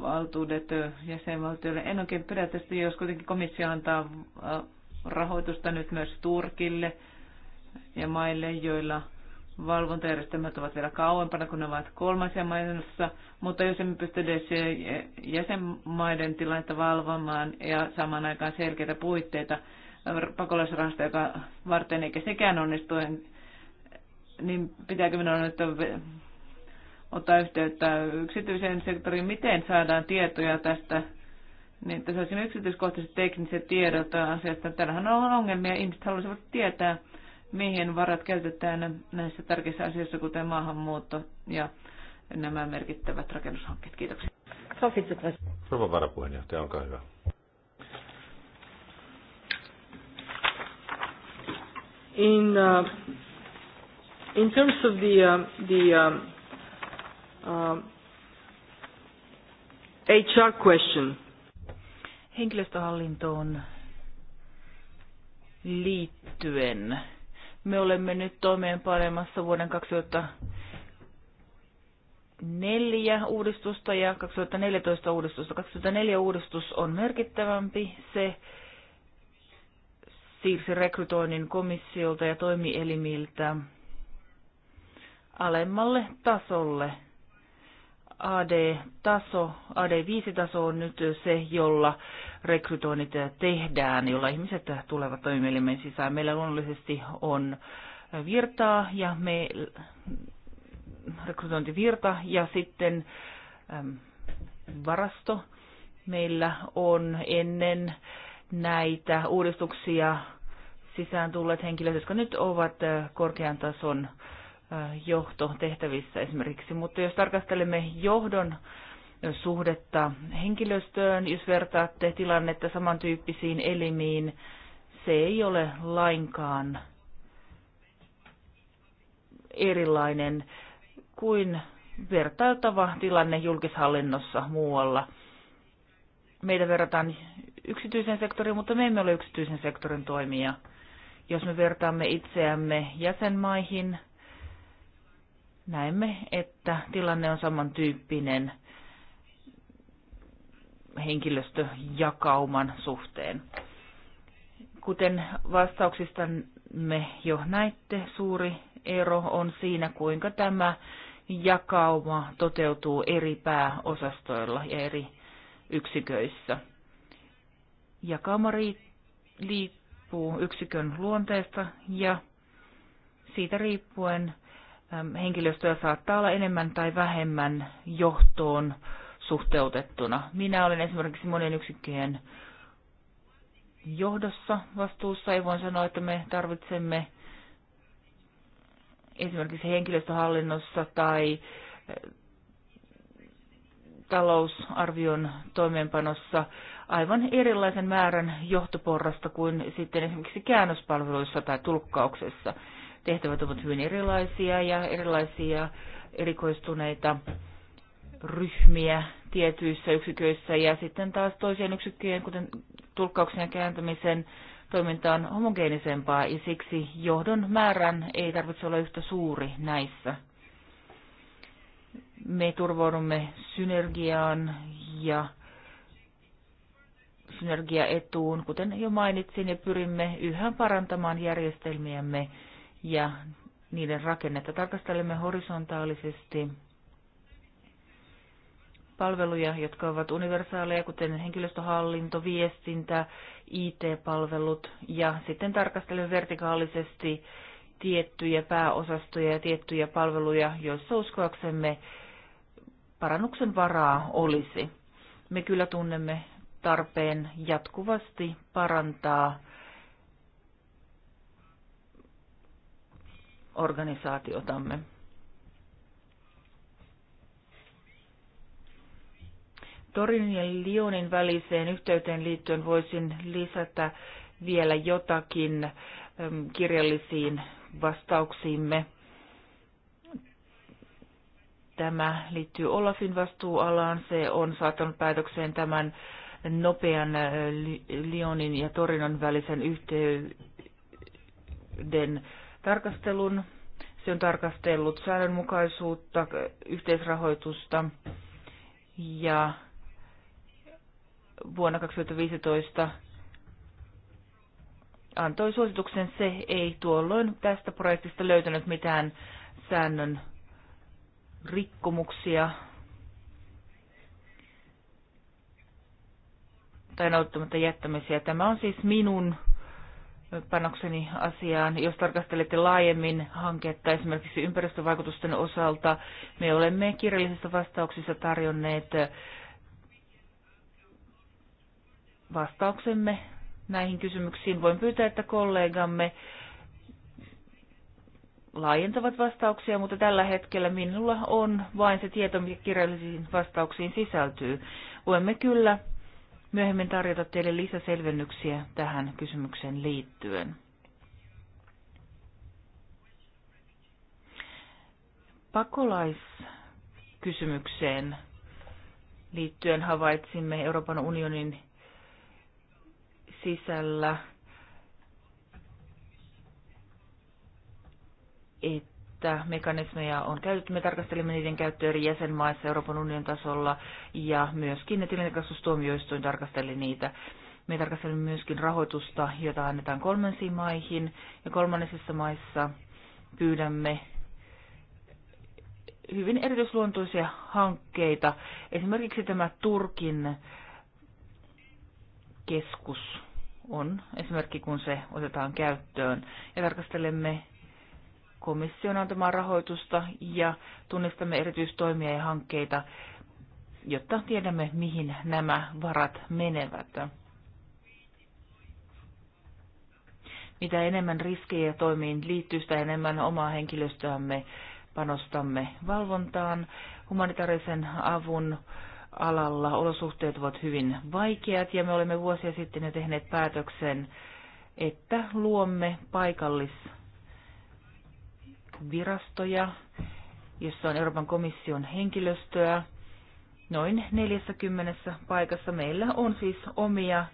valtuudet jäsenvaltioille. En oikein pidä tästä, jos kuitenkin komissio antaa rahoitusta nyt myös Turkille ja maille, joilla valvontajärjestelmät ovat vielä kauempana kuin ne ovat kolmansia maailmassa, mutta jos emme pysty edes jäsenmaiden tilannetta valvomaan ja samaan aikaan selkeitä puitteita pakolaisrahasta, joka varten eikä sekään onnistu, niin pitääkö minun nyt ottaa yhteyttä yksityiseen sektoriin, miten saadaan tietoja tästä, niin tässä saisimme yksityiskohtaiset tekniset tiedot asiasta. Täällähän on ongelmia, ihmiset haluaisivat tietää, mihin varat käytetään näissä tärkeissä asioissa, kuten maahanmuutto ja nämä merkittävät rakennushankkeet. Kiitoksia.
Rova varapuheenjohtaja, olkaa hyvä.
In, uh, in terms of the, uh, the um, Um, uh, HR question. Henkilöstöhallintoon liittyen. Me olemme nyt toimeenpanemassa vuoden 2004 uudistusta ja 2014 uudistusta. 2004 uudistus on merkittävämpi. Se siirsi rekrytoinnin komissiolta ja toimielimiltä alemmalle tasolle – AD-taso, AD5-taso on nyt se, jolla rekrytoinnit tehdään, jolla ihmiset tulevat toimielimen sisään. Meillä luonnollisesti on virtaa ja me rekrytointivirta ja sitten äm, varasto. Meillä on ennen näitä uudistuksia sisään tulleet henkilöt, jotka nyt ovat äh, korkean tason äh, johtotehtävissä esimerkiksi. Mutta jos tarkastelemme johdon suhdetta henkilöstöön, jos vertaatte tilannetta samantyyppisiin elimiin, se ei ole lainkaan erilainen kuin vertailtava tilanne julkishallinnossa muualla. Meitä verrataan yksityisen sektorin, mutta me emme ole yksityisen sektorin toimija. Jos me vertaamme itseämme jäsenmaihin, näemme, että tilanne on samantyyppinen henkilöstöjakauman suhteen. Kuten vastauksistamme jo näitte, suuri ero on siinä, kuinka tämä jakauma toteutuu eri pääosastoilla ja eri yksiköissä. Jakauma riippuu yksikön luonteesta ja siitä riippuen henkilöstöä saattaa olla enemmän tai vähemmän johtoon suhteutettuna. Minä olen esimerkiksi monien yksikköjen johdossa vastuussa ja voin sanoa, että me tarvitsemme esimerkiksi henkilöstöhallinnossa tai talousarvion toimeenpanossa aivan erilaisen määrän johtoporrasta kuin sitten esimerkiksi käännöspalveluissa tai tulkkauksessa tehtävät ovat hyvin erilaisia ja erilaisia erikoistuneita ryhmiä tietyissä yksiköissä ja sitten taas toisien yksikköjen, kuten tulkkauksen ja kääntämisen toiminta on homogeenisempaa ja siksi johdon määrän ei tarvitse olla yhtä suuri näissä. Me turvaudumme synergiaan ja synergiaetuun, kuten jo mainitsin, ja pyrimme yhä parantamaan järjestelmiämme ja niiden rakennetta. Tarkastelemme horisontaalisesti palveluja, jotka ovat universaaleja, kuten henkilöstöhallinto, viestintä, IT-palvelut ja sitten tarkastelemme vertikaalisesti tiettyjä pääosastoja ja tiettyjä palveluja, joissa uskoaksemme parannuksen varaa olisi. Me kyllä tunnemme tarpeen jatkuvasti parantaa organisaatiotamme. Torin ja Lionin väliseen yhteyteen liittyen voisin lisätä vielä jotakin kirjallisiin vastauksiimme. Tämä liittyy Olafin vastuualaan. Se on saattanut päätökseen tämän nopean Lionin ja Torinon välisen yhteyden tarkastelun. Se on tarkastellut säännönmukaisuutta, yhteisrahoitusta ja vuonna 2015 antoi suosituksen, se ei tuolloin tästä projektista löytänyt mitään säännön rikkomuksia tai noudattamatta jättämisiä. Tämä on siis minun panokseni asiaan. Jos tarkastelette laajemmin hanketta esimerkiksi ympäristövaikutusten osalta, me olemme kirjallisissa vastauksissa tarjonneet vastauksemme näihin kysymyksiin. Voin pyytää, että kollegamme laajentavat vastauksia, mutta tällä hetkellä minulla on vain se tieto, mikä kirjallisiin vastauksiin sisältyy. Voimme kyllä myöhemmin tarjota teille lisäselvennyksiä tähän kysymykseen liittyen. Pakolaiskysymykseen liittyen havaitsimme Euroopan unionin sisällä, että että mekanismeja on käytetty. Me tarkastelemme niiden käyttöä eri jäsenmaissa Euroopan unionin tasolla ja myöskin tilintakastustuomioistuin tarkasteli niitä. Me tarkastelemme myöskin rahoitusta, jota annetaan kolmansiin maihin ja kolmannisissa maissa pyydämme hyvin erityisluontoisia hankkeita. Esimerkiksi tämä Turkin keskus on esimerkki, kun se otetaan käyttöön. Ja tarkastelemme komission antamaa rahoitusta ja tunnistamme erityistoimia ja hankkeita, jotta tiedämme, mihin nämä varat menevät. Mitä enemmän riskejä toimiin liittyy, sitä enemmän omaa henkilöstöämme panostamme valvontaan. Humanitaarisen avun alalla olosuhteet ovat hyvin vaikeat ja me olemme vuosia sitten jo tehneet päätöksen, että luomme paikallis virastoja, jossa on Euroopan komission henkilöstöä. Noin 40 paikassa meillä on siis omia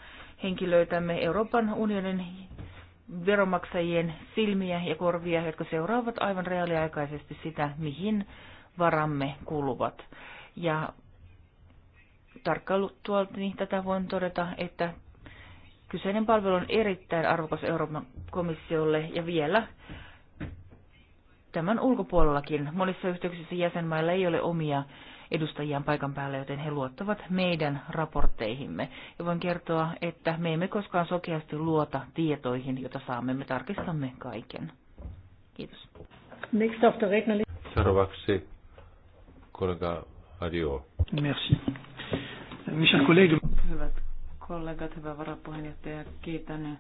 henkilöitämme Euroopan unionin veronmaksajien silmiä ja korvia, jotka seuraavat aivan reaaliaikaisesti sitä, mihin varamme kuluvat. Ja tarkkailuttualta niin tätä voin todeta, että kyseinen palvelu on erittäin arvokas Euroopan komissiolle ja vielä tämän ulkopuolellakin. Monissa yhteyksissä jäsenmailla ei ole omia edustajiaan paikan päällä, joten he luottavat meidän raportteihimme. Ja voin kertoa, että me emme koskaan sokeasti luota tietoihin, joita saamme. Me tarkistamme kaiken. Kiitos.
Seuraavaksi kollega Adio.
Merci. Hyvät kollegat, hyvä varapuheenjohtaja, kiitän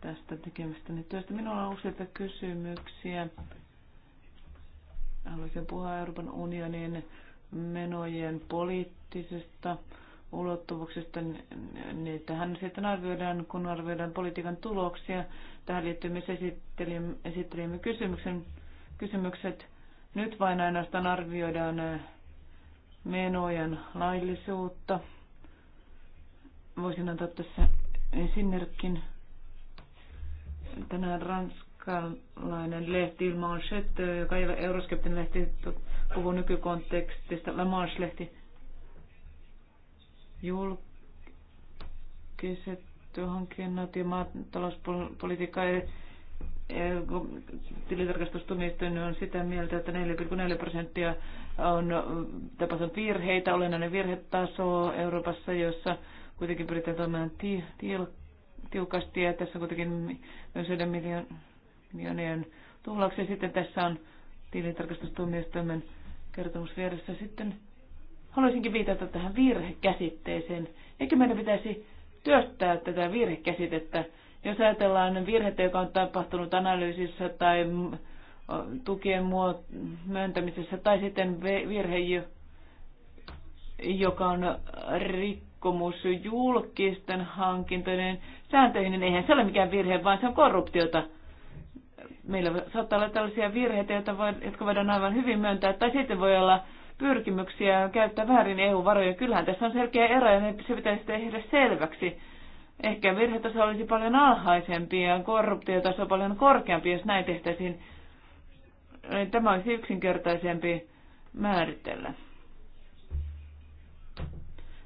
tästä tekemästäni työstä. Minulla on useita kysymyksiä Haluaisin puhua Euroopan unionin menojen poliittisesta ulottuvuuksista, niitähän sitten arvioidaan, kun arvioidaan politiikan tuloksia. Tähän liittyen myös esittelimme kysymyksen, kysymykset. Nyt vain ainoastaan arvioidaan äh, menojen laillisuutta. Voisin antaa tässä esimerkin. Tänään Ranska ranskalainen lehti Manchette, joka ei ole euroskeptinen lehti, puhuu nykykontekstista, Le Manche-lehti, julkiset hankinnat ja maatalouspolitiikka tilintarkastustuomioistuin on sitä mieltä, että 4,4 prosenttia on tapahtunut virheitä, olennainen virhetaso Euroopassa, jossa kuitenkin pyritään toimimaan tiukasti ja tässä kuitenkin myös 7 miljoonaa miljoonien tuhlauksia. Sitten tässä on tilintarkastustuomioistuimen kertomus vieressä. Sitten haluaisinkin viitata tähän virhekäsitteeseen. Eikö meidän pitäisi työstää tätä virhekäsitettä? Jos ajatellaan virhettä, joka on tapahtunut analyysissä tai tukien myöntämisessä, tai sitten virhe, joka on rikkomus julkisten hankintojen sääntöihin, niin eihän se ole mikään virhe, vaan se on korruptiota meillä saattaa olla tällaisia virheitä, joita voi, jotka voidaan aivan hyvin myöntää, tai sitten voi olla pyrkimyksiä käyttää väärin EU-varoja. Kyllähän tässä on selkeä ero ja se pitäisi tehdä selväksi. Ehkä virhetaso olisi paljon alhaisempi ja korruptiotaso paljon korkeampi, jos näin tehtäisiin. Tämä olisi yksinkertaisempi määritellä.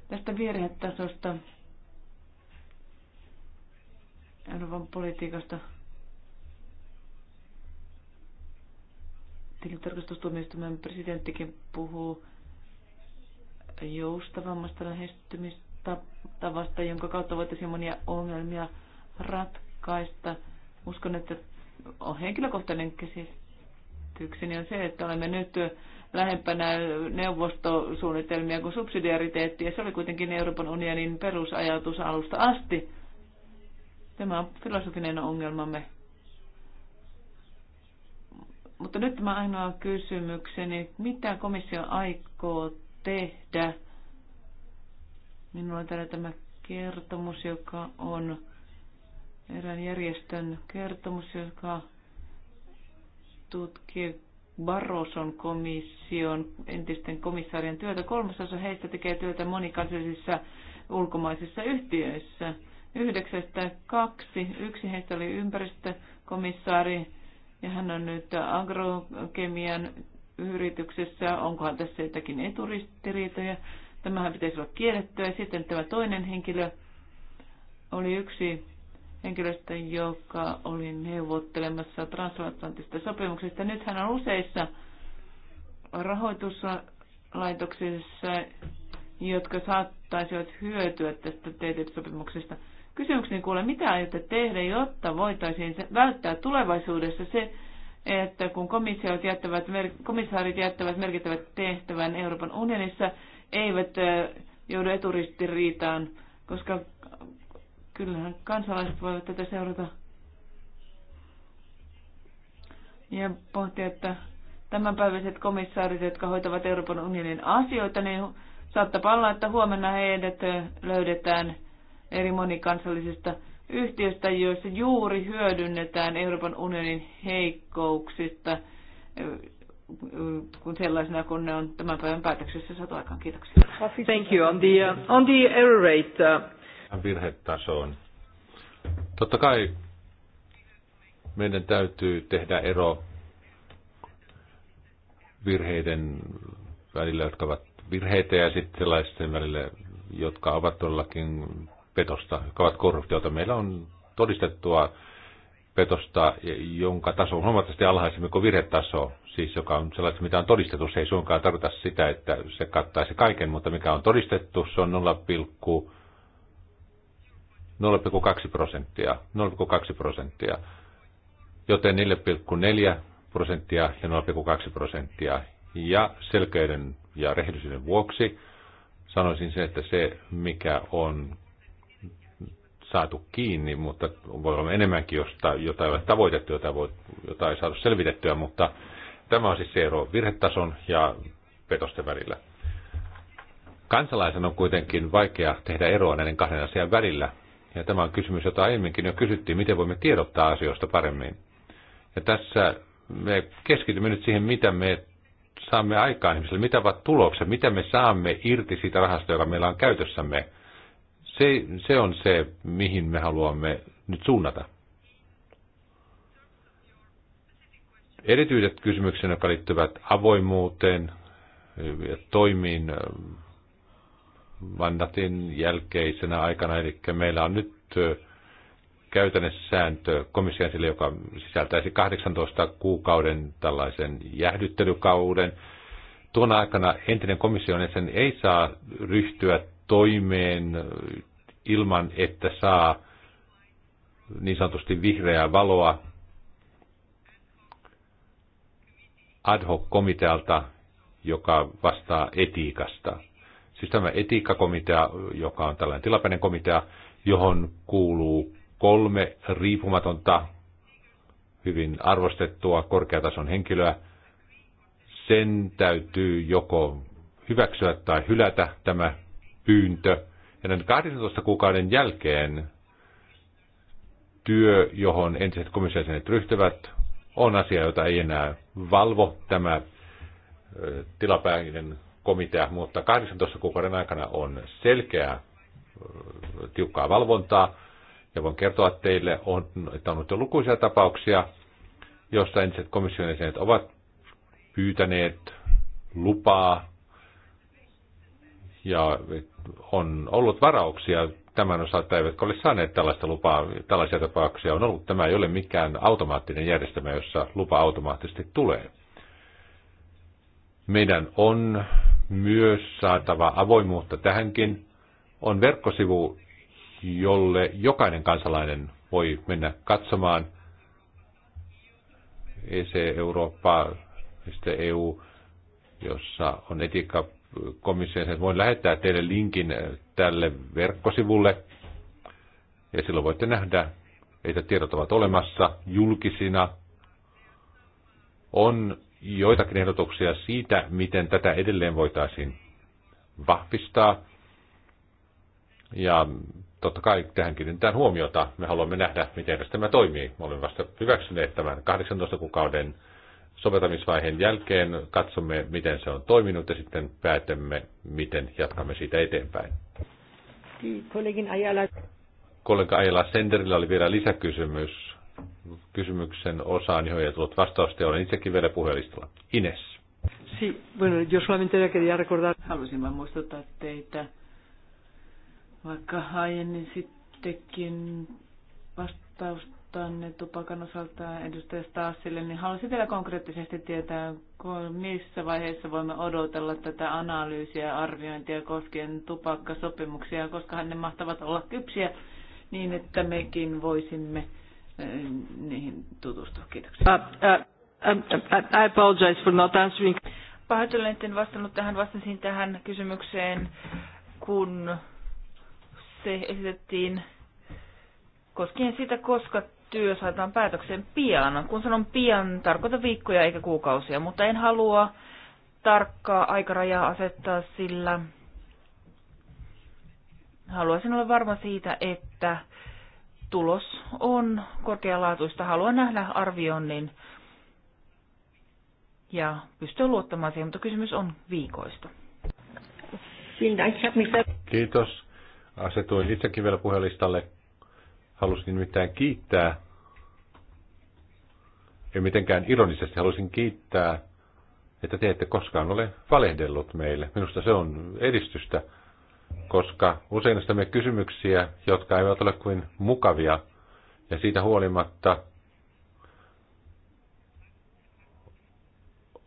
Tästä virhetasosta, Euroopan politiikasta. Tilintarkastustuomioistuimen presidenttikin puhuu joustavammasta lähestymistavasta, jonka kautta voitaisiin monia ongelmia ratkaista. Uskon, että on henkilökohtainen käsitykseni on se, että olemme nyt lähempänä neuvostosuunnitelmia kuin subsidiariteetti, ja se oli kuitenkin Euroopan unionin perusajatus alusta asti. Tämä on filosofinen ongelmamme. Mutta nyt tämä ainoa kysymykseni, mitä komissio aikoo tehdä? Minulla on täällä tämä kertomus, joka on erään järjestön kertomus, joka tutkii Barroson komission entisten komissaarien työtä. Kolmasosa heistä tekee työtä monikansallisissa ulkomaisissa yhtiöissä. Yhdeksästä kaksi. Yksi heistä oli ympäristökomissaari, ja hän on nyt agrokemian yrityksessä. Onkohan tässä jotakin eturistiriitoja? Tämähän pitäisi olla kiellettyä. sitten tämä toinen henkilö oli yksi henkilöstä, joka oli neuvottelemassa transatlanttista sopimuksesta. Nyt hän on useissa rahoituslaitoksissa, jotka saattaisivat hyötyä tästä TTIP-sopimuksesta – Kysymykseni kuule, mitä aiotte tehdä, jotta voitaisiin välttää tulevaisuudessa se, että kun komissiot jättävät, komissaarit jättävät merkittävät tehtävän Euroopan unionissa, eivät joudu eturistiriitaan, koska kyllähän kansalaiset voivat tätä seurata ja pohtia, että tämänpäiväiset komissaarit, jotka hoitavat Euroopan unionin asioita, niin saattaa olla, että huomenna heidät löydetään – eri monikansallisista yhtiöistä, joissa juuri hyödynnetään Euroopan unionin heikkouksista kun sellaisena kun ne on tämän päivän päätöksessä saatu
aikaan. Kiitoksia. Thank you. On the, uh, on the error rate.
Uh... Virhetasoon. Totta kai meidän täytyy tehdä ero virheiden välillä, jotka ovat virheitä ja sitten sellaisten välillä, jotka ovat todellakin petosta, jotka ovat korruptiota. Meillä on todistettua petosta, jonka taso on huomattavasti alhaisemmin kuin virhetaso, siis joka on sellaista, mitä on todistettu. Se ei suinkaan tarkoita sitä, että se kattaisi kaiken, mutta mikä on todistettu, se on 0,2 prosenttia. 0,2 prosenttia. Joten 4,4 prosenttia ja 0,2 prosenttia. Ja selkeyden ja rehellisyyden vuoksi sanoisin se, että se, mikä on saatu kiinni, mutta voi olla enemmänkin, josta, jota ei ole tavoitettu, jota, voi, jota ei saatu selvitettyä, mutta tämä on siis se ero virhetason ja petosten välillä. Kansalaisen on kuitenkin vaikea tehdä eroa näiden kahden asian välillä, ja tämä on kysymys, jota aiemminkin jo kysyttiin, miten voimme tiedottaa asioista paremmin. Ja tässä me keskitymme nyt siihen, mitä me saamme aikaan ihmisille, mitä ovat tulokset, mitä me saamme irti siitä rahasta, joka meillä on käytössämme. Se, se on se, mihin me haluamme nyt suunnata. Erityiset kysymykset, jotka liittyvät avoimuuteen ja toimiin mandatin jälkeisenä aikana, eli meillä on nyt käytännössä sääntö komission sille, joka sisältäisi 18 kuukauden tällaisen jähdyttelykauden. Tuona aikana entinen komission jäsen ei saa ryhtyä toimeen ilman, että saa niin sanotusti vihreää valoa ad hoc-komitealta, joka vastaa etiikasta. Siis tämä etiikkakomitea, joka on tällainen tilapäinen komitea, johon kuuluu kolme riippumatonta, hyvin arvostettua, korkeatason henkilöä. Sen täytyy joko hyväksyä tai hylätä tämä pyyntö. Ja näiden 12 kuukauden jälkeen työ, johon entiset komissiasenet ryhtyvät, on asia, jota ei enää valvo tämä tilapäinen komitea, mutta 18 kuukauden aikana on selkeää tiukkaa valvontaa. Ja voin kertoa teille, on, että on ollut jo lukuisia tapauksia, joissa entiset komission jäsenet ovat pyytäneet lupaa ja on ollut varauksia tämän osalta, eivätkä ole saaneet tällaista lupaa, tällaisia tapauksia on ollut. Tämä ei ole mikään automaattinen järjestelmä, jossa lupa automaattisesti tulee. Meidän on myös saatava avoimuutta tähänkin. On verkkosivu, jolle jokainen kansalainen voi mennä katsomaan EC Eurooppa, EU, e jossa on etiikka komission voin lähettää teille linkin eh, tälle verkkosivulle. Ja silloin voitte nähdä, että tiedot ovat olemassa julkisina. On joitakin ehdotuksia siitä, miten tätä edelleen voitaisiin vahvistaa. Ja totta kai tähän kiinnitetään huomiota. Me haluamme nähdä, miten tämä toimii. Me olemme vasta hyväksyneet tämän 18 kuukauden soveltamisvaiheen jälkeen katsomme, miten se on toiminut ja sitten päätämme, miten jatkamme siitä eteenpäin.
Kollegin Ajala.
Kollega Ajala Senderillä oli vielä lisäkysymys. Kysymyksen osaan, johon ei tullut vastausta, ja olen itsekin vielä puhelistalla. Ines.
Sí, bueno, yo solamente quería recordar. Halusin vain muistuttaa teitä, vaikka aiemmin sittenkin vastausta vastaanne tupakan osalta edustaja Staasille, niin haluaisin vielä konkreettisesti tietää, missä vaiheessa voimme odotella tätä analyysiä ja arviointia koskien tupakkasopimuksia, koska ne mahtavat olla kypsiä niin, että mekin voisimme eh, niihin tutustua. Kiitoksia. Uh, uh,
um, I apologize for not answering. Pahoittelen, etten vastannut tähän. Vastasin tähän kysymykseen, kun se esitettiin koskien sitä, koska työ saadaan päätöksen pian. Kun sanon pian, tarkoitan viikkoja eikä kuukausia, mutta en halua tarkkaa aikarajaa asettaa, sillä haluaisin olla varma siitä, että tulos on korkealaatuista. Haluan nähdä arvioinnin ja pystyn luottamaan siihen, mutta kysymys on viikoista.
Kiitos. Asetuin itsekin vielä puhelistalle Halusin nimittäin kiittää, ei mitenkään ironisesti, halusin kiittää, että te ette koskaan ole valehdellut meille. Minusta se on edistystä, koska usein me kysymyksiä, jotka eivät ole kuin mukavia, ja siitä huolimatta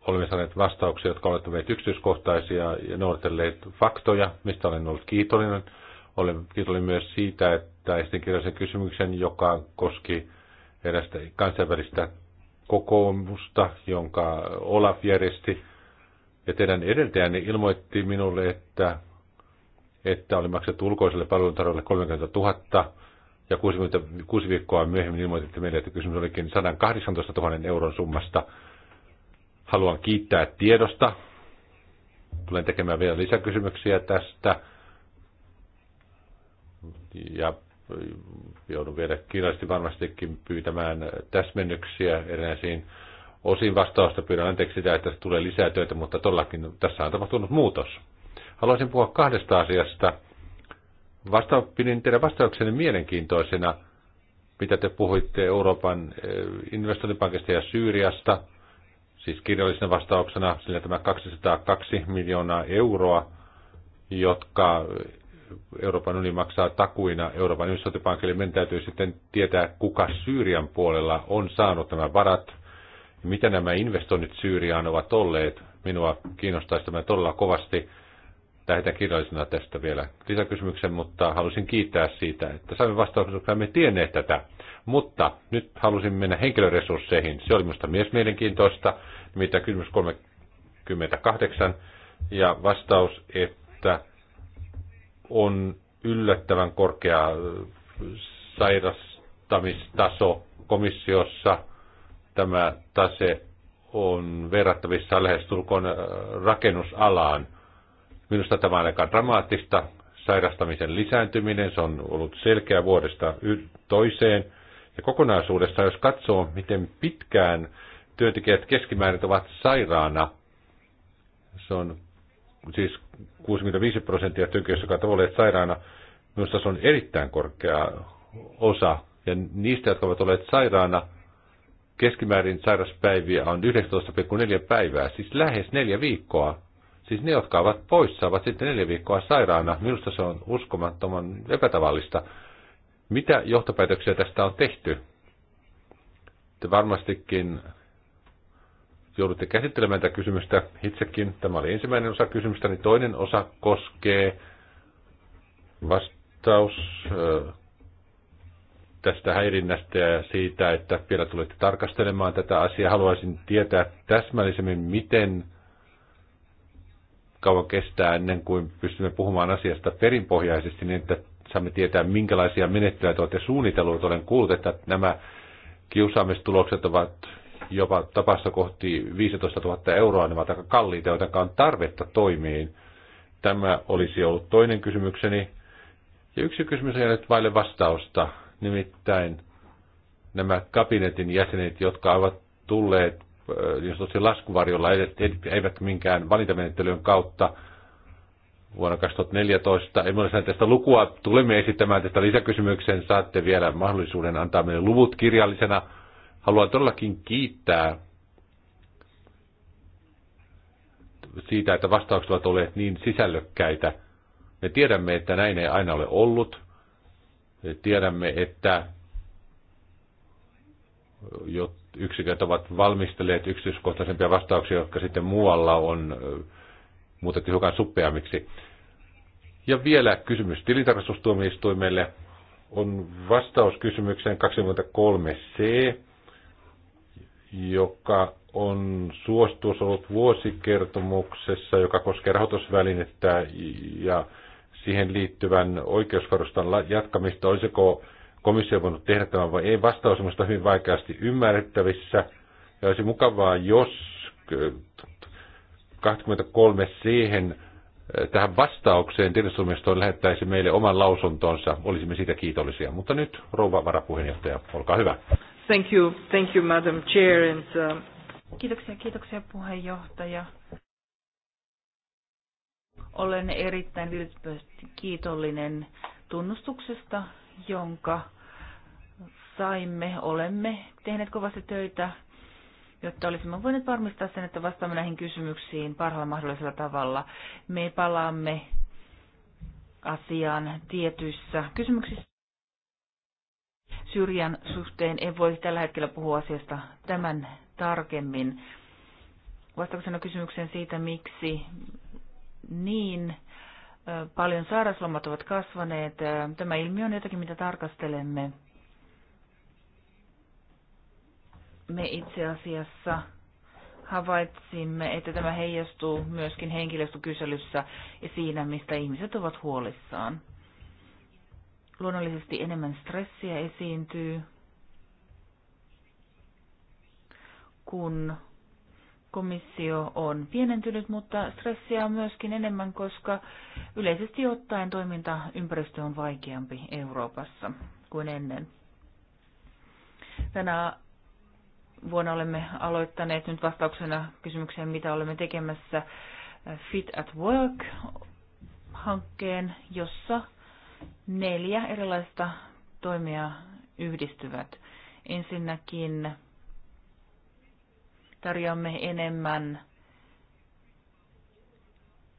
olemme saaneet vastauksia, jotka olette meitä yksityiskohtaisia ja noudatelleet faktoja, mistä olen ollut kiitollinen – olen kiitollinen myös siitä, että esitin kirjallisen kysymyksen, joka koski erästä kansainvälistä kokoomusta, jonka Olaf järjesti. Ja teidän edeltäjänne ilmoitti minulle, että, että oli maksettu ulkoiselle palveluntarjoajalle 30 000 ja 66 viikkoa myöhemmin ilmoititte meille, että kysymys olikin 118 000 euron summasta. Haluan kiittää tiedosta. Tulen tekemään vielä lisäkysymyksiä tästä ja joudun vielä kirjallisesti varmastikin pyytämään täsmennyksiä erinäisiin osin vastausta. Pyydän anteeksi sitä, että se tulee lisää työtä, mutta todellakin tässä on tapahtunut muutos. Haluaisin puhua kahdesta asiasta. Vasta, pidin teidän vastauksenne mielenkiintoisena, mitä te puhuitte Euroopan eh, investointipankista ja Syyriasta, siis kirjallisena vastauksena, sillä tämä 202 miljoonaa euroa, jotka Euroopan unioni maksaa takuina Euroopan investointipankille, meidän täytyy sitten tietää, kuka Syyrian puolella on saanut nämä varat, mitä nämä investoinnit Syyriaan ovat olleet. Minua kiinnostaisi tämä todella kovasti. Lähetän kirjallisena tästä vielä lisäkysymyksen, mutta halusin kiittää siitä, että saimme vastauksen, että me tienneet tätä. Mutta nyt halusin mennä henkilöresursseihin. Se oli minusta myös mielenkiintoista, mitä kysymys 38 ja vastaus, että on yllättävän korkea sairastamistaso komissiossa. Tämä tase on verrattavissa lähestulkoon äh, rakennusalaan. Minusta tämä on aika dramaattista. Sairastamisen lisääntyminen, se on ollut selkeä vuodesta toiseen. Ja kokonaisuudessaan, jos katsoo, miten pitkään työntekijät keskimäärin ovat sairaana, se on siis 65 prosenttia työntekijöistä, jotka ovat olleet sairaana, minusta se on erittäin korkea osa. Ja niistä, jotka ovat olleet sairaana, keskimäärin sairaspäiviä on 19,4 päivää, siis lähes neljä viikkoa. Siis ne, jotka ovat poissa, ovat sitten neljä viikkoa sairaana. Minusta se on uskomattoman epätavallista. Mitä johtopäätöksiä tästä on tehty? Te varmastikin joudutte käsittelemään tätä kysymystä itsekin. Tämä oli ensimmäinen osa kysymystä, niin toinen osa koskee vastaus tästä häirinnästä ja siitä, että vielä tulette tarkastelemaan tätä asiaa. Haluaisin tietää täsmällisemmin, miten kauan kestää ennen kuin pystymme puhumaan asiasta perinpohjaisesti, niin että saamme tietää, minkälaisia menettelyjä te olette suunnitellut. Olen kuullut, että nämä kiusaamistulokset ovat jopa tapassa kohti 15 000 euroa, ne niin ovat aika kalliita, jotenka on tarvetta toimiin. Tämä olisi ollut toinen kysymykseni. Ja yksi kysymys on ole vaille vastausta, nimittäin nämä kabinetin jäsenet, jotka ovat tulleet, jos äh, niin tosiaan laskuvarjolla, eivät minkään valintamenettelyn kautta, vuonna 2014. Emme ole tästä lukua. Tulemme esittämään tästä lisäkysymyksen. Saatte vielä mahdollisuuden antaa meille luvut kirjallisena Haluan todellakin kiittää siitä, että vastaukset ovat olleet niin sisällökkäitä. Me tiedämme, että näin ei aina ole ollut. Me tiedämme, että yksiköt ovat valmistelleet yksityiskohtaisempia vastauksia, jotka sitten muualla on muutettu hiukan suppeammiksi. Ja vielä kysymys tilintarkastustuomioistuimelle on vastauskysymykseen 23c joka on suostuus ollut vuosikertomuksessa, joka koskee rahoitusvälinettä ja siihen liittyvän oikeusvarustan jatkamista. Olisiko komissio voinut tehdä tämän vai ei? Vastaus on hyvin vaikeasti ymmärrettävissä. Ja olisi mukavaa, jos 23 siihen eh, tähän vastaukseen tiedotustoimistoon lähettäisi meille oman lausuntonsa. Olisimme siitä kiitollisia. Mutta nyt rouva varapuheenjohtaja, olkaa hyvä.
Thank you, thank you, Madam Chair. And, um... Kiitoksia, kiitoksia puheenjohtaja. Olen erittäin vilpittömästi kiitollinen tunnustuksesta, jonka saimme. Olemme tehneet kovasti töitä, jotta olisimme voineet varmistaa sen, että vastaamme näihin kysymyksiin parhaalla mahdollisella tavalla. Me palaamme asiaan tietyissä kysymyksissä Syrjän suhteen. En voi tällä hetkellä puhua asiasta tämän tarkemmin. Vastauksena kysymykseen siitä, miksi niin paljon sairaslomat ovat kasvaneet. Tämä ilmiö on jotakin, mitä tarkastelemme. Me itse asiassa havaitsimme, että tämä heijastuu myöskin henkilöstökyselyssä ja siinä, mistä ihmiset ovat huolissaan. Luonnollisesti enemmän stressiä esiintyy, kun komissio on pienentynyt, mutta stressiä on myöskin enemmän, koska yleisesti ottaen toimintaympäristö on vaikeampi Euroopassa kuin ennen. Tänä vuonna olemme aloittaneet nyt vastauksena kysymykseen, mitä olemme tekemässä Fit at Work-hankkeen, jossa neljä erilaista toimia yhdistyvät. Ensinnäkin tarjoamme enemmän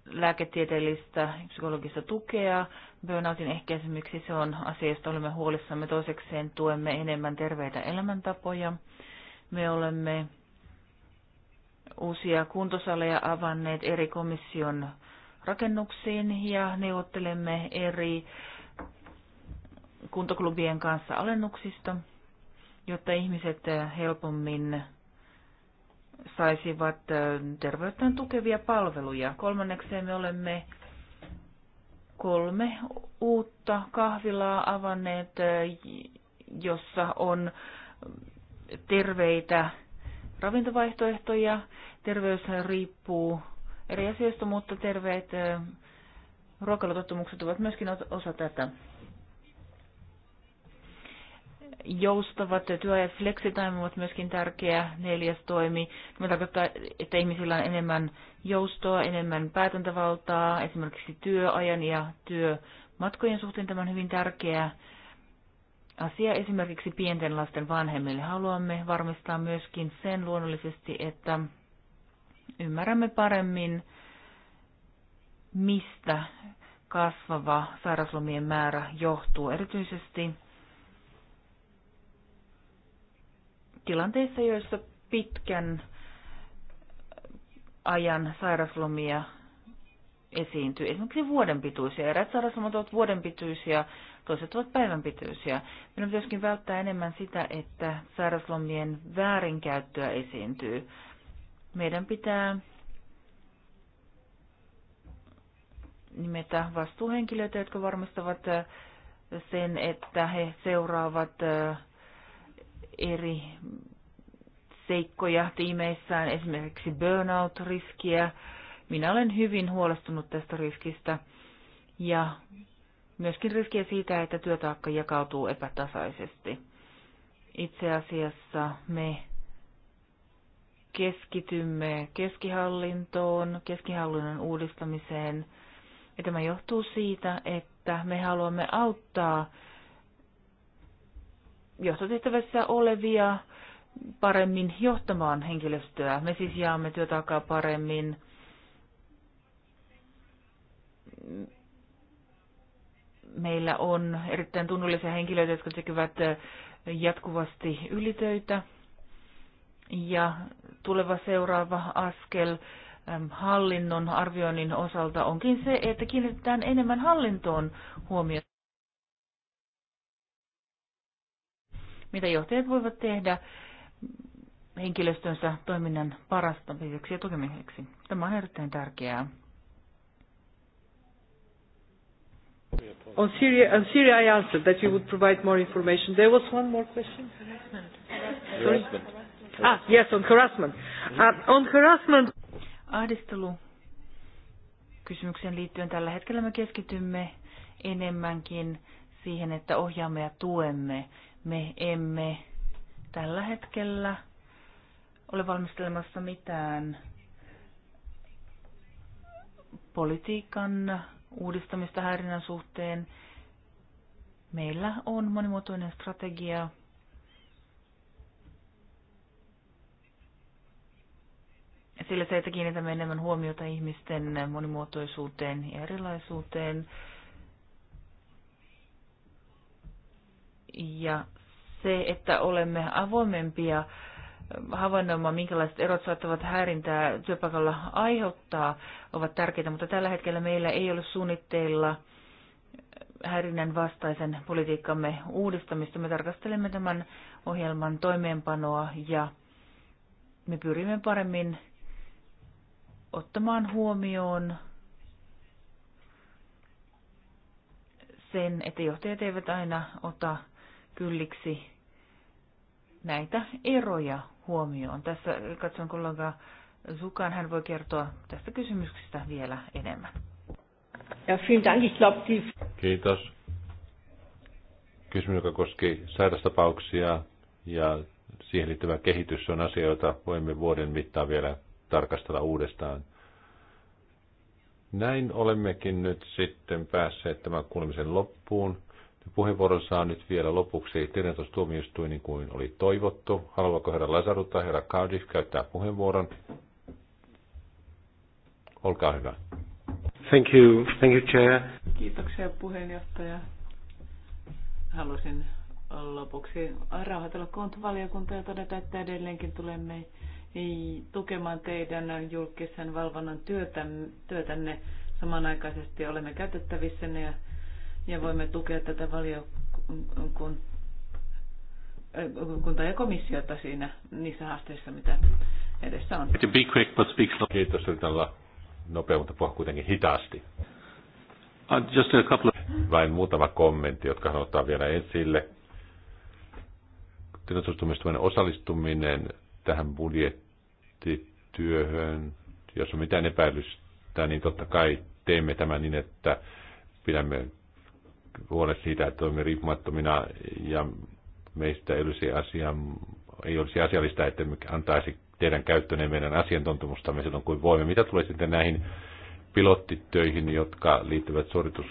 lääketieteellistä psykologista tukea. Burnoutin ehkäisemyksi. se on asia, josta olemme huolissamme. Toisekseen tuemme enemmän terveitä elämäntapoja. Me olemme uusia kuntosaleja avanneet eri komission rakennuksiin ja neuvottelemme eri kuntoklubien kanssa alennuksista, jotta ihmiset helpommin saisivat terveyttään tukevia palveluja. Kolmannekseen me olemme kolme uutta kahvilaa avanneet, jossa on terveitä ravintovaihtoehtoja. Terveys riippuu eri asioista, mutta terveet ruokailutottumukset ovat myöskin osa tätä joustavat työajat, flexitime ovat myöskin tärkeä neljäs toimi. Tämä tarkoittaa, että ihmisillä on enemmän joustoa, enemmän päätäntävaltaa, esimerkiksi työajan ja työmatkojen suhteen tämä on hyvin tärkeä asia esimerkiksi pienten lasten vanhemmille. Haluamme varmistaa myöskin sen luonnollisesti, että ymmärrämme paremmin, mistä kasvava sairaslomien määrä johtuu. Erityisesti tilanteissa, joissa pitkän ajan sairaslomia esiintyy, esimerkiksi vuoden pituisia. Eräät sairaslomat ovat vuoden pituisia, toiset ovat päivän pituisia. Meidän myöskin välttää enemmän sitä, että sairaslomien väärinkäyttöä esiintyy. Meidän pitää nimetä vastuuhenkilöitä, jotka varmistavat sen, että he seuraavat eri seikkoja tiimeissään, esimerkiksi burnout-riskiä. Minä olen hyvin huolestunut tästä riskistä ja myöskin riskiä siitä, että työtaakka jakautuu epätasaisesti. Itse asiassa me keskitymme keskihallintoon, keskihallinnon uudistamiseen. Ja tämä johtuu siitä, että me haluamme auttaa johtotehtävässä olevia paremmin johtamaan henkilöstöä. Me siis jaamme työtaakaa paremmin. Meillä on erittäin tunnollisia henkilöitä, jotka tekevät jatkuvasti ylitöitä. Ja tuleva seuraava askel hallinnon arvioinnin osalta onkin se, että kiinnitetään enemmän hallintoon huomiota. mitä johtajat voivat tehdä henkilöstönsä toiminnan parastamiseksi ja tukemiseksi. Tämä on erittäin tärkeää. On Syria, on Syria I answered that you would provide more information. There was one more question. Harassment.
Harassment. Ah, yes, on harassment. Uh, on
harassment. Ahdistelu kysymykseen liittyen tällä hetkellä me keskitymme enemmänkin siihen, että ohjaamme ja tuemme me emme tällä hetkellä ole valmistelemassa mitään politiikan uudistamista häirinnän suhteen. Meillä on monimuotoinen strategia. Sillä se, että kiinnitämme enemmän huomiota ihmisten monimuotoisuuteen ja erilaisuuteen, Ja se, että olemme avoimempia havainnoimaan, minkälaiset erot saattavat häirintää työpaikalla aiheuttaa, ovat tärkeitä, mutta tällä hetkellä meillä ei ole suunnitteilla häirinnän vastaisen politiikkamme uudistamista. Me tarkastelemme tämän ohjelman toimeenpanoa ja me pyrimme paremmin ottamaan huomioon sen, että johtajat eivät aina ota kylliksi näitä eroja huomioon. Tässä katson kollega Zukan, hän voi kertoa tästä kysymyksestä vielä enemmän. Ja, Dank. Ich glaub, die...
Kiitos. Kysymys, joka koski sairastapauksia ja siihen liittyvä kehitys on asia, jota voimme vuoden mittaan vielä tarkastella uudestaan. Näin olemmekin nyt sitten päässeet tämän kuulemisen loppuun. Puheenvuoron saa nyt vielä lopuksi tilintustuomioistuin, niin kuin oli toivottu. Haluaako herra Lazaru tai herra Cardiff käyttää puheenvuoron? Olkaa hyvä. Thank you. Thank you, Chair.
Kiitoksia puheenjohtaja. Haluaisin lopuksi rauhoitella kontovaliokuntaa ja todeta, että edelleenkin tulemme tukemaan teidän julkisen valvonnan työtänne. Samanaikaisesti olemme käytettävissä ja ja voimme tukea tätä valiokuntaa ja komissiota siinä niissä haasteissa, mitä edessä on. Be
quick, but speak slow. Kiitos, että olla nopea, mutta puhua kuitenkin hitaasti. Uh, just a couple of... Vain muutama kommentti, jotka hän ottaa vielä esille. Tietotustumistuminen osallistuminen tähän budjettityöhön, jos on mitään epäilystä, niin totta kai teemme tämän niin, että pidämme huole siitä, että olemme riippumattomina ja meistä ei olisi, asia, ei olisi asiallista, että me antaisi teidän käyttöön meidän asiantuntemustamme silloin kuin voimme. Mitä tulee sitten näihin pilottitöihin, jotka liittyvät suoritus,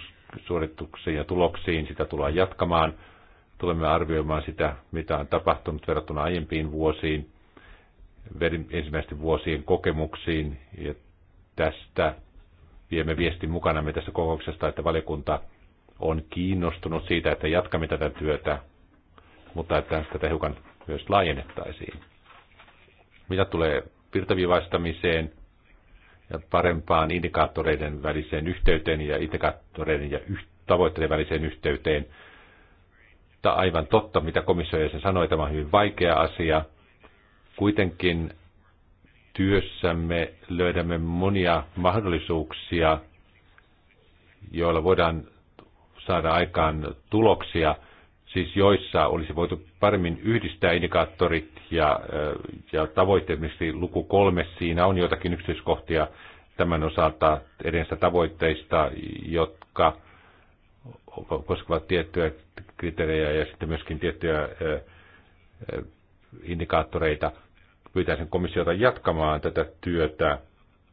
suorituksiin ja tuloksiin, sitä tullaan jatkamaan. Tulemme arvioimaan sitä, mitä on tapahtunut verrattuna aiempiin vuosiin, ensimmäisten vuosien kokemuksiin. Ja tästä viemme viestin me tässä kokouksesta, että valiokunta on kiinnostunut siitä, että jatkamme tätä työtä, mutta että tätä hiukan myös laajennettaisiin. Mitä tulee virtaviivaistamiseen ja parempaan indikaattoreiden väliseen yhteyteen ja indikaattoreiden ja tavoitteiden väliseen yhteyteen, mutta aivan totta, mitä komissio jäsen sanoi, tämä on hyvin vaikea asia. Kuitenkin työssämme löydämme monia mahdollisuuksia, joilla voidaan saada aikaan tuloksia, siis joissa olisi voitu paremmin yhdistää indikaattorit ja, äh, ja tavoitteet, luku kolme, siinä on joitakin yksityiskohtia tämän osalta edensä tavoitteista, jotka koskevat tiettyjä kriteerejä ja sitten myöskin tiettyjä äh, äh, indikaattoreita. Pyytäisin komissiota jatkamaan tätä työtä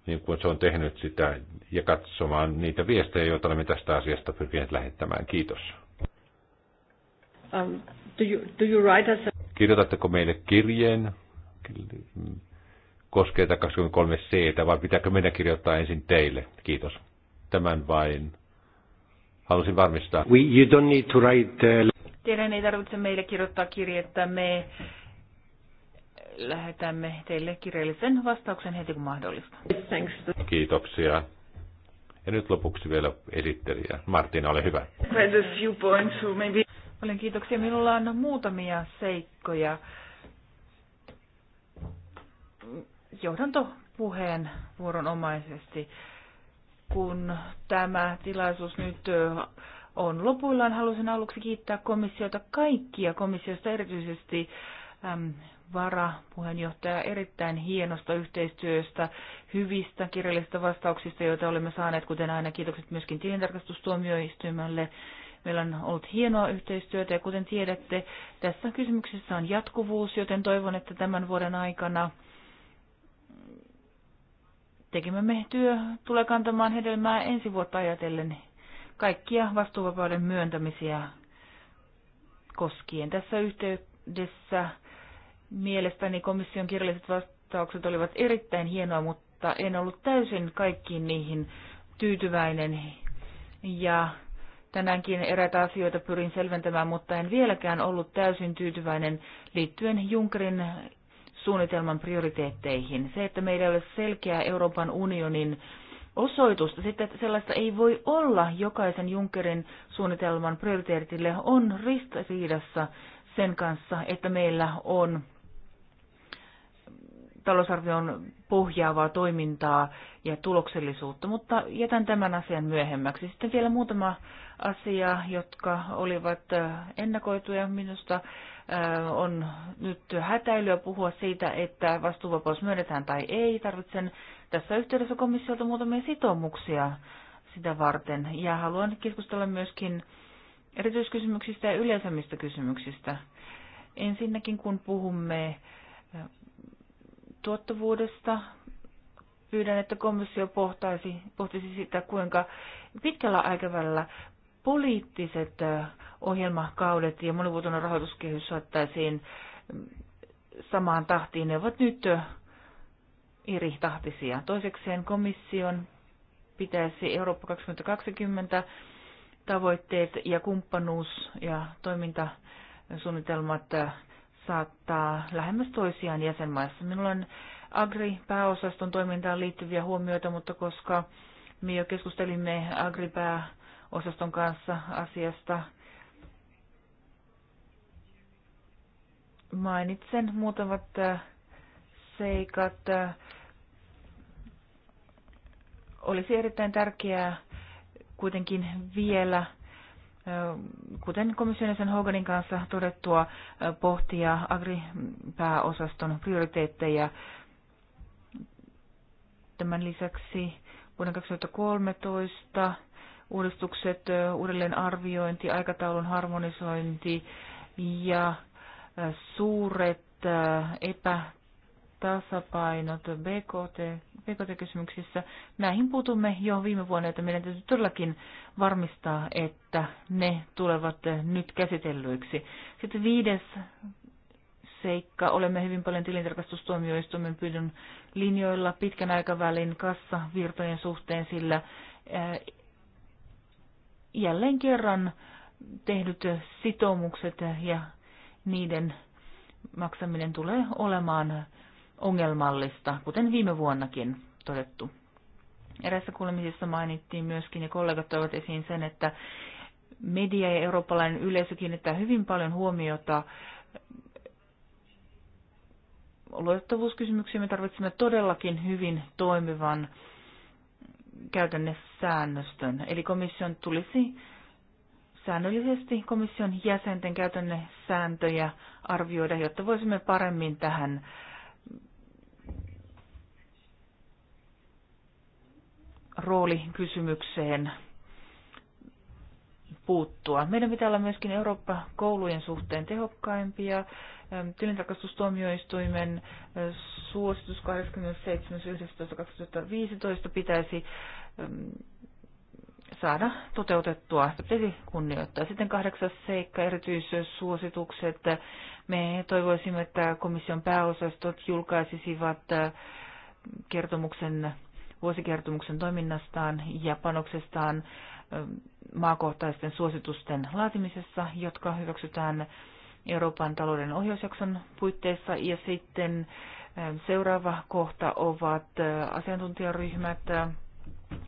niin kuin se on tehnyt sitä, ja katsomaan niitä viestejä, joita olemme tästä asiasta pyrkineet lähettämään. Kiitos.
Um,
do you, do you write us a...
Kirjoitatteko meille kirjeen? Koskee 23 c vai pitääkö meidän kirjoittaa ensin teille? Kiitos. Tämän vain halusin varmistaa. We, you don't need to write, uh...
Teidän ei tarvitse meille kirjoittaa kirjettä. Me lähetämme teille kirjallisen vastauksen heti kun mahdollista.
Kiitoksia. Ja nyt lopuksi vielä esittelijä. Martina, ole hyvä.
Olen kiitoksia. Minulla on muutamia seikkoja. Johdanto puheen vuoronomaisesti. Kun tämä tilaisuus nyt on lopuillaan, Halusin aluksi kiittää komissiota kaikkia komissiosta erityisesti varapuheenjohtaja erittäin hienosta yhteistyöstä, hyvistä kirjallisista vastauksista, joita olemme saaneet, kuten aina kiitokset myöskin tilintarkastustuomioistuimelle. Meillä on ollut hienoa yhteistyötä ja kuten tiedätte, tässä kysymyksessä on jatkuvuus, joten toivon, että tämän vuoden aikana tekemämme työ tulee kantamaan hedelmää ensi vuotta ajatellen kaikkia vastuuvapauden myöntämisiä koskien. Tässä yhteydessä Mielestäni komission kirjalliset vastaukset olivat erittäin hienoa, mutta en ollut täysin kaikkiin niihin tyytyväinen. Ja tänäänkin eräitä asioita pyrin selventämään, mutta en vieläkään ollut täysin tyytyväinen liittyen Junkerin suunnitelman prioriteetteihin. Se, että meillä ei ole selkeää Euroopan unionin osoitusta, sitten sellaista ei voi olla jokaisen Junckerin suunnitelman prioriteetille, on ristiriidassa sen kanssa, että meillä on talousarvion pohjaavaa toimintaa ja tuloksellisuutta, mutta jätän tämän asian myöhemmäksi. Sitten vielä muutama asia, jotka olivat äh, ennakoituja minusta. Äh, on nyt hätäilyä puhua siitä, että vastuuvapaus myönnetään tai ei. Tarvitsen tässä yhteydessä komissiolta muutamia sitoumuksia sitä varten. Ja haluan keskustella myöskin erityiskysymyksistä ja yleisemmistä kysymyksistä. Ensinnäkin kun puhumme äh, tuottavuudesta. Pyydän, että komissio pohtaisi, pohtisi sitä, kuinka pitkällä aikavälillä poliittiset ohjelmakaudet ja monivuotinen rahoituskehys saattaisiin samaan tahtiin. Ne ovat nyt eri tahtisia. Toisekseen komission pitäisi Eurooppa 2020 tavoitteet ja kumppanuus ja toimintasuunnitelmat saattaa lähemmäs toisiaan jäsenmaissa. Minulla on Agri-pääosaston toimintaan liittyviä huomioita, mutta koska me jo keskustelimme Agri-pääosaston kanssa asiasta, mainitsen muutamat äh, seikat. Äh, olisi erittäin tärkeää kuitenkin vielä kuten komission sen Hoganin kanssa todettua, pohtia agripääosaston prioriteetteja. Tämän lisäksi vuoden 2013 uudistukset, uudelleenarviointi, aikataulun harmonisointi ja suuret suuret epä tasapainot BKT, BKT-kysymyksissä. Näihin puutumme jo viime vuonna, että meidän täytyy todellakin varmistaa, että ne tulevat nyt käsitellyiksi. Sitten viides seikka. Olemme hyvin paljon tilintarkastustuomioistuimen pyydön linjoilla pitkän aikavälin kassavirtojen suhteen, sillä jälleen kerran tehdyt sitoumukset ja niiden maksaminen tulee olemaan ongelmallista, kuten viime vuonnakin todettu. Erässä kuulemisessa mainittiin myöskin, ja kollegat toivat esiin sen, että media ja eurooppalainen yleisö kiinnittää hyvin paljon huomiota luotettavuuskysymyksiin. Me tarvitsemme todellakin hyvin toimivan käytännössäännöstön. Eli komission tulisi säännöllisesti komission jäsenten käytännössääntöjä arvioida, jotta voisimme paremmin tähän roolikysymykseen puuttua. Meidän pitää olla myöskin Eurooppa-koulujen suhteen tehokkaimpia. Tilintarkastustuomioistuimen suositus 27.11.2015 pitäisi saada toteutettua. Pitäisi kunnioittaa. Sitten kahdeksas seikka, erityissuositukset. Me toivoisimme, että komission pääosastot julkaisisivat kertomuksen vuosikertomuksen toiminnastaan ja panoksestaan maakohtaisten suositusten laatimisessa, jotka hyväksytään Euroopan talouden ohjausjakson puitteissa. Ja sitten seuraava kohta ovat asiantuntijaryhmät.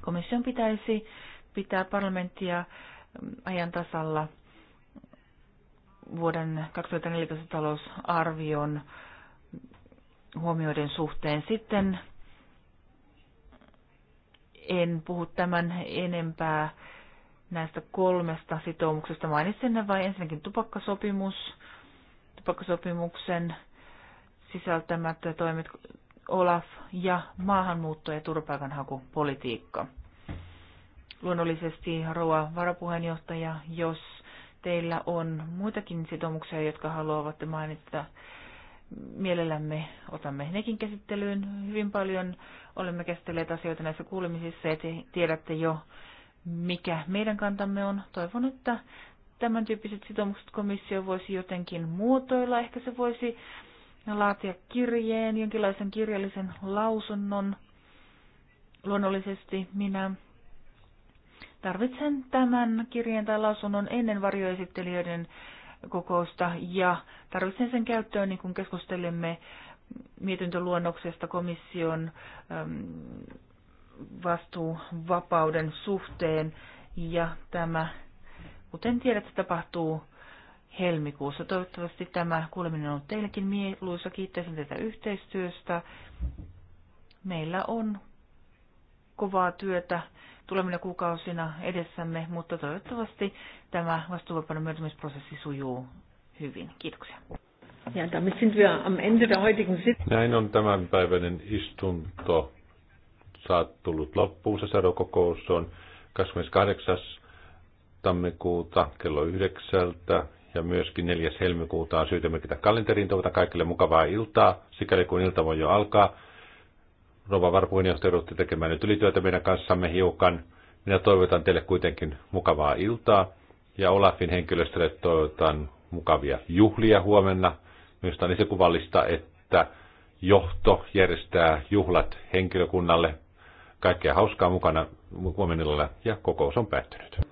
Komission pitäisi pitää parlamenttia ajan tasalla vuoden 2014 talousarvion huomioiden suhteen. Sitten en puhu tämän enempää näistä kolmesta sitoumuksesta. Mainitsen ne vain ensinnäkin tupakkasopimus, tupakkasopimuksen sisältämät toimet Olaf ja maahanmuutto- ja turvapaikanhakupolitiikka. Luonnollisesti rouva varapuheenjohtaja, jos teillä on muitakin sitoumuksia, jotka haluavat mainita, mielellämme otamme nekin käsittelyyn. Hyvin paljon olemme käsitelleet asioita näissä kuulemisissa ja tiedätte jo, mikä meidän kantamme on. Toivon, että tämän tyyppiset sitoumukset komissio voisi jotenkin muotoilla. Ehkä se voisi laatia kirjeen, jonkinlaisen kirjallisen lausunnon. Luonnollisesti minä tarvitsen tämän kirjeen tai lausunnon ennen varjoesittelijöiden kokousta ja tarvitsen sen käyttöön, niin kun keskustelemme mietintöluonnoksesta komission vastuuvapauden suhteen ja tämä, kuten tiedätte, tapahtuu helmikuussa. Toivottavasti tämä kuuleminen on ollut teillekin mieluisa. Kiittäisin tätä yhteistyöstä. Meillä on kovaa työtä tulevina kuukausina edessämme, mutta toivottavasti tämä vastuuvapauden myöntämisprosessi sujuu hyvin. Kiitoksia. Ja damit sind wir
am Ende der heutigen
Näin on tämänpäiväinen istunto saat tullut loppuun. Se sadokokous on 28. tammikuuta kello yhdeksältä ja myöskin 4. helmikuuta on syytä merkitä kalenteriin. Toivotan kaikille mukavaa iltaa, sikäli kun ilta voi jo alkaa. Rova varapuheenjohtaja joudutte tekemään nyt ylityötä meidän kanssamme hiukan. Minä toivotan teille kuitenkin mukavaa iltaa ja Olafin henkilöstölle toivotan mukavia juhlia huomenna. Minusta on kuvallista, että johto järjestää juhlat henkilökunnalle. Kaikkea hauskaa mukana huomenna ja kokous on päättynyt.